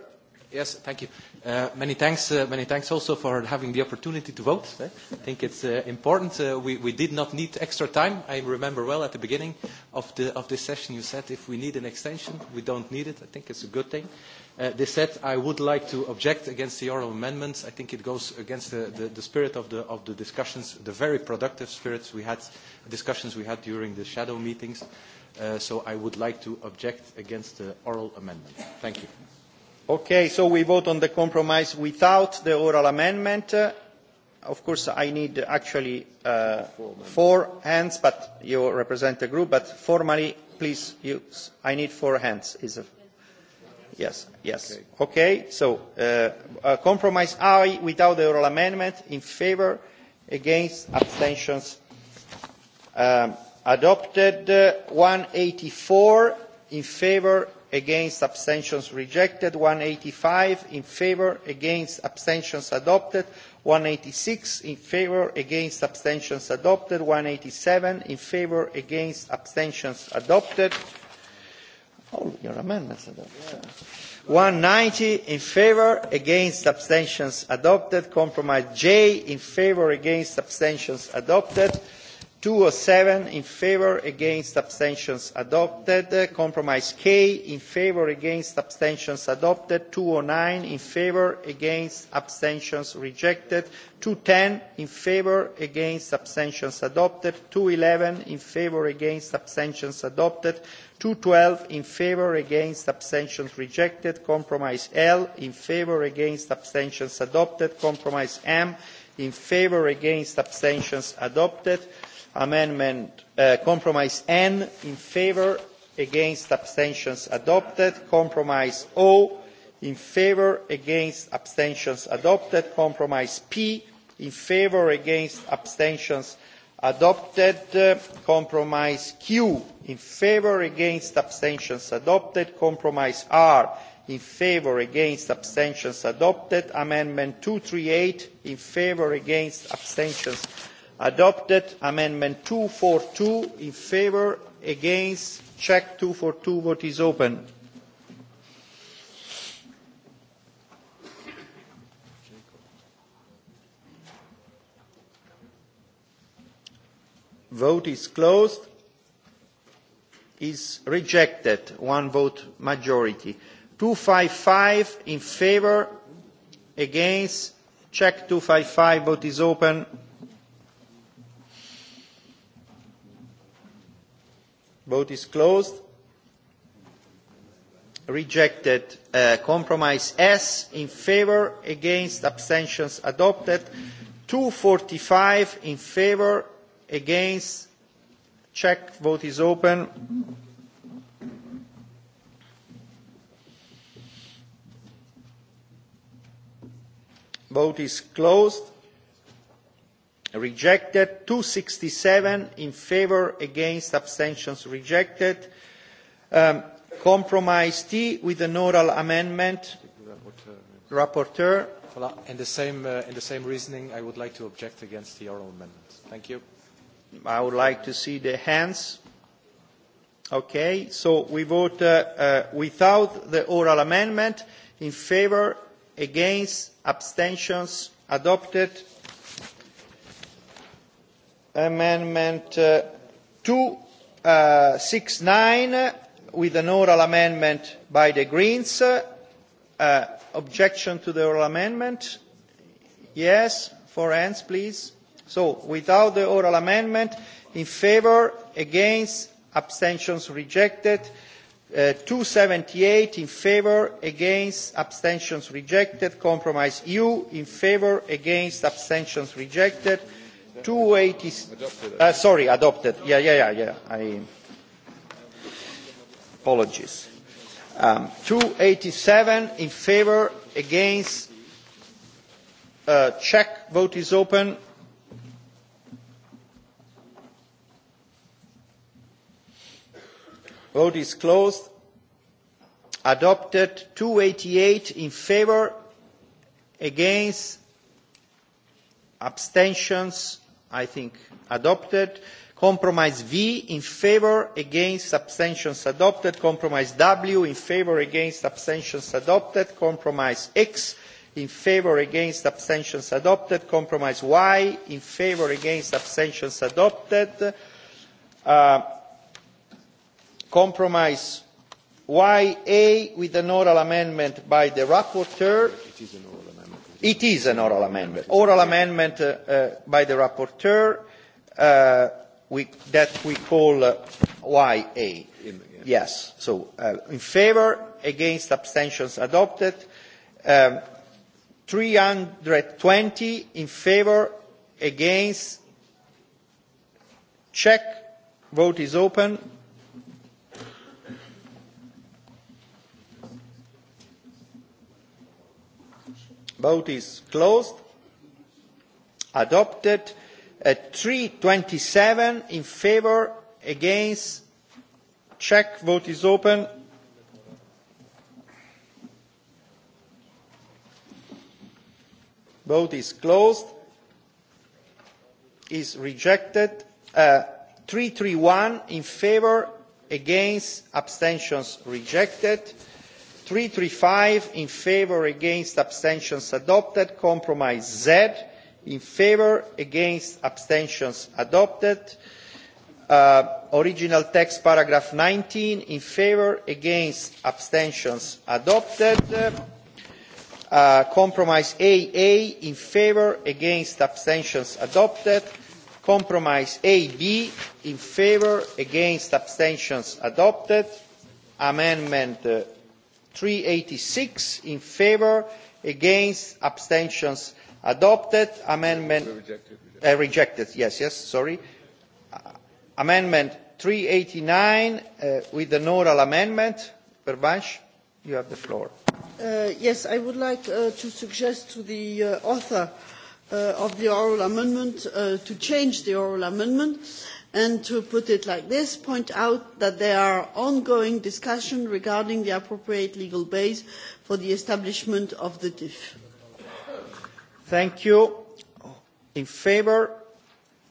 Yes, thank you. Uh, many thanks. Uh, many thanks also for having the opportunity to vote. Eh? I think it's uh, important. Uh, we, we did not need extra time. I remember well at the beginning of, the, of this session you said if we need an extension, we don't need it. I think it's a good thing. Uh, they said I would like to object against the oral amendments. I think it goes against the, the, the spirit of the, of the discussions, the very productive spirits we had, discussions we had during the shadow meetings. Uh, so I would like to object against the oral amendment. Thank you. Okay, so we vote on the compromise without the oral amendment. Uh, of course, I need actually uh, four hands, but you represent the group, but formally, please, you, I need four hands. Is a, yes, yes. Okay, okay so uh, uh, compromise I without the oral amendment in favor, against, abstentions. Um, adopted uh, 184 in favor against abstentions rejected one hundred and eighty five in favour against abstentions adopted one hundred and eighty six in favour against abstentions adopted one hundred and eighty seven in favour against abstentions adopted oh, one hundred and ninety in favour against abstentions adopted compromise j in favour against abstentions adopted 207 in favour against abstentions adopted compromise k in favour against abstentions adopted 209 in favour against abstentions rejected 210 in favour against abstentions adopted 211 in favour against abstentions adopted 212 in favour against abstentions rejected compromise l in favour against abstentions adopted compromise m in favour against abstentions adopted amendment uh, compromise n in favour against abstentions adopted compromise o in favour against abstentions adopted compromise p in favour against abstentions adopted compromise q in favour against abstentions adopted compromise r in favour against abstentions adopted amendment two hundred and thirty eight in favour against abstentions adopted adopted amendment two hundred and forty two in favour against check two hundred and forty two vote is open vote is closed is rejected one vote majority two hundred and fifty five in favour against check two hundred and fifty five vote is open vote is closed rejected uh, compromise s in favor against abstentions adopted 245 in favor against check vote is open vote is closed rejected two hundred and sixty seven in favour against abstentions rejected um, compromise t with an oral amendment rapporteur and the same uh, and the same reasoning i would like to object against the oral amendment thank you i would like to see the hands okay so we vote uh, uh, without the oral amendment in favour against abstentions adopted Amendment uh, 269 uh, with an oral amendment by the Greens. Uh, objection to the oral amendment? Yes. Four hands, please. So, without the oral amendment, in favour, against, abstentions rejected. Uh, 278 in favour, against, abstentions rejected. Compromise EU in favour, against, abstentions rejected. 280 uh, sorry adopted yeah yeah yeah yeah apologies 287 um, in favour, against uh, check vote is open vote is closed adopted 288 in favour, against abstentions I think adopted. Compromise V in favour against abstentions adopted. Compromise W in favour against abstentions adopted. Compromise X in favour against abstentions adopted. Compromise Y in favour against abstentions adopted. Uh, compromise YA with an oral amendment by the rapporteur. It is an oral It is an oral amendment. Oral amendment uh, uh, by the rapporteur uh, that we call YA. Yes. So in favour, against abstentions adopted. and um, 320 in favour, against. Check. Vote is open. vote is closed adopted at three twenty seven in favour against check vote is open vote is closed is rejected uh, 331 in favour against abstentions rejected three thirty five in favour against abstentions adopted compromise z in favour against abstentions adopted uh, original text paragraph nineteen in favour uh, against abstentions adopted compromise aa in favour against abstentions adopted compromise ab in favour against abstentions adopted amendment uh, three eighty six in favour against abstentions adopted amendment rejected, Uh, rejected yes yes sorry uh, amendment three eighty nine uh, with an oral amendment Pervanche, you have the floor uh, yes i would like uh, to suggest to the uh, author uh, of the oral amendment uh, to change the oral amendment uh, and to put it like this point out that there are ongoing discussions regarding the appropriate legal base for the establishment of the DIF. thank you. in favour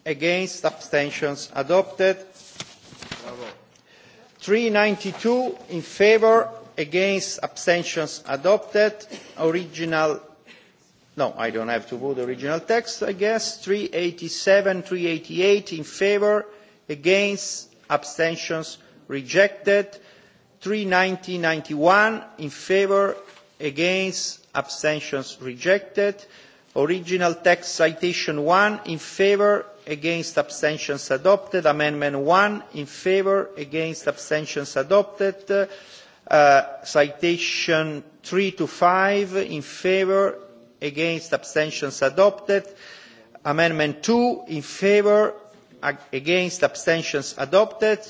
against abstentions adopted three ninety two in favour against abstentions adopted original No, I don't have to vote the original text, I guess. three three hundred hundred and and eighty seven eighty eight in favour, against, abstentions rejected. three hundred and ninety ninety one in favour, against, abstentions rejected. Original text citation one in favour, against, abstentions adopted. Amendment one in favour, against, abstentions adopted. Uh, citation 3 to five in favour, against abstentions adopted amendment two in favour against abstentions adopted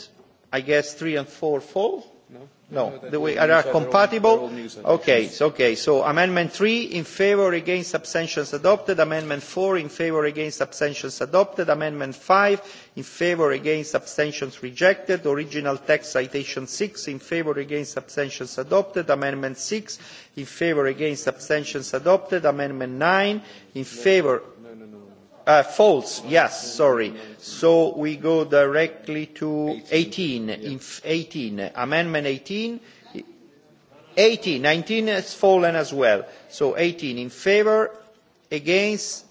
i guess three and four fall No, the way are compatible. Okay, so, okay. So amendment three in favour against abstentions adopted. Amendment four in favour against abstentions adopted. Amendment five in favour against abstentions rejected. Original text citation six in favour against abstentions adopted. Amendment six in favour against abstentions adopted. Amendment nine in favour Uh, false, yes, sorry. So we go directly to 18. in Amendment 18. 18, 19 has fallen as well. So 18 in favour, against,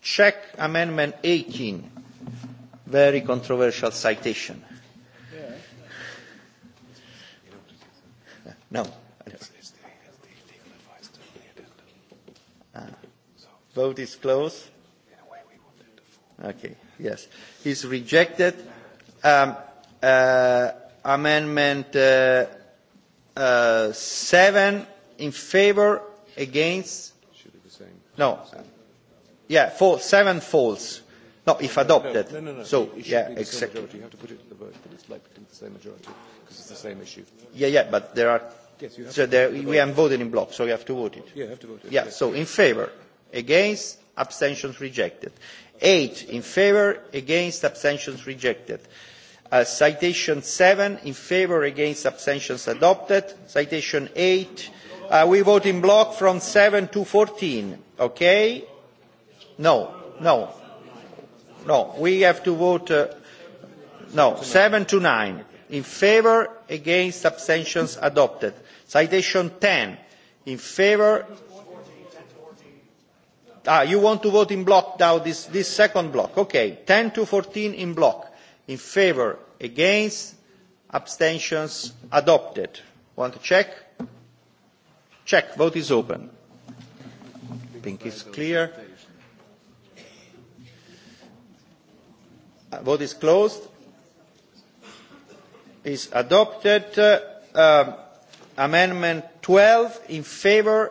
check amendment 18. Very controversial citation. No. Ah. Vote is closed Okay, yes. Is rejected. Um, uh, amendment uh, uh, 7 in favor, against. Should be the same. No. Yeah, four, seven false. No, if adopted. No, no, no. no. So, it yeah, be the exactly. Same majority. You have to put it to the vote, but it's likely to be the same majority because it's the same issue. Yeah, yeah, but there are. Yes, you have so to there, we have voted in block, so you have to vote it. Yeah, you have to vote it. Yeah, yes. so in favor, against, abstentions rejected eight in favour against abstentions rejected uh, citation seven in favour against abstentions adopted citation eight uh, we vote in block from seven to fourteen okay no no no we have to vote uh, no seven to nine in favour against abstentions adopted citation ten in favour Ah, you want to vote in block now this, second block okay ten to fourteen in block in favour against abstentions adopted want to check check vote is open I think it's clear uh, vote is closed is adopted uh, um, amendment 12 in favour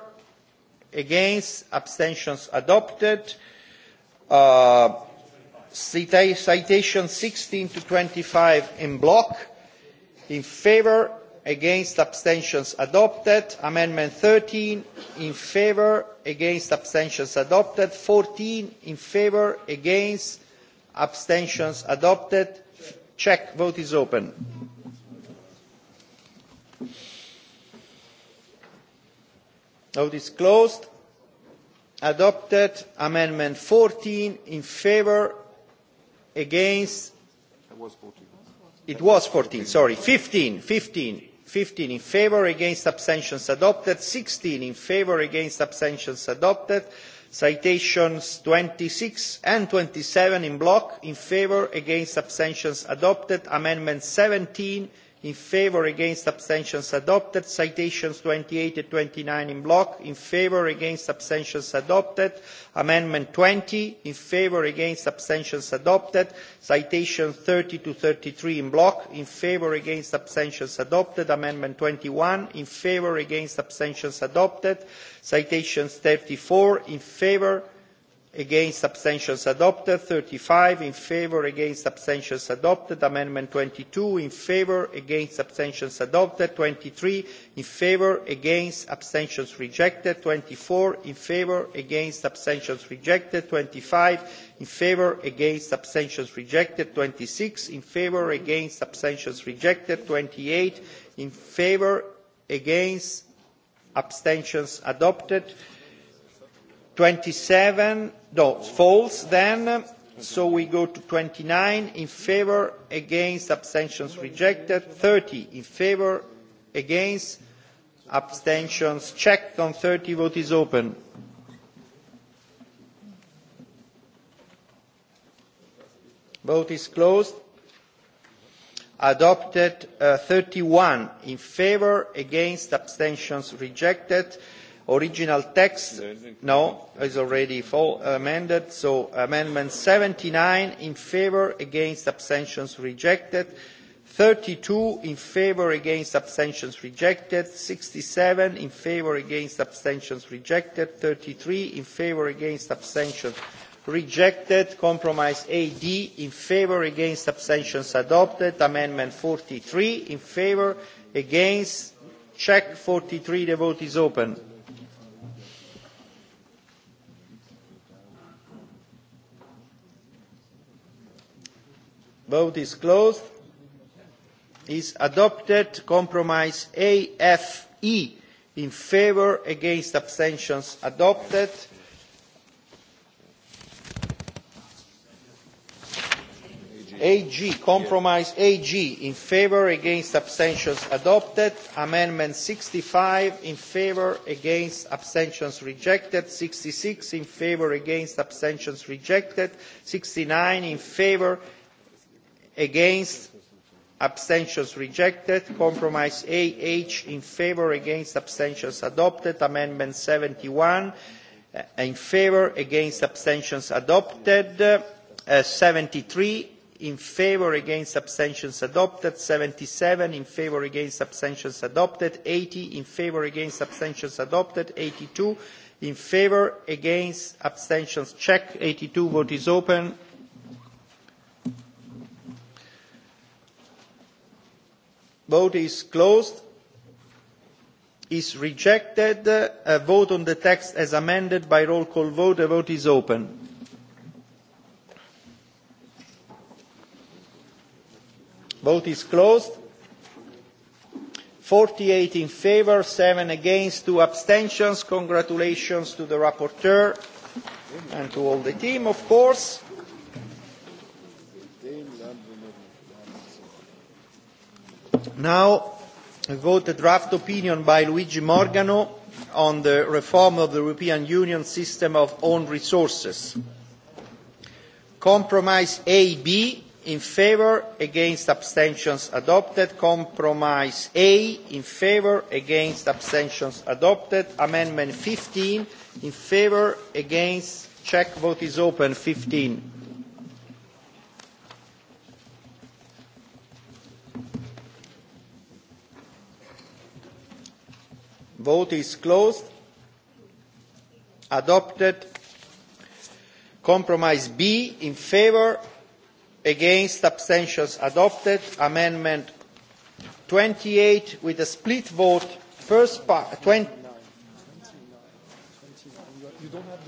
against abstentions adopted uh, cita citation 16 to 25 in block in favor against abstentions adopted amendment 13 in favor against abstentions adopted 14 in favor against abstentions adopted check vote is open vote is adopted amendment fourteen in favour against it was fourteen sorry fifteen fifteen fifteen in favour against abstentions adopted sixteen in favour against abstentions adopted citations twenty six and twenty seven in block in favour against abstentions adopted amendment seventeen in favour against abstentions adopted citations twenty eight and twenty nine in block in favour against abstentions adopted amendment twenty in favour against abstentions adopted citations thirty to thirty three in block in favour against abstentions adopted amendment twenty one in favour against abstentions adopted citations thirty four in favour against abstentions adopted thirty five in favour against abstentions adopted amendment twenty two in favour against abstentions adopted twenty three in favour against abstentions rejected twenty four in favour against abstentions rejected twenty five in favour against abstentions rejected twenty six in favour against abstentions rejected twenty eight in favour against abstentions adopted 27 no, false then so we go to 29 in favour, against abstentions rejected 30 in favour, against abstentions checked on 30 vote is open vote is closed adopted uh, 31 in favour, against abstentions rejected original text no is already full, amended so amendment 79 in favour against abstentions rejected 32 in favour against abstentions rejected 67 in favour against abstentions rejected 33 in favour against abstentions rejected compromise ad in favour against abstentions adopted amendment forty three in favour against check forty three the vote is open vote is closed is adopted compromise afe in favour against abstentions adopted ag compromise ag in favour against abstentions adopted amendment sixty five in favour against abstentions rejected sixty six in favour against abstentions rejected sixty nine in favour against abstentions rejected compromise ah in favour against abstentions adopted amendment seventy one uh, in favour against abstentions adopted uh, seventy three in favour against abstentions adopted seventy seven in favour against abstentions adopted eighty in favour against abstentions adopted eighty two in favour against abstentions check eighty two vote is open vote is closed is rejected uh, a vote on the text as amended by roll call vote the vote is open vote is closed forty eight in favour seven against two abstentions congratulations to the rapporteur and to all the team of course Now, vote the draft opinion by Luigi Morgano on the reform of the European Union system of own resources. Compromise AB in favour against abstentions adopted compromise a in favour against abstentions adopted amendment 15 in favour against check vote is open 15. Vote is closed. Adopted. Compromise B in favour. Against abstentions adopted. Amendment 28 with a split vote. First part. 20. You have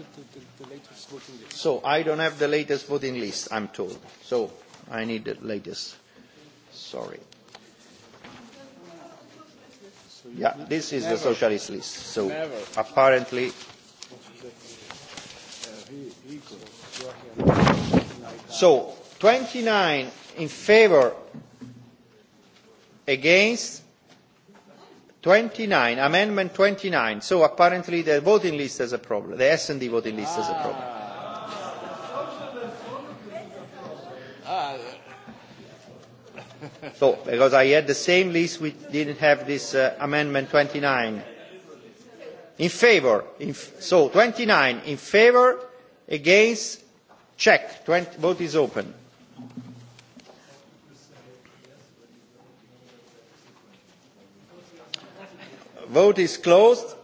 the, latest voting list. So I don't have the latest voting list, I'm told. So I need the latest. Sorry. Yeah, this is Never. the socialist list. So Never. apparently. So 29 in favor, against. 29, amendment 29. So apparently the voting list has a problem. The S&D voting list has a ah. problem. Ah. So, because I had the same list, we didn't have this uh, amendment 29. In favor, so so 29 in favor, against, check. 20, vote is open. Vote is closed.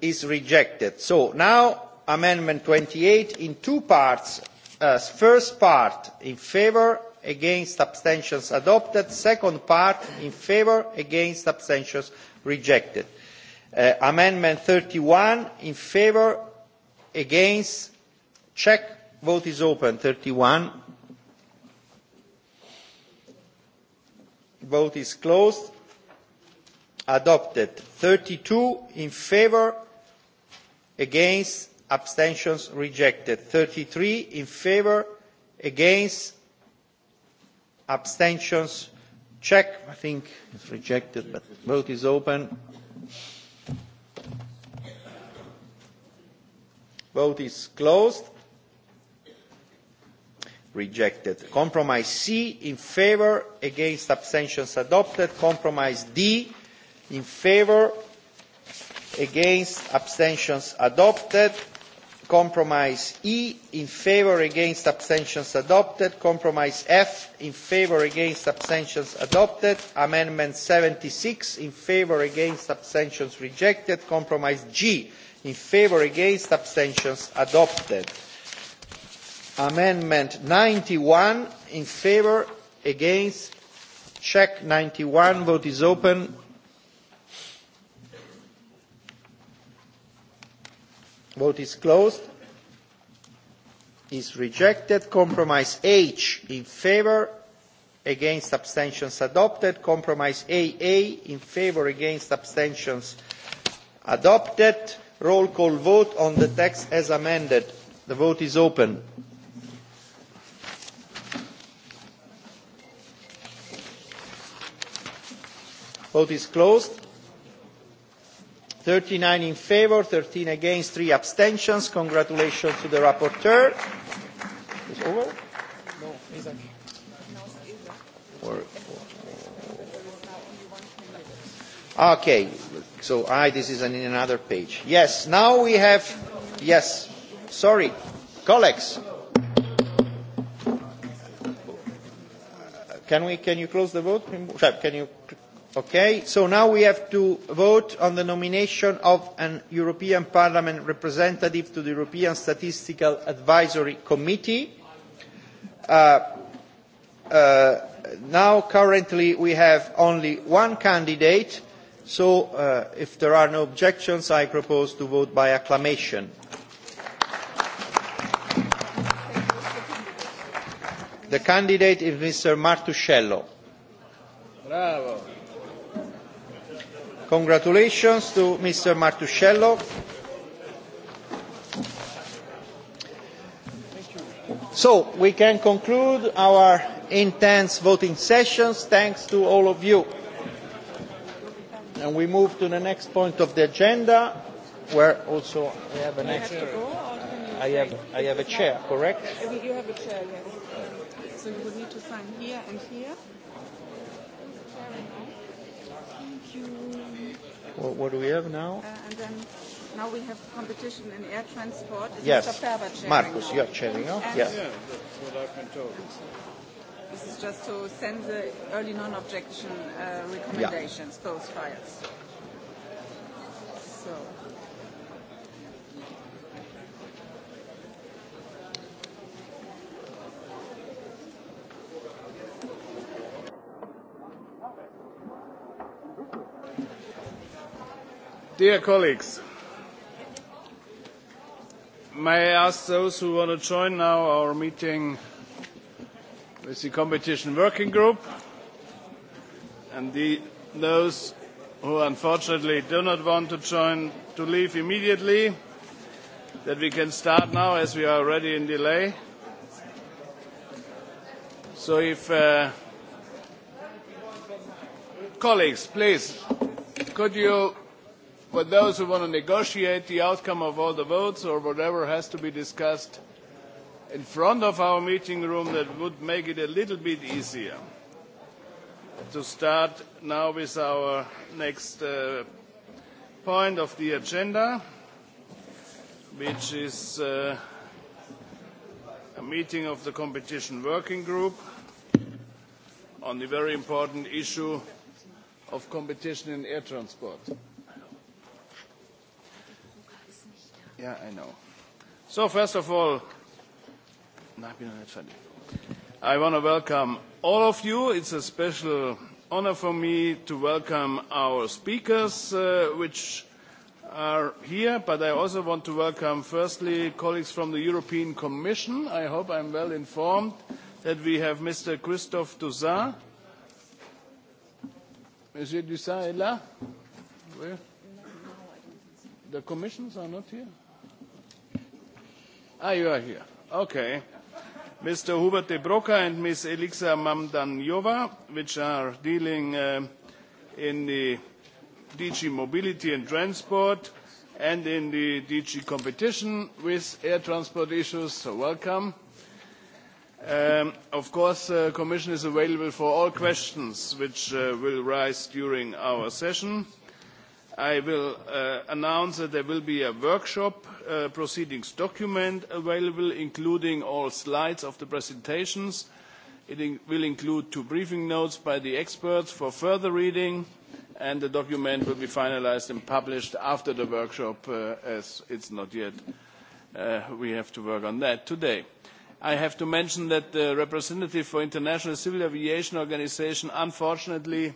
Is rejected. So now amendment 28 in two parts. Uh, first part in favor, against abstentions adopted second part in favour against abstentions rejected uh, amendment thirty one in favour against check vote is open one vote is closed adopted two in favour against abstentions rejected three in favour against abstentions check i think it's rejected but vote is open vote is closed rejected compromise c in favour against abstentions adopted compromise d in favour against abstentions adopted compromise e in favour against abstentions adopted compromise f in favour against abstentions adopted amendment seventy six in favour against abstentions rejected compromise g in favour against abstentions adopted amendment ninety one in favour against check ninety one vote is open Vote is closed. Is rejected. Compromise H in favour. Against abstentions adopted. Compromise AA in favour. Against abstentions adopted. Roll call vote on the text as amended. The vote is open. Vote is closed thirty nine in favour thirteen against three abstentions congratulations to the rapporteur it's over no isn't or, okay so i this is in another page yes now we have yes sorry colleagues can we can you close the vote can you Okay, so now we have to vote on the nomination of an European Parliament representative to the European Statistical Advisory Committee. Uh, uh, now, currently, we have only one candidate, so uh, if there are no objections, I propose to vote by acclamation. The candidate is Mr. Martuscello. Bravo. Congratulations to Mr. Martuscello. So we can conclude our intense voting sessions thanks to all of you. And we move to the next point of the agenda where also I have an extra. I have I have a chair, correct? You have a chair, yes. So you would need to sign here and here. Thank you. What, what do we have now? Uh, and then now we have competition in air transport. Is yes. Marcus, you are chairing now? Yes. Yeah, that's what I've been told. This is just to send the early non-objection uh, recommendations, yeah. those files. So. Dear colleagues, may I ask those who want to join now our meeting with the Competition Working Group and the, those who unfortunately do not want to join to leave immediately, that we can start now as we are already in delay. So if uh, colleagues, please, could you but those who want to negotiate the outcome of all the votes or whatever has to be discussed in front of our meeting room, that would make it a little bit easier to start now with our next uh, point of the agenda, which is uh, a meeting of the Competition Working Group on the very important issue of competition in air transport. Yeah, I know. So first of all, I want to welcome all of you. It's a special honor for me to welcome our speakers, uh, which are here, but I also want to welcome firstly colleagues from the European Commission. I hope I'm well informed that we have Mr. Christophe Toussaint. Monsieur Toussaint est là? Oui. The commissions are not here? Ah, you are here. Okay. Mr. Hubert de Broca and Ms. Elixa Mamdanjova, which are dealing uh, in the DG Mobility and Transport and in the DG Competition with air transport issues. So welcome. Um, of course, the uh, Commission is available for all questions which uh, will rise during our session. I will uh, announce that there will be a workshop uh, proceedings document available, including all slides of the presentations. It will include two briefing notes by the experts for further reading, and the document will be finalised and published after the workshop, as uh, as it's not yet. we have to work on that today. I have to mention that the representative for International Civil Aviation Organisation, unfortunately,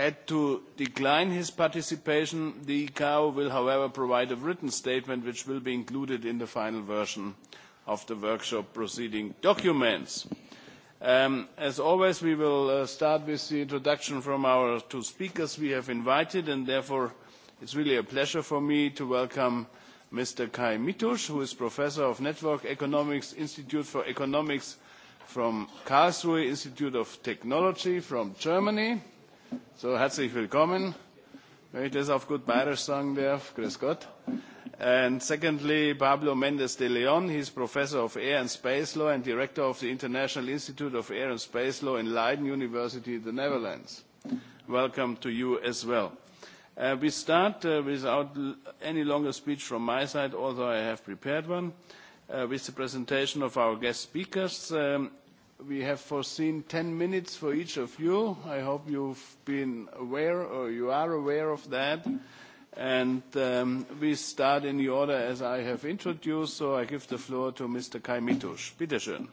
had to decline his participation. The ICAO will, however, provide a written statement which will be included in the final version of the workshop proceeding documents. Um, as always, we will uh, start with the introduction from our two speakers we have invited, and therefore it's really a pleasure for me to welcome Mr. Kai Mitusch, who is Professor of Network Economics, Institute for Economics from Karlsruhe Institute of Technology from Germany So, herzlich willkommen, wenn ich das auf gut Bayerisch sagen darf. Grüß Gott. And secondly, Pablo Mendes de Leon, he's professor of air and space law and director of the International Institute of Air and Space Law in Leiden University, the Netherlands. Welcome to you as well. Uh, we start uh, without any longer speech from my side, although I have prepared one, uh, with the presentation of our guest speakers. Um, we have foreseen 10 minutes for each of you. I hope you've been aware or you are aware of that. And um, we start in the order as I have introduced, so I give the floor to Mr. Kai Mitusch. Bitte schön.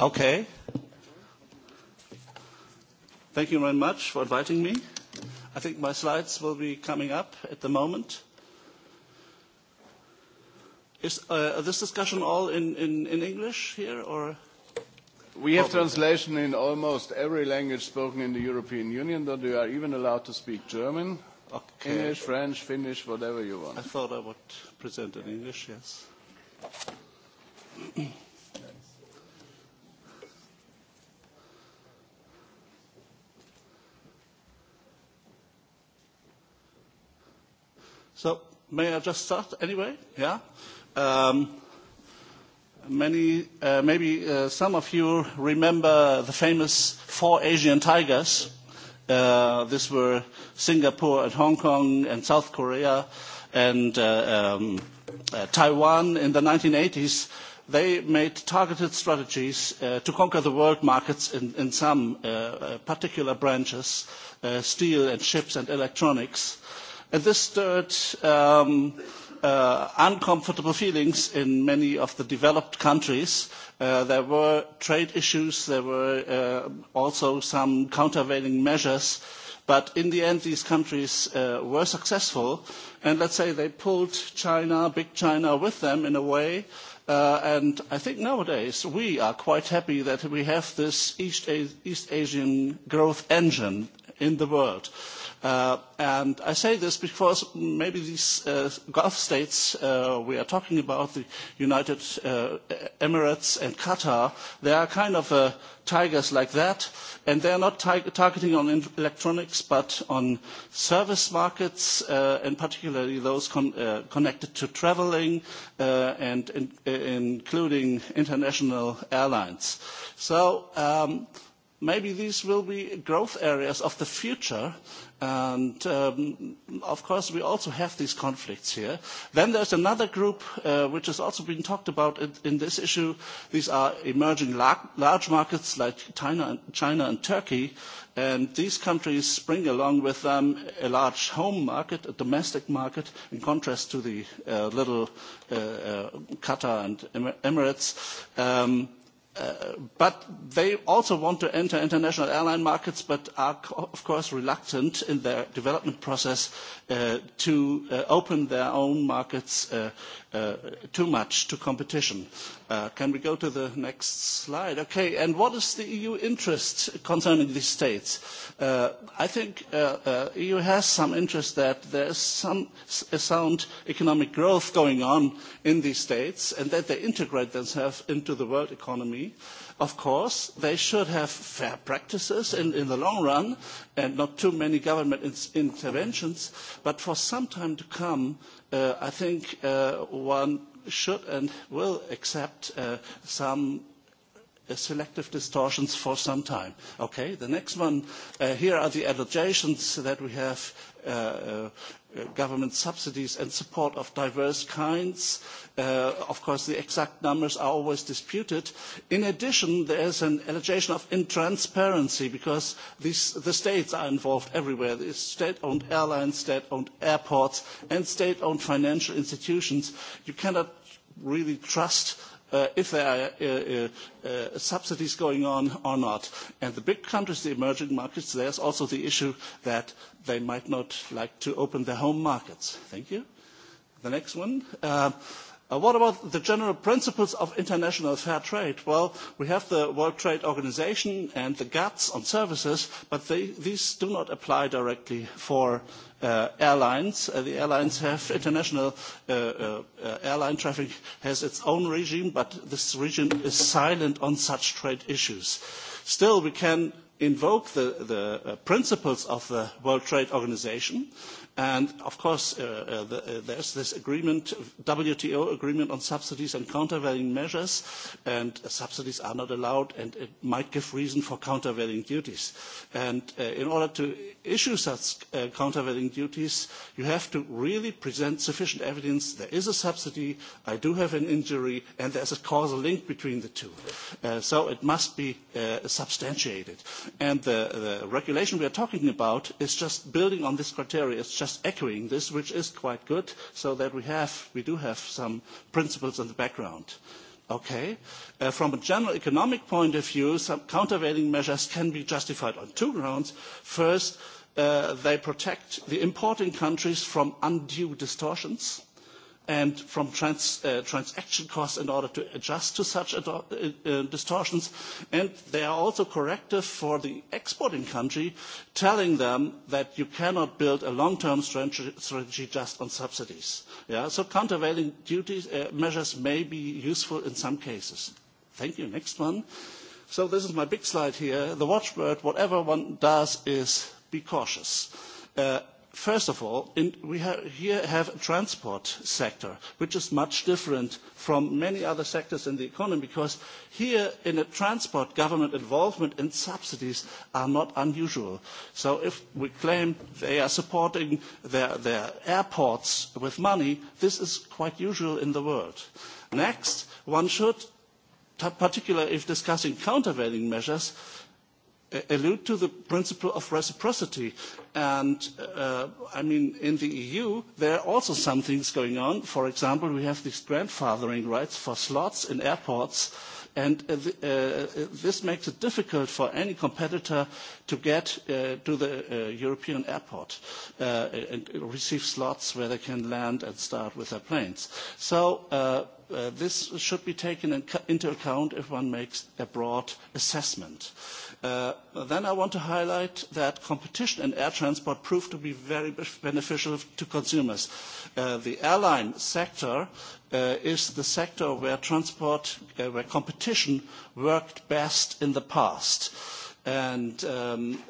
Okay. Thank you very much for inviting me. I think my slides will be coming up at the moment. Is uh, this discussion all in, in, in English here, or? We have translation in almost every language spoken in the European Union, though you are even allowed to speak German, okay. English, French, Finnish, whatever you want. I thought I would present in English, yes. So may I just start anyway? Yeah. Um, many, uh, maybe uh, some of you remember the famous four Asian tigers. Uh, this were Singapore and Hong Kong and South Korea and uh, um, uh, Taiwan in the 1980s. They made targeted strategies uh, to conquer the world markets in, in some uh, uh particular branches, uh, steel and ships and electronics. Uh, And uh, this stirred um, uh, uncomfortable feelings in many of the developed countries. Uh, there were trade issues, there were uh, also some countervailing measures, but in the end these countries uh, were successful, and let's say they pulled China, big China, with them in a way Uh, and I think nowadays we are quite happy that we have this East, Asian growth engine in the world. Uh, and I say this because maybe these uh, Gulf states uh, we are talking about, the United uh, Emirates and Qatar, they are kind of uh, tigers like that, and they are not targeting on electronics but on service markets, and particularly those con connected to travelling and in including international airlines. So. Um, maybe these will be growth areas of the future. And um, of course, we also have these conflicts here. Then there's another group uh, which has also been talked about in, in this issue. These are emerging lar- large markets like China and, China and Turkey. And these countries bring along with them a large home market, a domestic market, in contrast to the uh, little uh, uh, Qatar and Emirates. Um, Uh, but they also want to enter international airline markets, but are, of course, reluctant in their development process uh, to uh, open their own markets to uh, too much to competition. Uh, can we go to the next slide? Okay, and what is the EU interest concerning these states? Uh, I think uh, uh, EU has some interest that there is some sound economic growth going on in these states and that they integrate themselves into the world economy. Of course, they should have fair practices in, in the long run and not too many government interventions, but for some time to come, Uh, I think uh, one should and will accept uh, some Uh, selective distortions for some time. Okay, the next one, uh, here are the allegations that we have uh, uh, government subsidies and support of diverse kinds. Uh, of course, the exact numbers are always disputed. In addition, there is an allegation of intransparency because these, the states are involved everywhere. There is state-owned airlines, state-owned airports, and state-owned financial institutions. You cannot really trust uh, if there are uh, uh, uh, subsidies going on or not. And the big countries, the emerging markets, there's also the issue that they might not like to open their home markets. Thank you. The next one. Uh, Uh, what about the general principles of international fair trade? Well, we have the World Trade Organization and the GATS on services, but they, these do not apply directly for uh, airlines. Uh, the airlines have international uh, uh, airline traffic has its own regime, but this regime is silent on such trade issues. Still, we can invoke the, the principles of the World Trade Organization And of course, uh, uh, uh there's this agreement, WTO agreement on subsidies and countervailing measures, and uh, subsidies are not allowed, and it might give reason for countervailing duties. And uh, in order to issue such uh, countervailing duties, you have to really present sufficient evidence there is a subsidy, I do have an injury, and there's a causal link between the two. Uh, so it must be uh, substantiated. And the, the regulation we are talking about is just building on this criteria. It's just echoing this, which is quite good, so that we, have, we do have some principles in the background. Okay. Uh, from a general economic point of view, some countervailing measures can be justified on two grounds. First, uh, they protect the importing countries from undue distortions and from trans, uh, transaction costs in order to adjust to such uh, uh, distortions. And they are also corrective for the exporting country, telling them that you cannot build a long-term strategy just on subsidies. Yeah? So countervailing duties, uh, measures may be useful in some cases. Thank you. Next one. So this is my big slide here. The watchword, whatever one does, is be cautious. Uh, First of all, in, we ha here have a transport sector, which is much different from many other sectors in the economy, because here in a transport, government involvement and subsidies are not unusual. So if we claim they are supporting their, their airports with money, this is quite usual in the world. Next, one should, particularly if discussing countervailing measures, allude to the principle of reciprocity. And uh, I mean, in the EU, there are also some things going on. For example, we have these grandfathering rights for slots in airports. And uh, th uh, this makes it difficult for any competitor to get uh, to the uh, European airport uh, and receive slots where they can land and start with their planes. So this should be taken in into account if one makes a broad assessment. Uh, Uh, then I want to highlight that competition in air transport proved to be very beneficial to consumers. Uh, the airline sector uh, is the sector where transport, where competition worked best in the past. And um,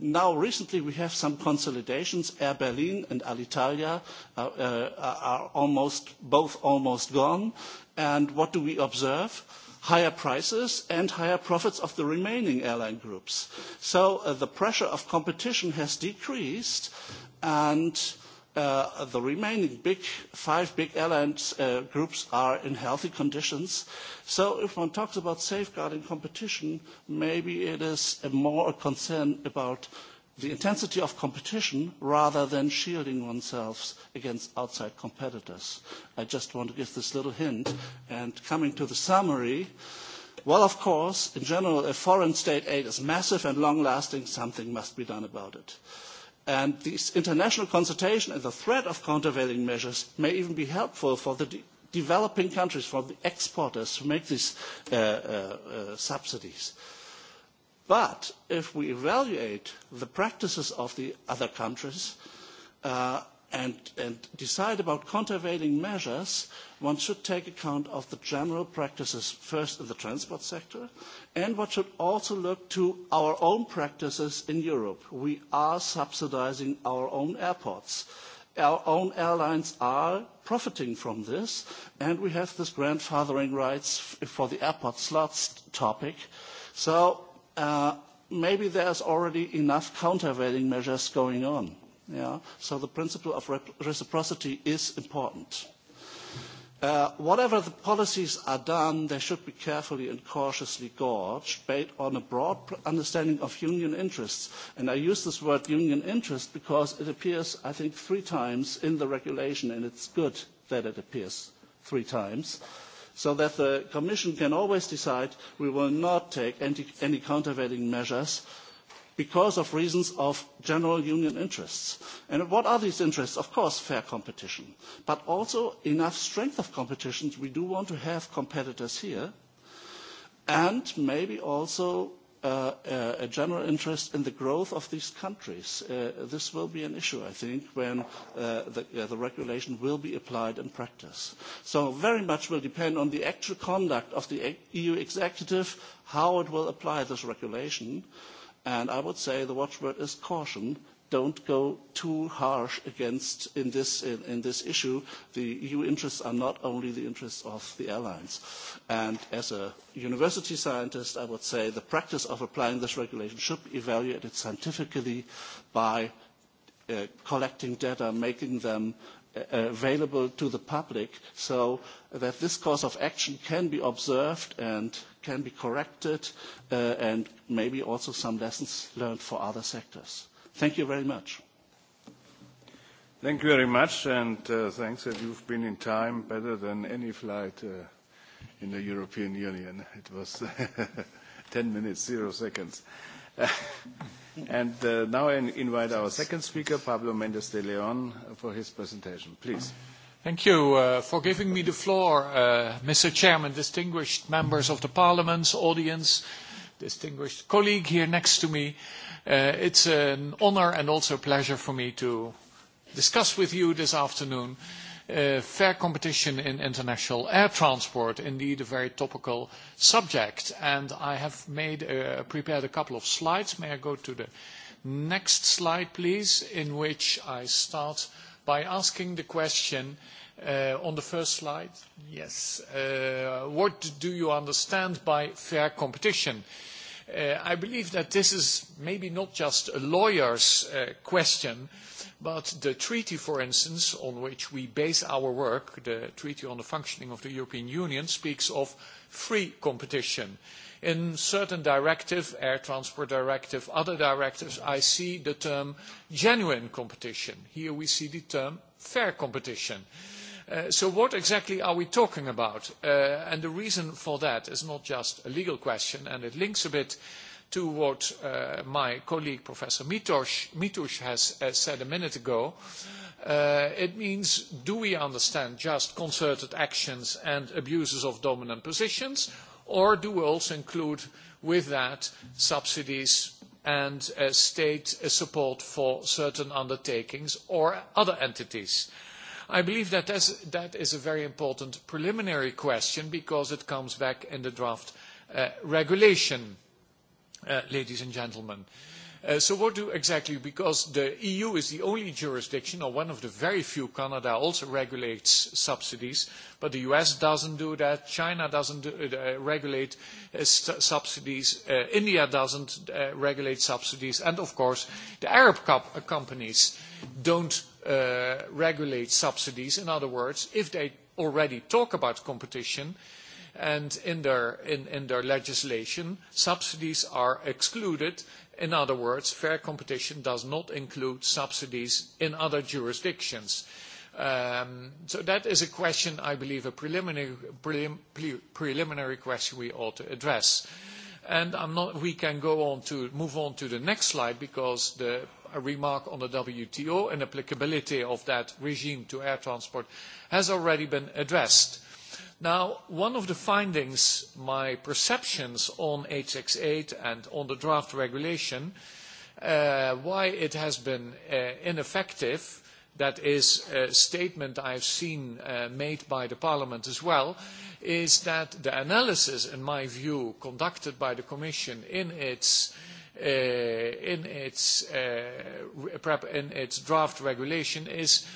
now recently we have some consolidations. Air Berlin and Alitalia are, are almost, both almost gone. And what do we observe? higher prices and higher profits of the remaining airline groups. So uh, the pressure of competition has decreased and uh, the remaining big, five big airlines uh, groups are in healthy conditions. So if one talks about safeguarding competition, maybe it is more a concern about the intensity of competition rather than shielding oneself against outside competitors. I just want to give this little hint. And coming to the summary, well, of course, in general, if foreign state aid is massive and long-lasting, something must be done about it. And this international consultation and the threat of countervailing measures may even be helpful for the de developing countries, for the exporters who make these uh, uh, uh, subsidies. But if we evaluate the practices of the other countries uh, and, and decide about countervailing measures, one should take account of the general practices first in the transport sector, and one should also look to our own practices in Europe. We are subsidizing our own airports. Our own airlines are profiting from this, and we have this grandfathering rights for the airport slots topic. So uh, maybe there's already enough countervailing measures going on. Yeah? So the principle of reciprocity is important. Uh, whatever the policies are done, they should be carefully and cautiously gauged based on a broad understanding of union interests. And I use this word union interest because it appears, I think, three times in the regulation, and it's good that it appears three times. Uh, so that the Commission can always decide we will not take anti, any countervailing measures because of reasons of general union interests. And what are these interests? Of course, fair competition, but also enough strength of competition. We do want to have competitors here, and maybe also Uh, uh, a general interest in the growth of these countries. Uh, this will be an issue, I think, when uh, the, the, regulation will be applied in practice. So very much will depend on the actual conduct of the EU executive, how it will apply this regulation. And I would say the watchword is caution don't go too harsh against in this, in, in this issue. The EU interests are not only the interests of the airlines. And as a university scientist, I would say the practice of applying this regulation should be evaluated scientifically by uh, collecting data, making them uh, available to the public so that this course of action can be observed and can be corrected uh, and maybe also some lessons learned for other sectors. Thank you very much. Thank you very much, and uh, thanks that you've been in time better than any flight uh, in the European Union. It was 10 minutes, zero seconds. and uh, now I invite our second speaker, Pablo Mendes de Leon, for his presentation. Please. Thank you for giving me the floor, Mr. Chairman, distinguished members of the Parliament's audience, distinguished colleague here next to me. Uh, it's an honor and also a pleasure for me to discuss with you this afternoon uh, fair competition in international air transport, indeed a very topical subject. And I have made, uh, prepared a couple of slides. May I go to the next slide, please, in which I start by asking the question uh, on the first slide. Yes. Uh, what do you understand by fair competition? Uh, Uh, I believe that this is maybe not just a lawyer's uh, question, but the treaty, for instance, on which we base our work, the Treaty on the Functioning of the European Union, speaks of free competition. In certain directives, Air Transport Directive, other directives, I see the term genuine competition. Here we see the term fair competition. Uh, so what exactly are we talking about? Uh, and the reason for that is not just a legal question, and it links a bit to what uh, my colleague Professor Mitosh, has uh, said a minute ago. Uh, it means do we understand just concerted actions and abuses of dominant positions, or do we also include with that subsidies and uh, state uh, support for certain undertakings or other entities? Uh, I believe that is, that is a very important preliminary question because it comes back in the draft uh, regulation, uh, ladies and gentlemen. Uh, Uh, so what do exactly, because the EU is the only jurisdiction, or one of the very few, Canada also regulates subsidies, but the US doesn't do that, China doesn't do, uh, regulate uh, subsidies, uh, India doesn't uh, regulate subsidies, and of course the Arab co- uh, companies don't uh, regulate subsidies. In other words, if they already talk about competition, uh, and in their, in, in their legislation, subsidies are excluded. In other words, fair competition does not include subsidies in other jurisdictions. Um, so that is a question, I believe, a preliminary, prelim, pre, preliminary question we ought to address. And I'm not, we can go on to move on to the next slide because the a remark on the WTO and applicability of that regime to air transport has already been addressed. Now, one of the findings, my perceptions on HX8 and on the draft regulation, uh, why it has been uh, ineffective, that is a statement I've seen uh, made by the Parliament as well, is that the analysis, in my view, conducted by the Commission in its uh, in its uh, in its draft regulation is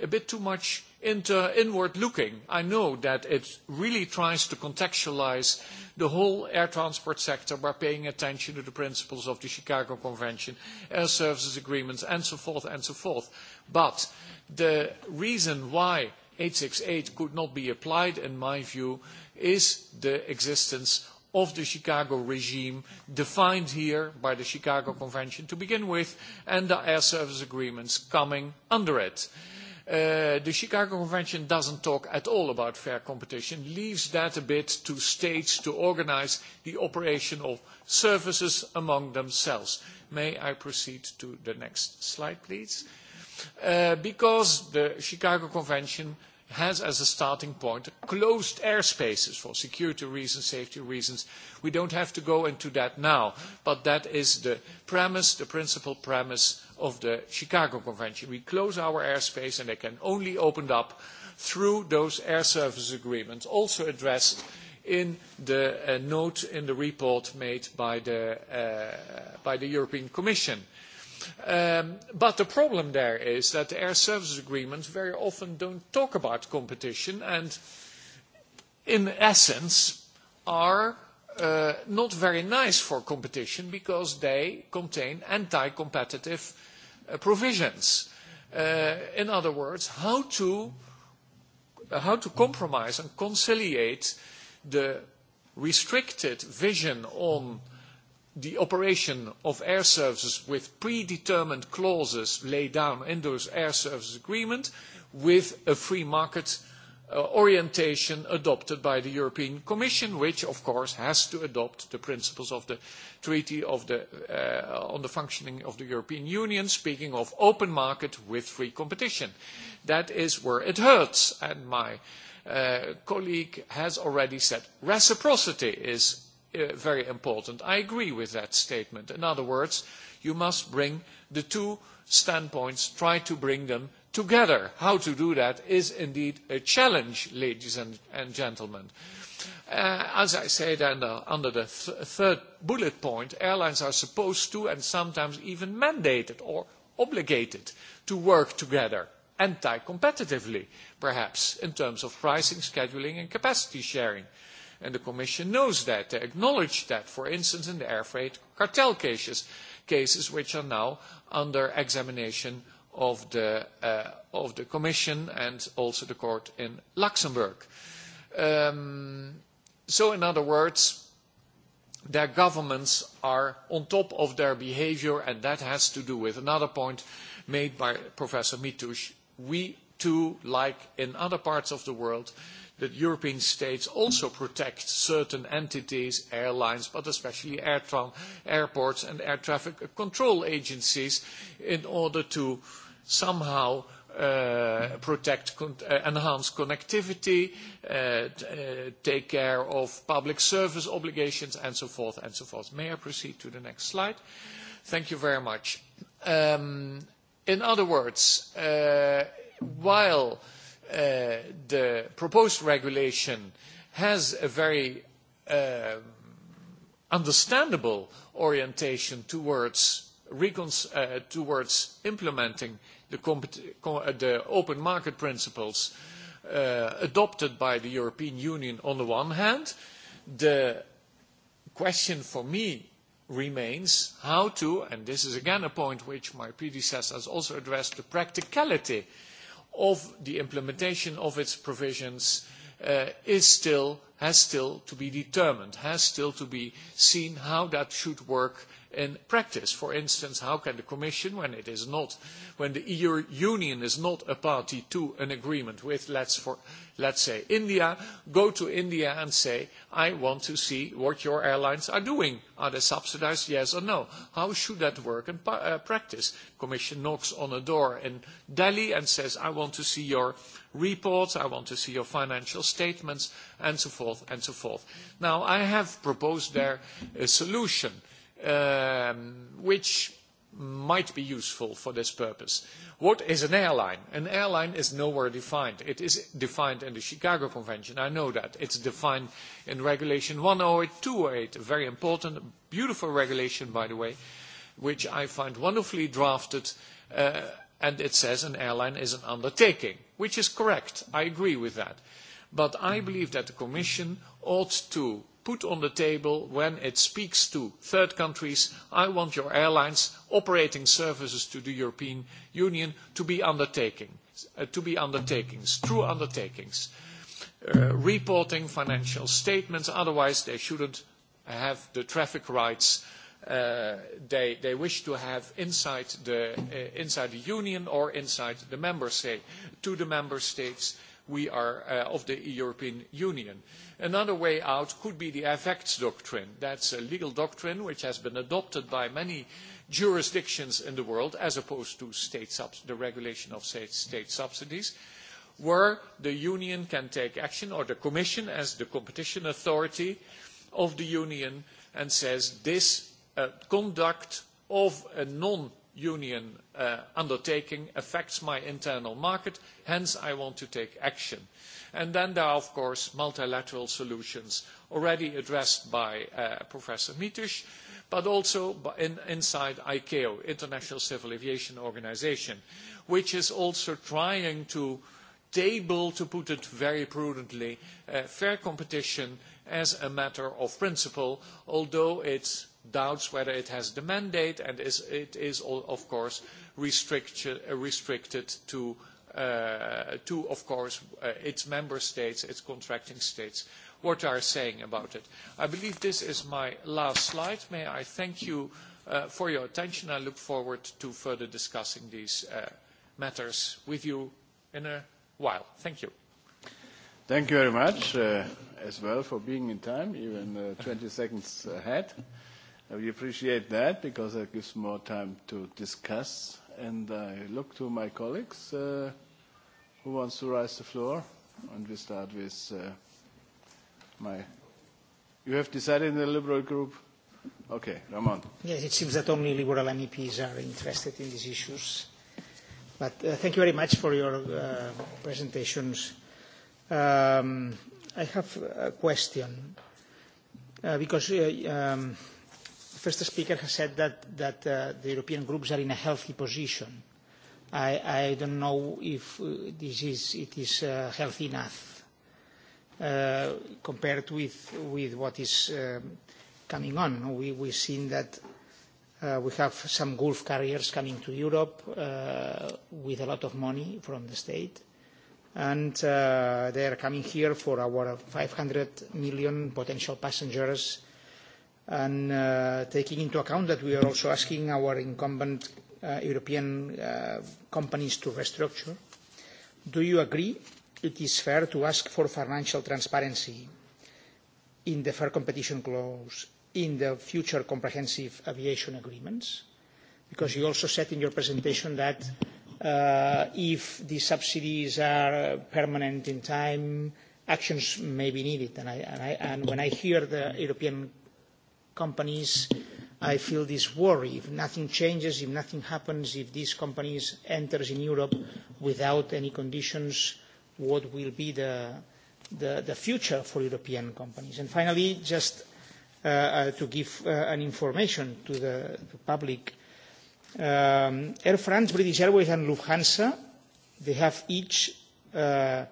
a bit too much inward looking. I know that it really tries to contextualize the whole air transport sector by paying attention to the principles of the Chicago Convention, air services agreements, and so forth, and so forth. But the reason why 868 could not be applied, in my view, is the existence of the Chicago regime defined here by the Chicago Convention to begin with and the air service agreements coming under it. Uh, the Chicago Convention doesn't talk at all about fair competition, leaves that a bit to states to organize the operation of services among themselves. May I proceed to the next slide, please? Uh, because the Chicago Convention has as a starting point closed airspaces for security reasons, safety reasons. We don't have to go into that now, but that is the premise, the principal premise of the Chicago Convention. We close our airspace and they can only open up through those air service agreements, also addressed in the uh, note in the report made by the, uh, by the European Commission. Uh, Um, but the problem there is that the air services agreements very often don't talk about competition and, in essence, are uh, not very nice for competition because they contain anti-competitive uh, provisions. Uh, in other words, how to, how to compromise and conciliate the restricted vision on the operation of air services with predetermined clauses laid down in those air services agreement with a free market uh, orientation adopted by the European Commission, which of course has to adopt the principles of the Treaty of the, uh, on the Functioning of the European Union, speaking of open market with free competition. That is where it hurts, and my uh, colleague has already said reciprocity is Uh, very important. I agree with that statement. In other words, you must bring the two standpoints, try to bring them together. How to do that is indeed a challenge, ladies and, and gentlemen. Uh, as I said under, uh, under the th third bullet point, airlines are supposed to and sometimes even mandated or obligated to work together anti-competitively, perhaps, in terms of pricing, scheduling and capacity sharing. And the Commission knows that. They acknowledge that, for instance, in the air freight cartel cases, cases which are now under examination of the, uh, of the Commission and also the court in Luxembourg. Um, so, in other words, their governments are on top of their behavior and that has to do with another point made by Professor Mitush. We too, like in other parts of the world, that European states also protect certain entities, airlines, but especially air airports and air traffic control agencies in order to somehow Uh, protect, uh, enhance connectivity, uh, uh, take care of public service obligations, and so forth, and so forth. May I proceed to the next slide? Thank you very much. Um, in other words, uh, while Uh, the proposed regulation has a very uh, understandable orientation towards, uh, towards implementing the, uh, the, open market principles uh, adopted by the European Union on the one hand. The question for me remains how to, and this is again a point which my predecessor has also addressed, the practicality uh, of the implementation of its provisions uh, is still, has still to be determined, has still to be seen how that should work in practice. For instance, how can the Commission, when it is not, when the EU Union is not a party to an agreement with, let's, for, let's say, India, go to India and say, I want to see what your airlines are doing. Are they subsidized, yes or no? How should that work in uh, practice? Commission knocks on a door in Delhi and says, I want to see your reports, I want to see your financial statements, and so forth, and so forth. Now, I have proposed there a solution um, which might be useful for this purpose. What is an airline? An airline is nowhere defined. It is defined in the Chicago Convention, I know that. It's defined in Regulation 108-208, a very important, beautiful regulation, by the way, which I find wonderfully drafted, uh, and it says an airline is an undertaking, which is correct. I agree with that. But I believe that the Commission ought to put on the table when it speaks to third countries, I want your airlines operating services to the European Union to be, undertaking, uh, to be undertakings, true undertakings, uh, reporting financial statements, otherwise they shouldn't have the traffic rights uh, they, they wish to have inside the, uh, inside the Union or inside the member state, to the member states we are uh, of the European Union. Another way out could be the effects doctrine. That's a legal doctrine which has been adopted by many jurisdictions in the world as opposed to the regulation of state, state subsidies where the union can take action or the commission as the competition authority of the union and says this uh, conduct of a non Union uh, undertaking affects my internal market, hence I want to take action. And then there are, of course, multilateral solutions already addressed by uh, Professor Mitisch, but also in, inside ICAO, International Civil Aviation Organization, which is also trying to table, to put it very prudently, uh, fair competition as a matter of principle, although it's doubts whether it has the mandate and is, it is, of course, uh, restricted to, uh, to, of course, uh, its member states, its contracting states, what are saying about it. I believe this is my last slide. May I thank you uh, for your attention. I look forward to further discussing these uh, matters with you in a while. Thank you. Thank you very much uh, as well for being in time, even uh, 20 seconds ahead. We appreciate that because that gives more time to discuss. And I look to my colleagues. Uh, who wants to rise the floor? And we start with uh, my... You have decided in the Liberal group? Okay, Ramon. Yes, it seems that only Liberal MEPs are interested in these issues. But uh, thank you very much for your uh, presentations. Um, I have a question. Uh, because... Uh, um, The first speaker has said that, that uh, the European groups are in a healthy position. I, I don't know if uh, this is, it is uh, healthy enough uh, compared with, with what is um, coming on. We, we've seen that uh, we have some Gulf carriers coming to Europe uh, with a lot of money from the state, and uh, they are coming here for our 500 million potential passengers and uh, taking into account that we are also asking our incumbent uh, European uh, companies to restructure, do you agree it is fair to ask for financial transparency in the fair competition clause in the future comprehensive aviation agreements? Because you also said in your presentation that if the subsidies are permanent in time, actions may be needed. and when I hear the European companies, I feel this worry. If nothing changes, if nothing happens, if these companies enters in Europe without any conditions, what will be the, the, the future for European companies? And finally, just uh, uh, to give uh, an information to the, the public, um, Air France, British Airways and Lufthansa, they have each uh,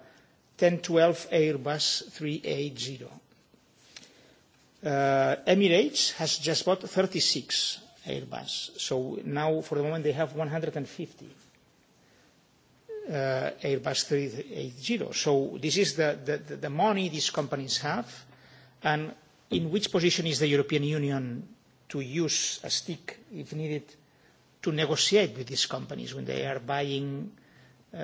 12 Airbus 380 Uh, Emirates has just bought 36 Airbus. So now, for the moment, they have 150 uh, Airbus 380. So this is the, the, the money these companies have, and in which position is the European Union to use a stick, if needed, to negotiate with these companies when they are buying uh,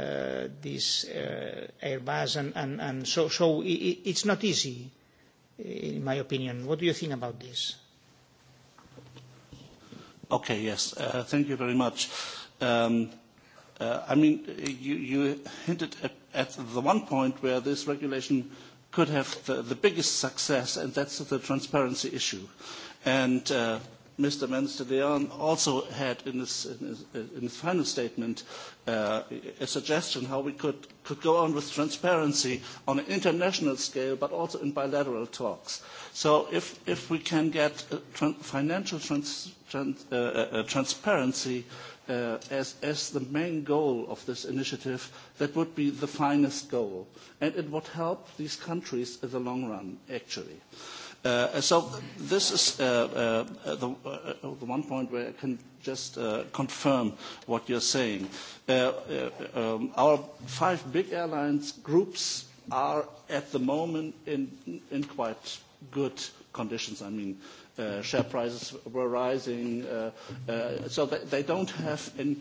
this uh, Airbus? And, and, and so, so it, it's not easy in my opinion. What do you think about this? Okay, yes. Uh, thank you very much. Um, uh, I mean, you, you hinted at, at the one point where this regulation could have the, the biggest success, and that's the transparency issue. And uh, Mr. Minister, de Leon also had in his, in his, in his final statement uh, a suggestion how we could, could go on with transparency on an international scale, but also in bilateral talks. So if, if we can get uh, financial trans trans uh, uh, uh, transparency uh, as, as the main goal of this initiative, that would be the finest goal. And it would help these countries in the long run, actually. Uh, so this is uh, uh, the, uh, uh, the, one point where I can just uh, confirm what you're saying. Um, our five big airlines groups are at the moment in, in quite good conditions. I mean, share prices were rising, so they, they, don't have an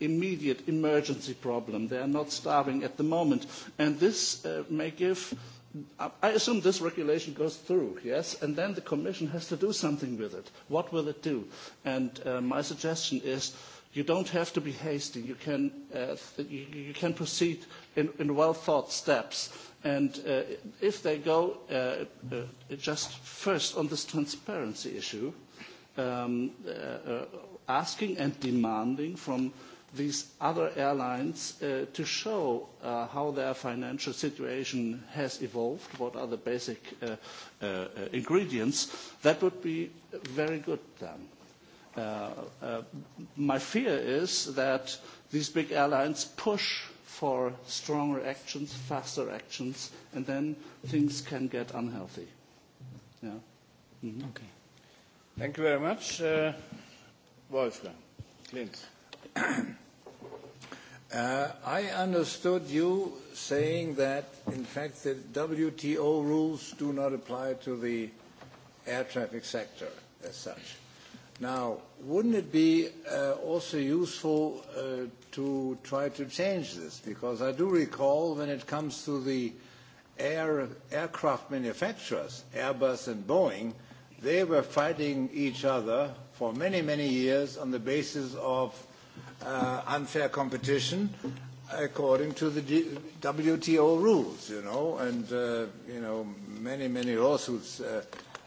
immediate emergency problem. They are not starving at the moment. And this may give I assume this regulation goes through, yes, and then the Commission has to do something with it. What will it do? And uh, my suggestion is you don't have to be hasty. You can, uh, you, you can proceed in, in well thought steps. And uh, if they go uh, uh, just first on this transparency issue, um, uh, uh, asking and demanding from these other airlines uh, to show uh, how their financial situation has evolved, what are the basic uh, uh ingredients, that would be very good then. Uh, uh, my fear is that these big airlines push for stronger actions, faster actions, and then things can get unhealthy. Yeah. Mm -hmm. Okay. Thank you very much. Wolfgang Klintz. Uh, I understood you saying that, in fact, the WTO rules do not apply to the air traffic sector as such. Now, wouldn't it be uh, also useful uh, to try to change this? Because I do recall when it comes to the air, aircraft manufacturers, Airbus and Boeing, they were fighting each other for many, many years on the basis of uh, unfair competition according to the D WTO rules, you know, and, uh, you know, many, many lawsuits uh,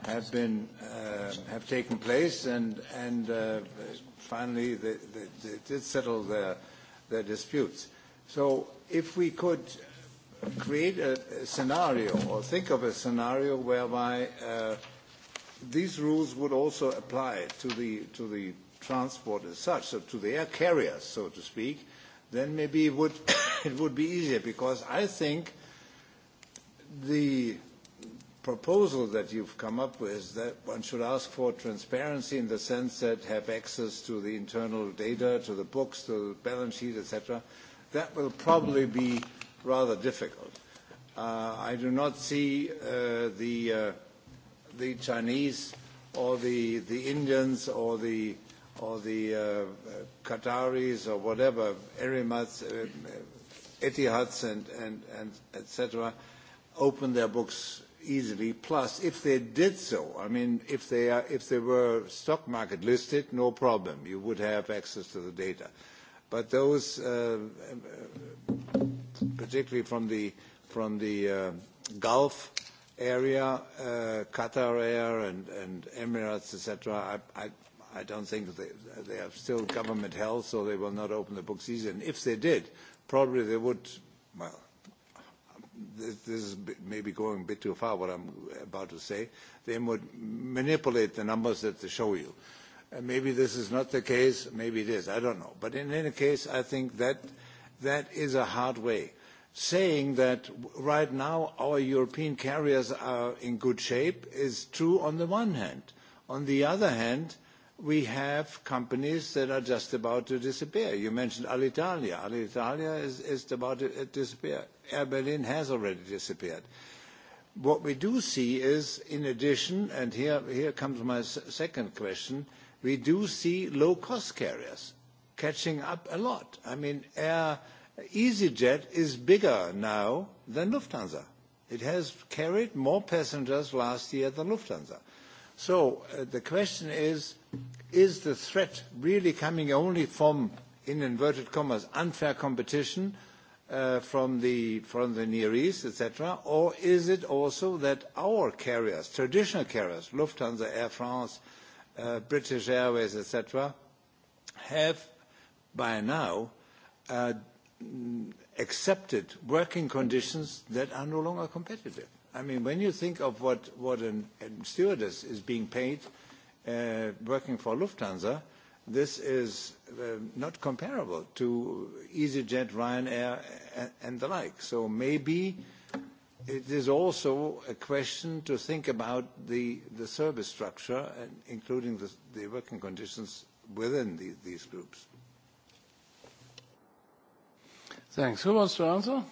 have been, uh, have taken place and, and uh, finally they, they, they did settle their, their disputes. So if we could create a, a scenario or think of a scenario whereby uh, these rules would also apply to the, to the transport as such, so to the air carriers, so to speak, then maybe it would, it would be easier because I think the proposal that you've come up with is that one should ask for transparency in the sense that have access to the internal data, to the books, to the balance sheet, etc. That will probably be rather difficult. Uh, I do not see uh, the, uh, the Chinese or the, the Indians or the or the uh, Qataris or whatever, Erimats, uh, Etihads and, and, and etc., open their books easily. Plus, if they did so, I mean, if they, are, if they were stock market listed, no problem. You would have access to the data. But those, uh, particularly from the, from the uh, Gulf area, uh, Qatar Air and, and Emirates, etc., I, I, I don't think they, they are still government held, so they will not open the books easily. And if they did, probably they would, well, this, this is maybe going a bit too far what I'm about to say, they would manipulate the numbers that they show you. And maybe this is not the case, maybe it is, I don't know. But in any case, I think that that is a hard way. Saying that right now our European carriers are in good shape is true on the one hand. On the other hand, we have companies that are just about to disappear. You mentioned Alitalia. Alitalia is, is about to uh, disappear. Air Berlin has already disappeared. What we do see is, in addition, and here, here comes my second question, we do see low-cost carriers catching up a lot. I mean, Air EasyJet is bigger now than Lufthansa. It has carried more passengers last year than Lufthansa. So uh, the question is, is the threat really coming only from, in inverted commas, unfair competition uh, from, the, from the Near East, etc., or is it also that our carriers, traditional carriers, Lufthansa, Air France, uh, British Airways, etc., have by now uh, accepted working conditions that are no longer competitive? I mean, when you think of what, what a stewardess is being paid uh, working for Lufthansa, this is uh, not comparable to EasyJet, Ryanair, and, and the like. So maybe it is also a question to think about the, the service structure, and including the, the working conditions within the, these groups. Thanks. Who wants to answer?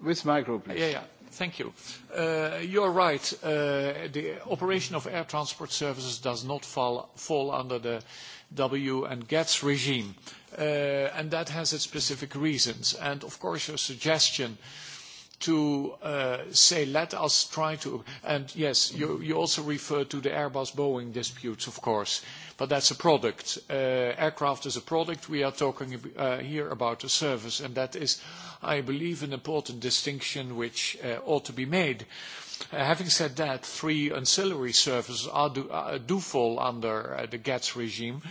With micro, please. Yeah, yeah. Thank you. Uh, you're right. Uh, the operation of air transport services does not fall, fall under the W and GATS regime, uh, and that has its specific reasons. And of course, your suggestion to uh, say, let us try to... And yes, you, you also refer to the Airbus-Boeing disputes, of course. Uh, but that's a product. Uh, aircraft is a product. We are talking uh, here about a service, and that is, I believe, an important distinction which uh, ought to be made. having said that, three ancillary services do, fall under the GATS regime.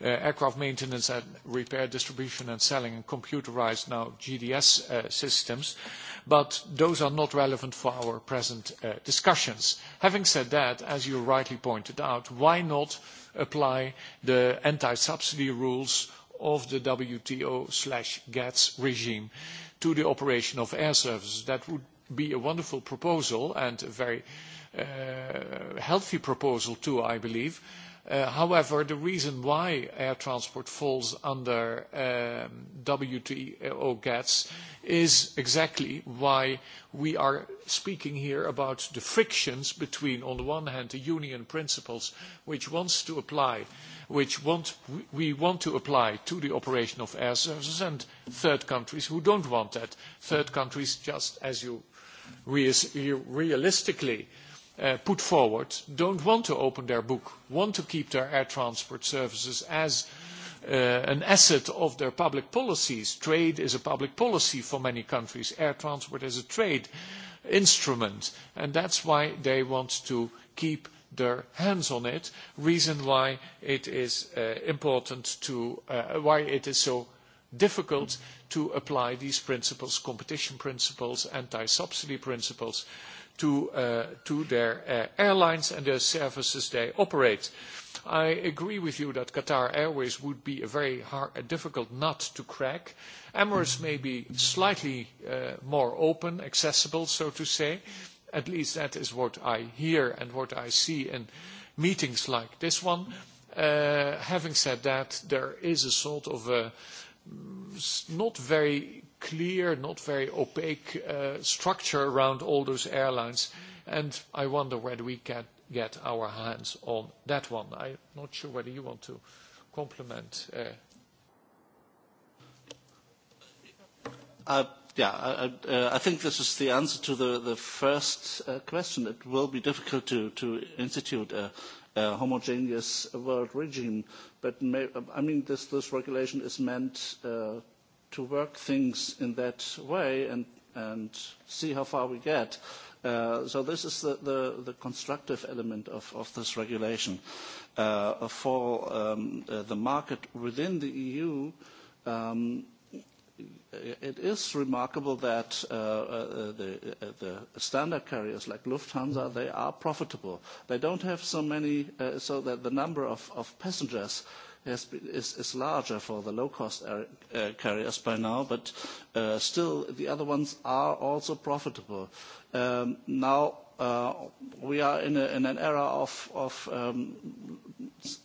aircraft maintenance and repair, distribution and selling, and computerized now GDS systems, but those are not relevant for our present discussions. Having said that, as you rightly pointed out, why not apply the anti-subsidy rules of the WTO/GATS regime to the operation of air services. That would be a wonderful proposal and a very uh, healthy proposal too, I believe. Uh, however, the reason why air transport falls under um, WTO GATS is exactly why we are speaking here about the frictions between, on the one hand, the union principles which wants to apply, which we want to apply to the operation of air services and third countries who don't want that. Third countries, just as you realistically Uh, put forward don't want to open their book, want to keep their air transport services as uh, an asset of their public policies. Trade is a public policy for many countries. Air transport is a trade instrument. And that's why they want to keep their hands on it, reason why it is uh, important to, uh, why it is so difficult to apply these principles, competition principles, anti-subsidy principles, uh, Uh, to, their uh, airlines and the services they operate. I agree with you that Qatar Airways would be a very hard, a difficult nut to crack. Emirates may be slightly uh, more open, accessible, so to say. At least that is what I hear and what I see in meetings like this one. having said that, there is a sort of a mm, not very clear, not very opaque uh, structure around all those airlines. And I wonder whether we can get our hands on that one. I'm not sure whether you want to complement. Uh... Uh, yeah, I, uh, I think this is the answer to the, the first uh, question. It will be difficult to, to institute a, a homogeneous world regime, but may, I mean this, this regulation is meant uh, to work things in that way and, and see how far we get. Uh, so this is the, the, the constructive element of, of this regulation. Uh, for um, uh, the market within the EU, um, it is remarkable that uh, uh, the, uh, the standard carriers like Lufthansa, they are profitable. They don't have so many, uh, so that the number of, of passengers uh, is, is larger for the low-cost carriers by now, but uh, still the other ones are also profitable. Um, now uh, we are in, a, in an era of, of um,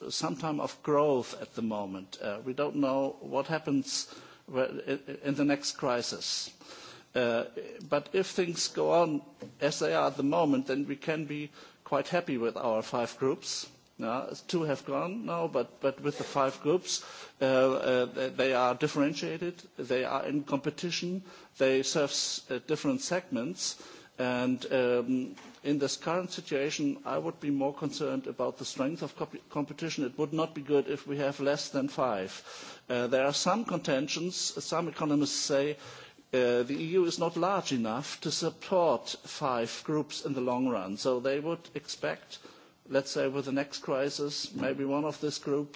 some time of growth at the moment. Uh, we don't know what happens in the next crisis. Uh, but if things go on as they are at the moment, then we can be quite happy with our five groups two have gone now, but, with the five groups, uh, uh, they are differentiated, they are in competition, they serve uh, different segments, and um, in this current situation, I would be more concerned about the strength of competition. It would not be good if we have less than five. there are some contentions, some economists say, the EU is not large enough to support five groups in the long run. So they would expect let's say with the next crisis, maybe one of this group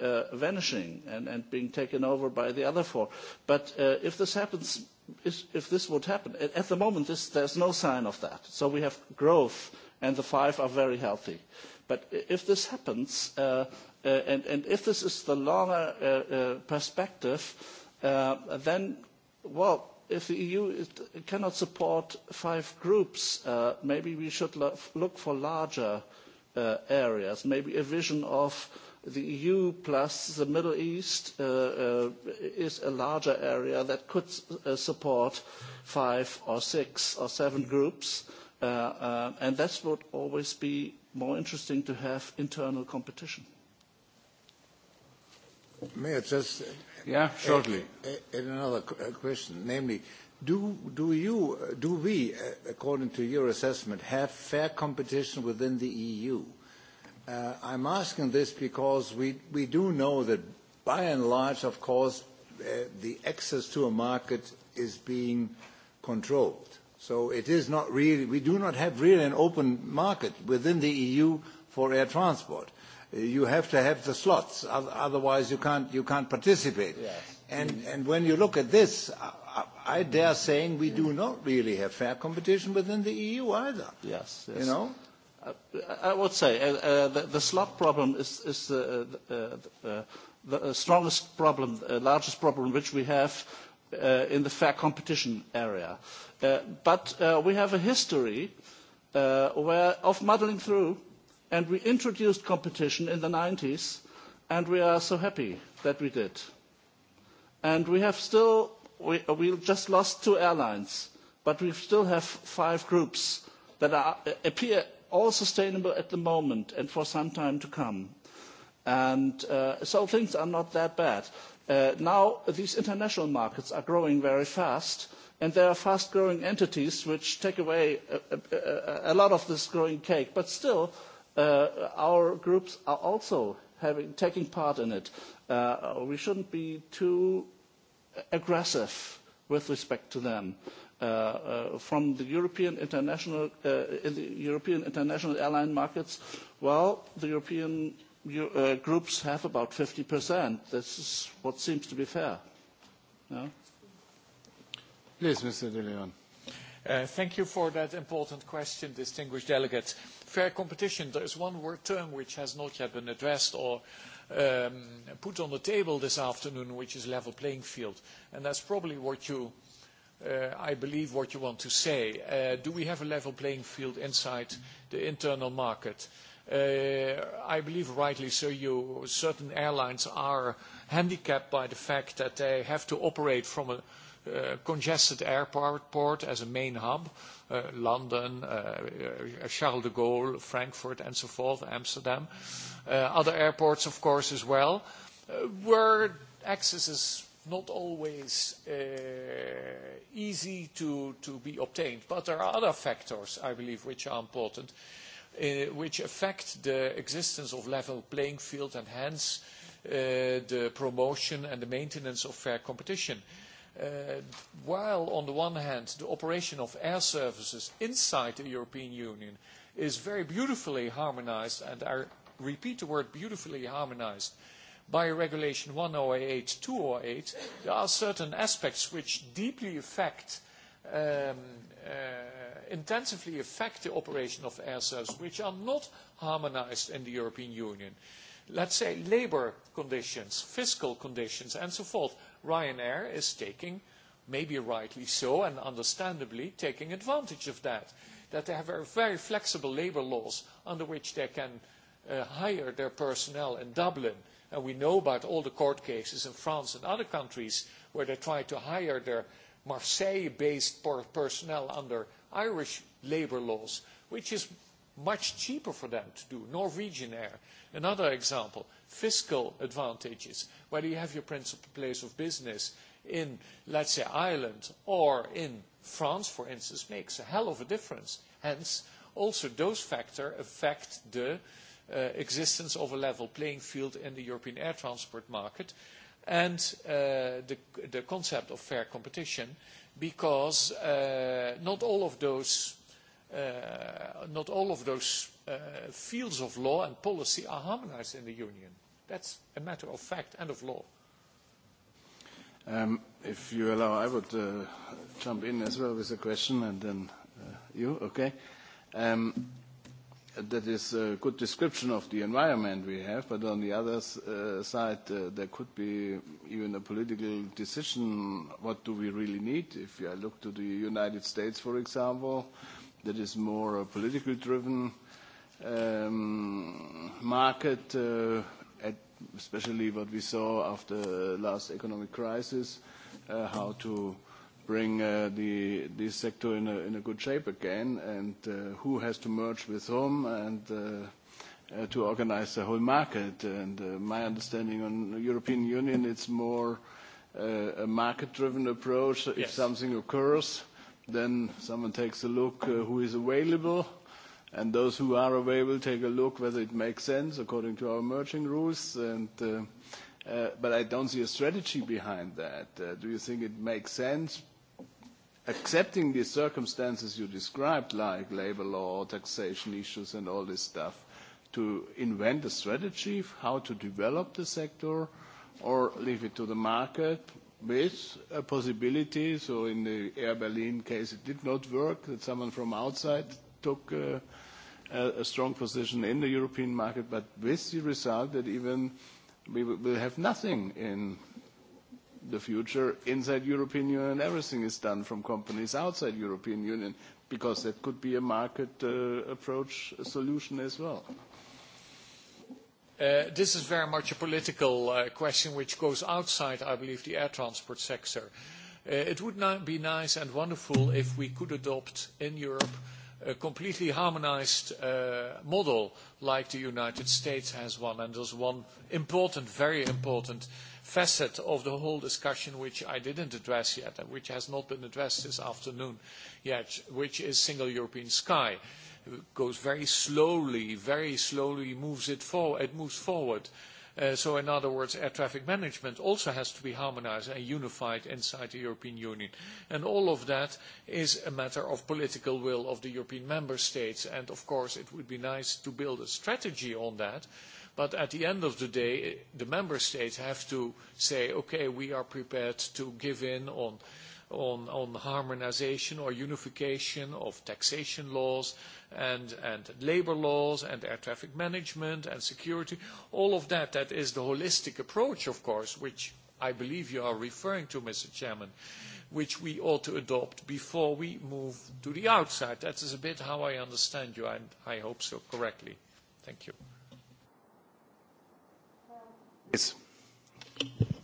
uh, vanishing and, and being taken over by the other four. But uh, if this happens, if, if this would happen, at the moment this, there's no sign of that. So we have growth and the five are very healthy. But if this happens, uh, uh, and, and if this is the longer uh, uh, perspective, uh, then, well, if the EU cannot support five groups, uh, maybe we should look for larger uh, Uh, areas, maybe a vision of the EU plus the Middle East uh, uh, is a larger area that could uh, support five or six or seven groups. Uh, uh, and that would always be more interesting to have internal competition. May I just yeah, shortly. add, add another question, namely Do, do, you, uh, do we, uh, according to your assessment, have fair competition within the EU? Uh, I'm asking this because we, we do know that by and large, of course, uh, the access to a market is being controlled. So it is not really, we do not have really an open market within the EU for air transport. Uh, you have to have the slots, otherwise you can't, you can't participate. Yes. And, and when you look at this, I dare saying we do not really have fair competition within the EU either. Yes. yes. You know? I would say uh, uh, the, the slot problem is, is the, uh, uh, uh, the uh, strongest problem, uh, largest problem which we have uh, in the fair competition area. Uh, but uh, we have a history uh, where, of muddling through, and we introduced competition in the 90s, and we are so happy that we did. And we have still we, just lost two airlines, but we still have five groups that are, uh, appear all sustainable at the moment and for some time to come. And uh, so things are not that bad. Uh, now these international markets are growing very fast, and there are fast-growing entities which take away a, a, a, lot of this growing cake. But still, uh, our groups are also having, taking part in it. Uh, we shouldn't be too aggressive with respect to them. Uh, uh, from the European international, uh, in the European international airline markets, well, the European uh, groups have about 50%. This is what seems to be fair. No? Please, Mr. De Leon. Uh, thank you for that important question, distinguished delegate. Fair competition, there is one word term which has not yet been addressed or uh, um, put on the table this afternoon, which is level playing field. And that's probably what you, uh, I believe, what you want to say. Uh, do we have a level playing field inside the internal market? Uh, I believe rightly so, you, certain airlines are handicapped by the fact that they have to operate from a Eh, congested airport port as a main hub, eh, London, eh, Charles de Gaulle, Frankfurt, and so forth, Amsterdam. other airports, of course, as well, where access is not always easy to, to be obtained. But there are other factors, I believe, which are important, which affect the existence of level playing field and hence the promotion and the maintenance of fair competition. Uh, while on the one hand the operation of air services inside the European Union is very beautifully harmonized, and I repeat the word beautifully harmonized, by Regulation 1008, 208, there are certain aspects which deeply affect, um, uh, intensively affect the operation of air services, which are not harmonized in the European Union let's say, labor conditions, fiscal conditions, and so forth, Ryanair is taking, maybe rightly so and understandably, taking advantage of that. That they have very flexible labour laws under which they can uh, hire their personnel in Dublin. And we know about all the court cases in France and other countries where they try to hire their Marseille-based personnel under Irish labour laws, which is much cheaper for them to do. Norwegian Air, another example, fiscal advantages, whether you have your principal place of business in, let's say, Ireland or in France, for instance, makes a hell of a difference. Hence, also those factors affect the uh, existence of a level playing field in the European air transport market and uh, the, the concept of fair competition because uh, not all of those uh, not all of those uh, fields of law and policy are harmonized in the Union. That's a matter of fact and of law. Um, if you allow, I would uh, jump in as well with a question, and then uh, you, okay? Um, that is a good description of the environment we have, but on the other uh, side, uh, there could be even a political decision, what do we really need? If I look to the United States, for example, that is more a politically driven um, market, uh, at especially what we saw after the last economic crisis, uh, how to bring uh, the this sector in a, in a good shape again, and uh, who has to merge with whom, and uh, Uh, to organize the whole market. And uh, my understanding on the European Union, it's more uh, a market-driven approach. Yes. If something occurs, then someone takes a look uh, who is available, and those who are available take a look whether it makes sense according to our merging rules. And uh, uh, but I don't see a strategy behind that. Uh, do you think it makes sense? Accepting the circumstances you described, like labor law, taxation issues, and all this stuff, to invent a strategy how to develop the sector, or leave it to the market, with a possibility, so in the Air Berlin case it did not work, that someone from outside took uh, a, strong position in the European market, but with the result that even we will have nothing in the future inside European Union. Everything is done from companies outside European Union because that could be a market uh, approach solution as well. Uh, this is very much a political uh, question which goes outside, I believe, the air transport sector. Uh, it would be nice and wonderful if we could adopt in Europe a completely harmonized uh, model like the United States has one. And there's one important, very important facet of the whole discussion which I didn't address yet and which has not been addressed this afternoon yet, which is single European sky. Uh, goes very slowly, very slowly moves it forward. It moves forward. Uh, so in other words, air traffic management also has to be harmonized and unified inside the European Union. And all of that is a matter of political will of the European member states. And of course, it would be nice to build a strategy on that. But at the end of the day, the member states have to say, okay, we are prepared to give in on uh, on, on harmonization or unification of taxation laws and, and labor laws and air traffic management and security, all of that, that is the holistic approach, of course, which I believe you are referring to, Mr. Chairman, which we ought to adopt before we move to the outside. That is a bit how I understand you, and I hope so correctly. Thank you. Yes.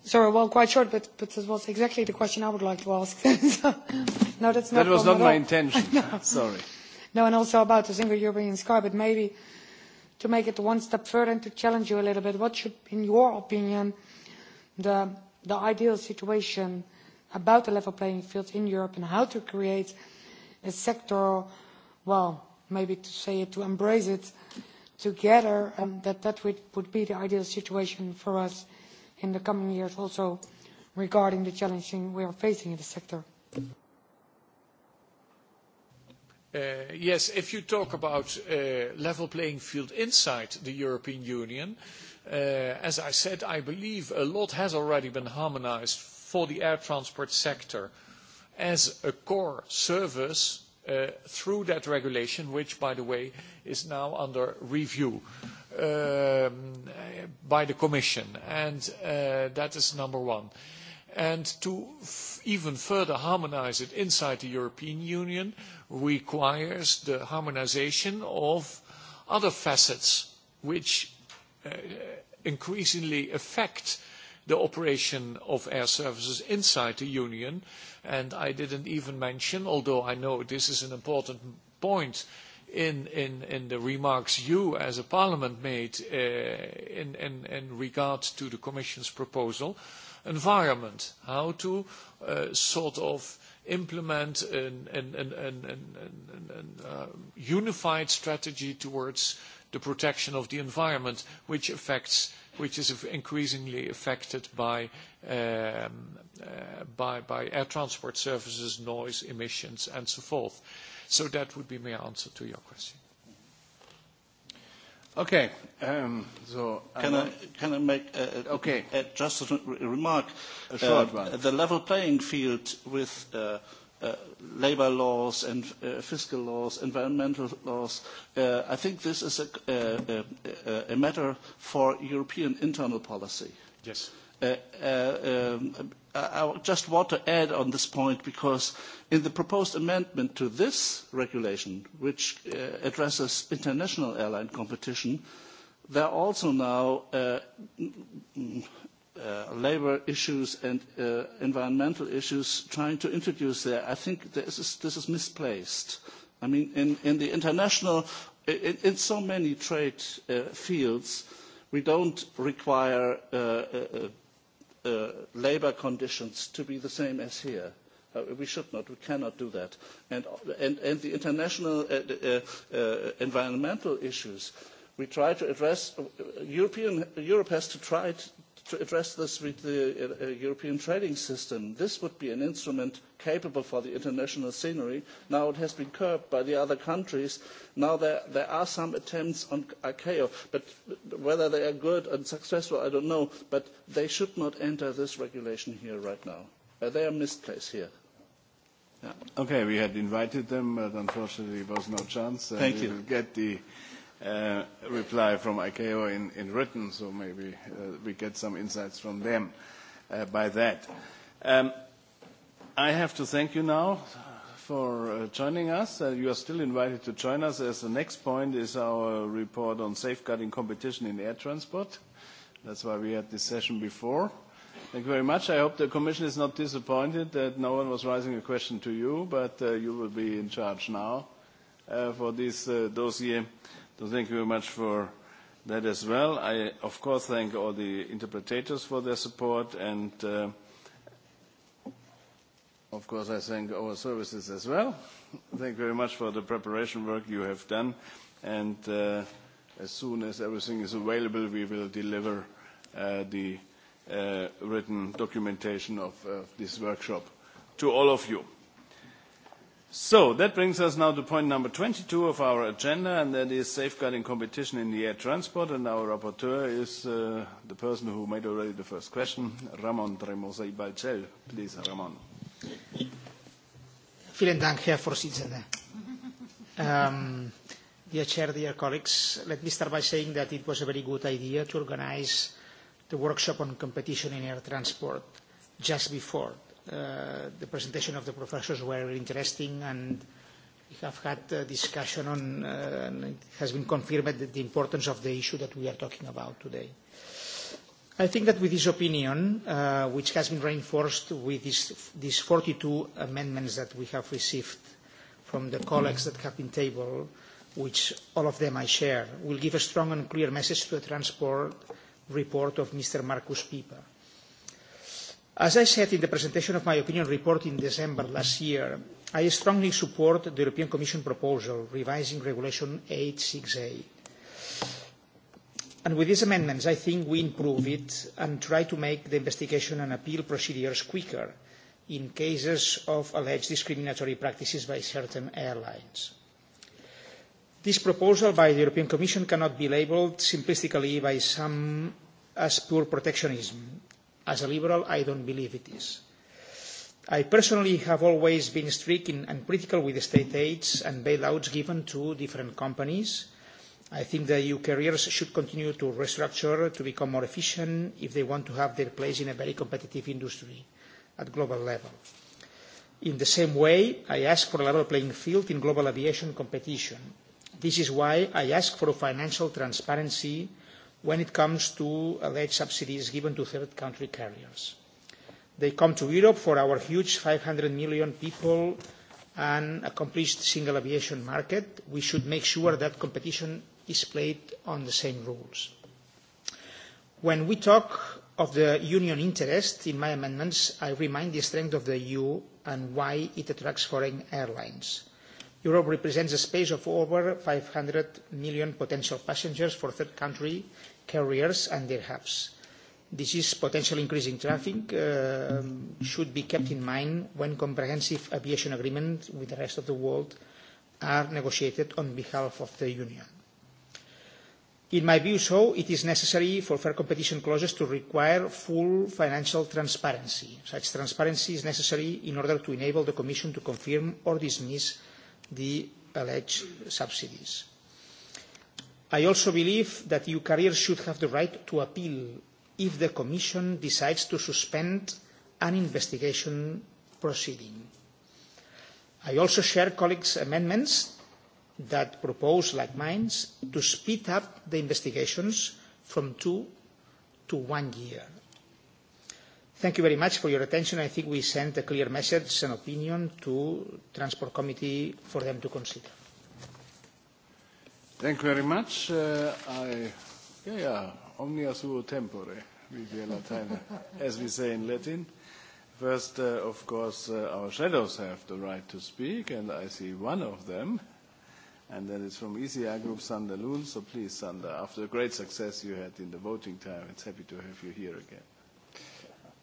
Sorry, well, quite short, but, but that was exactly the question I would like to ask. no, that's not that was not my intention. no. Sorry. No, and also about the single European sky, but maybe to make it one step further and to challenge you a little bit, what should, in your opinion, the, the ideal situation about the level playing field in Europe and how to create a sector, well, maybe to say it, to embrace it together, and um, that that would, would be the ideal situation for us in the coming years also regarding the challenges we are facing in the sector. Uh, yes, if you talk about uh, level playing field inside the European Union, uh, as I said, I believe a lot has already been harmonized for the air transport sector as a core service uh, through that regulation, which, by the way, is now under review. Uh, Um, by the Commission, and uh, that is number one. And to even further harmonise it inside the European Union requires the harmonisation of other facets which uh, increasingly affect the operation of air services inside the Union. And I didn't even mention, although I know this is an important point, uh, in, in, in the remarks you as a parliament made uh, in, in, in regard to the Commission's proposal, environment, how to uh, sort of implement an, an, an, an, an, an, uh, unified strategy towards the protection of the environment, which affects which is increasingly affected by, um, uh, by, by air transport services, noise, emissions, and so forth. So that would be my answer to your question. Okay. Um, so can I, I can I make a, a, okay. a, just a remark? A short uh, one. The level playing field with uh, uh, labor laws and uh, fiscal laws, environmental laws, uh, I think this is a, a, a, a matter for European internal policy. Yes. Uh, uh, um, Uh, I just want to add on this point because in the proposed amendment to this regulation, which uh, addresses international airline competition, there are also now uh, uh, labour issues and uh, environmental issues trying to introduce there. I think this is, this is misplaced. I mean, in, in the international, in, in, so many trade uh, fields, we don't require Uh, labour conditions to be the same as here. Uh, we should not, we cannot do that. And, and, and the international uh, uh, uh environmental issues, we try to address, uh, European, Europe has to try to address this with the uh, uh, European trading system. This would be an instrument capable for the international scenery. Now it has been curbed by the other countries. Now there, there are some attempts on ICAO, but whether they are good and successful, I don't know. But they should not enter this regulation here right now. Uh, they are misplaced here. Yeah. Okay, we had invited them, but unfortunately there was no chance. Thank you. Get the uh, reply from ICAO in, in written, so maybe uh, we get some insights from them uh, by that. Um, I have to thank you now for uh, joining us. Uh, you are still invited to join us as the next point is our report on safeguarding competition in air transport. That's why we had this session before. Thank you very much. I hope the Commission is not disappointed that no one was raising a question to you, but uh, you will be in charge now uh, for this uh, dossier. So thank you very much for that as well. I, of course, thank all the interpreters for their support, and uh, of course, I thank our services as well. Thank you very much for the preparation work you have done, and uh, as soon as everything is available, we will deliver uh, the uh, written documentation of uh, this workshop to all of you. So that brings us now to point number 22 of our agenda, and that is safeguarding competition in the air transport. And our rapporteur is uh, the person who made already the first question, Ramon Tremosay Balcel. Please, Ramon. Vielen Dank, Herr Vorsitzender. Um, dear Chair, dear colleagues, let me start by saying that it was a very good idea to organize the workshop on competition in air transport just before Uh, the presentation of the professors were interesting and we have had a discussion on, uh, and it has been confirmed that the importance of the issue that we are talking about today. I think that with this opinion, uh, which has been reinforced with this, these 42 amendments that we have received from the colleagues that have been tabled, which all of them I share, will give a strong and clear message to the transport report of Mr. Marcus Pieper As I said in the presentation of my opinion report in December last year, I strongly support the European Commission proposal revising Regulation 86A. And with these amendments, I think we improve it and try to make the investigation and appeal procedures quicker in cases of alleged discriminatory practices by certain airlines. This proposal by the European Commission cannot be labelled simplistically by some as pure protectionism As a liberal, I don't believe it is. I personally have always been strict and critical with state aids and bailouts given to different companies. I think the EU carriers should continue to restructure to become more efficient if they want to have their place in a very competitive industry at global level. In the same way, I ask for a level playing field in global aviation competition. This is why I ask for financial transparency when it comes to alleged subsidies given to third country carriers. They come to Europe for our huge 500 million people and accomplished single aviation market. We should make sure that competition is played on the same rules. When we talk of the union interest in my amendments, I remind the strength of the EU and why it attracts foreign airlines. Europe represents a space of over 500 million potential passengers for third countries carriers and their hubs. This is potentially increasing traffic, uh, should be kept in mind when comprehensive aviation agreements with the rest of the world are negotiated on behalf of the Union. In my view, so, it is necessary for fair competition clauses to require full financial transparency. Such transparency is necessary in order to enable the Commission to confirm or dismiss the alleged subsidies. I also believe that EU should have the right to appeal if the Commission decides to suspend an investigation proceeding. I also share colleagues' amendments that propose, like mine, to speed up the investigations from two to one year. Thank you very much for your attention. I think we sent a clear message and opinion to Transport Committee for them to consider. Thank you very much. Uh, I, yeah, yeah, omnia suo tempore, as we say in Latin. First, uh, of course, uh, our shadows have the right to speak, and I see one of them, and that is from ECR Group, Sander Loon. So please, Sander, after the great success you had in the voting time, it's happy to have you here again.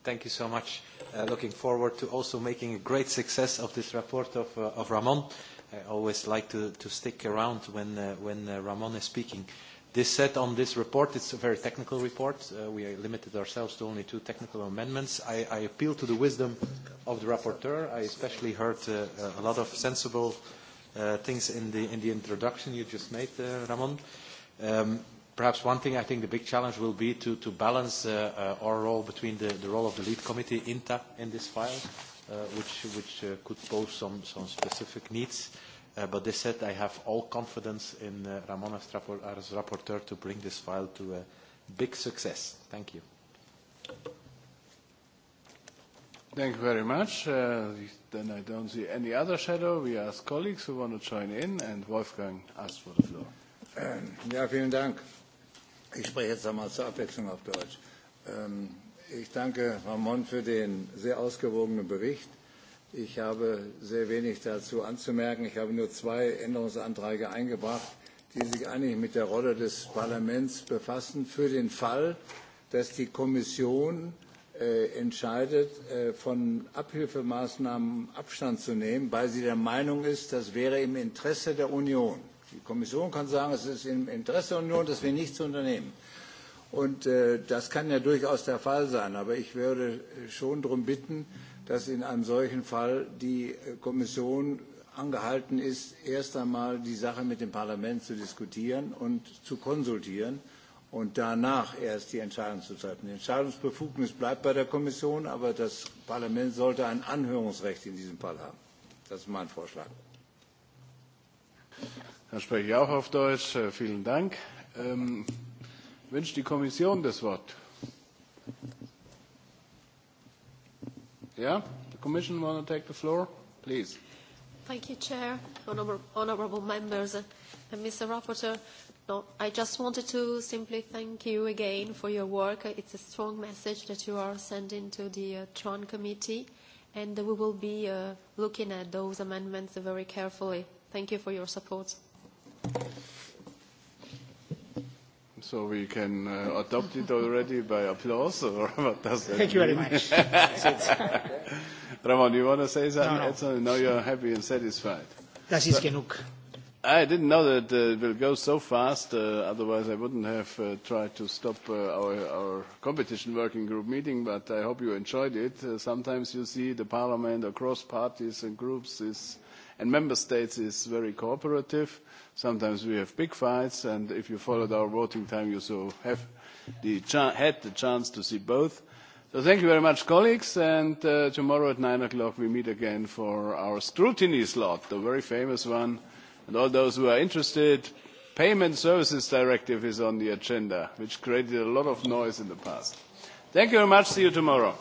Thank you so much. Uh, looking forward to also making a great success of this report of, uh, of Ramon. I always like to, to stick around when, uh, when uh, Ramon is speaking. This said on this report, it's a very technical report. Uh, we limited ourselves to only two technical amendments. I, I appeal to the wisdom of the rapporteur. I especially heard uh, a lot of sensible uh, things in the, in the introduction you just made, uh, Ramon. Um, perhaps one thing I think the big challenge will be to, to balance uh, uh, our role between the, the role of the lead committee, INTA, in this file Uh, which, which uh, could pose some, some specific needs. Uh, but they said I have all confidence in uh, Ramon as, as rapporteur to bring this file to a big success. Thank you. Thank you very much. Uh, then I don't see any other shadow. We ask colleagues who want to join in, and Wolfgang asks for the floor. Um, ja, vielen Dank. Ich spreche jetzt einmal zur Abwechslung auf Deutsch. Ähm, Ich danke Ramon für den sehr ausgewogenen Bericht. Ich habe sehr wenig dazu anzumerken. Ich habe nur zwei Änderungsanträge eingebracht, die sich eigentlich mit der Rolle des Parlaments befassen, für den Fall, dass die Kommission äh, entscheidet, äh, von Abhilfemaßnahmen Abstand zu nehmen, weil sie der Meinung ist, das wäre im Interesse der Union. Die Kommission kann sagen, es ist im Interesse der Union, dass wir nichts unternehmen. Und äh, das kann ja durchaus der Fall sein. Aber ich würde schon darum bitten, dass in einem solchen Fall die äh, Kommission angehalten ist, erst einmal die Sache mit dem Parlament zu diskutieren und zu konsultieren und danach erst die Entscheidung zu treffen. Die Entscheidungsbefugnis bleibt bei der Kommission, aber das Parlament sollte ein Anhörungsrecht in diesem Fall haben. Das ist mein Vorschlag. Dann spreche ich auch auf Deutsch. Äh, vielen Dank. Ähm Wünscht die Kommission das Wort? Yeah, the Commission want to take the floor, please. Thank you, Chair, honourable, honourable members, uh, and Mr. Rapporteur. No, I just wanted to simply thank you again for your work. It's a strong message that you are sending to the uh, TRON committee, and we will be uh, looking at those amendments very carefully. Thank you for your support. So we can uh, adopt it already by applause, or what does that Thank mean? you very much. Ramon, you want to say something? No, no. Uh, no you're happy and satisfied. Das ist so, genug. I didn't know that uh, it will go so fast. Uh, otherwise, I wouldn't have uh, tried to stop uh, our, our competition working group meeting. But I hope you enjoyed it. Uh, sometimes you see the parliament across parties and groups is And member states is very cooperative. Sometimes we have big fights, and if you followed our voting time, you so have the had the chance to see both. So thank you very much, colleagues, and uh, tomorrow at 9 o'clock we meet again for our scrutiny slot, the very famous one. And all those who are interested, Payment Services Directive is on the agenda, which created a lot of noise in the past. Thank you very much. See you tomorrow.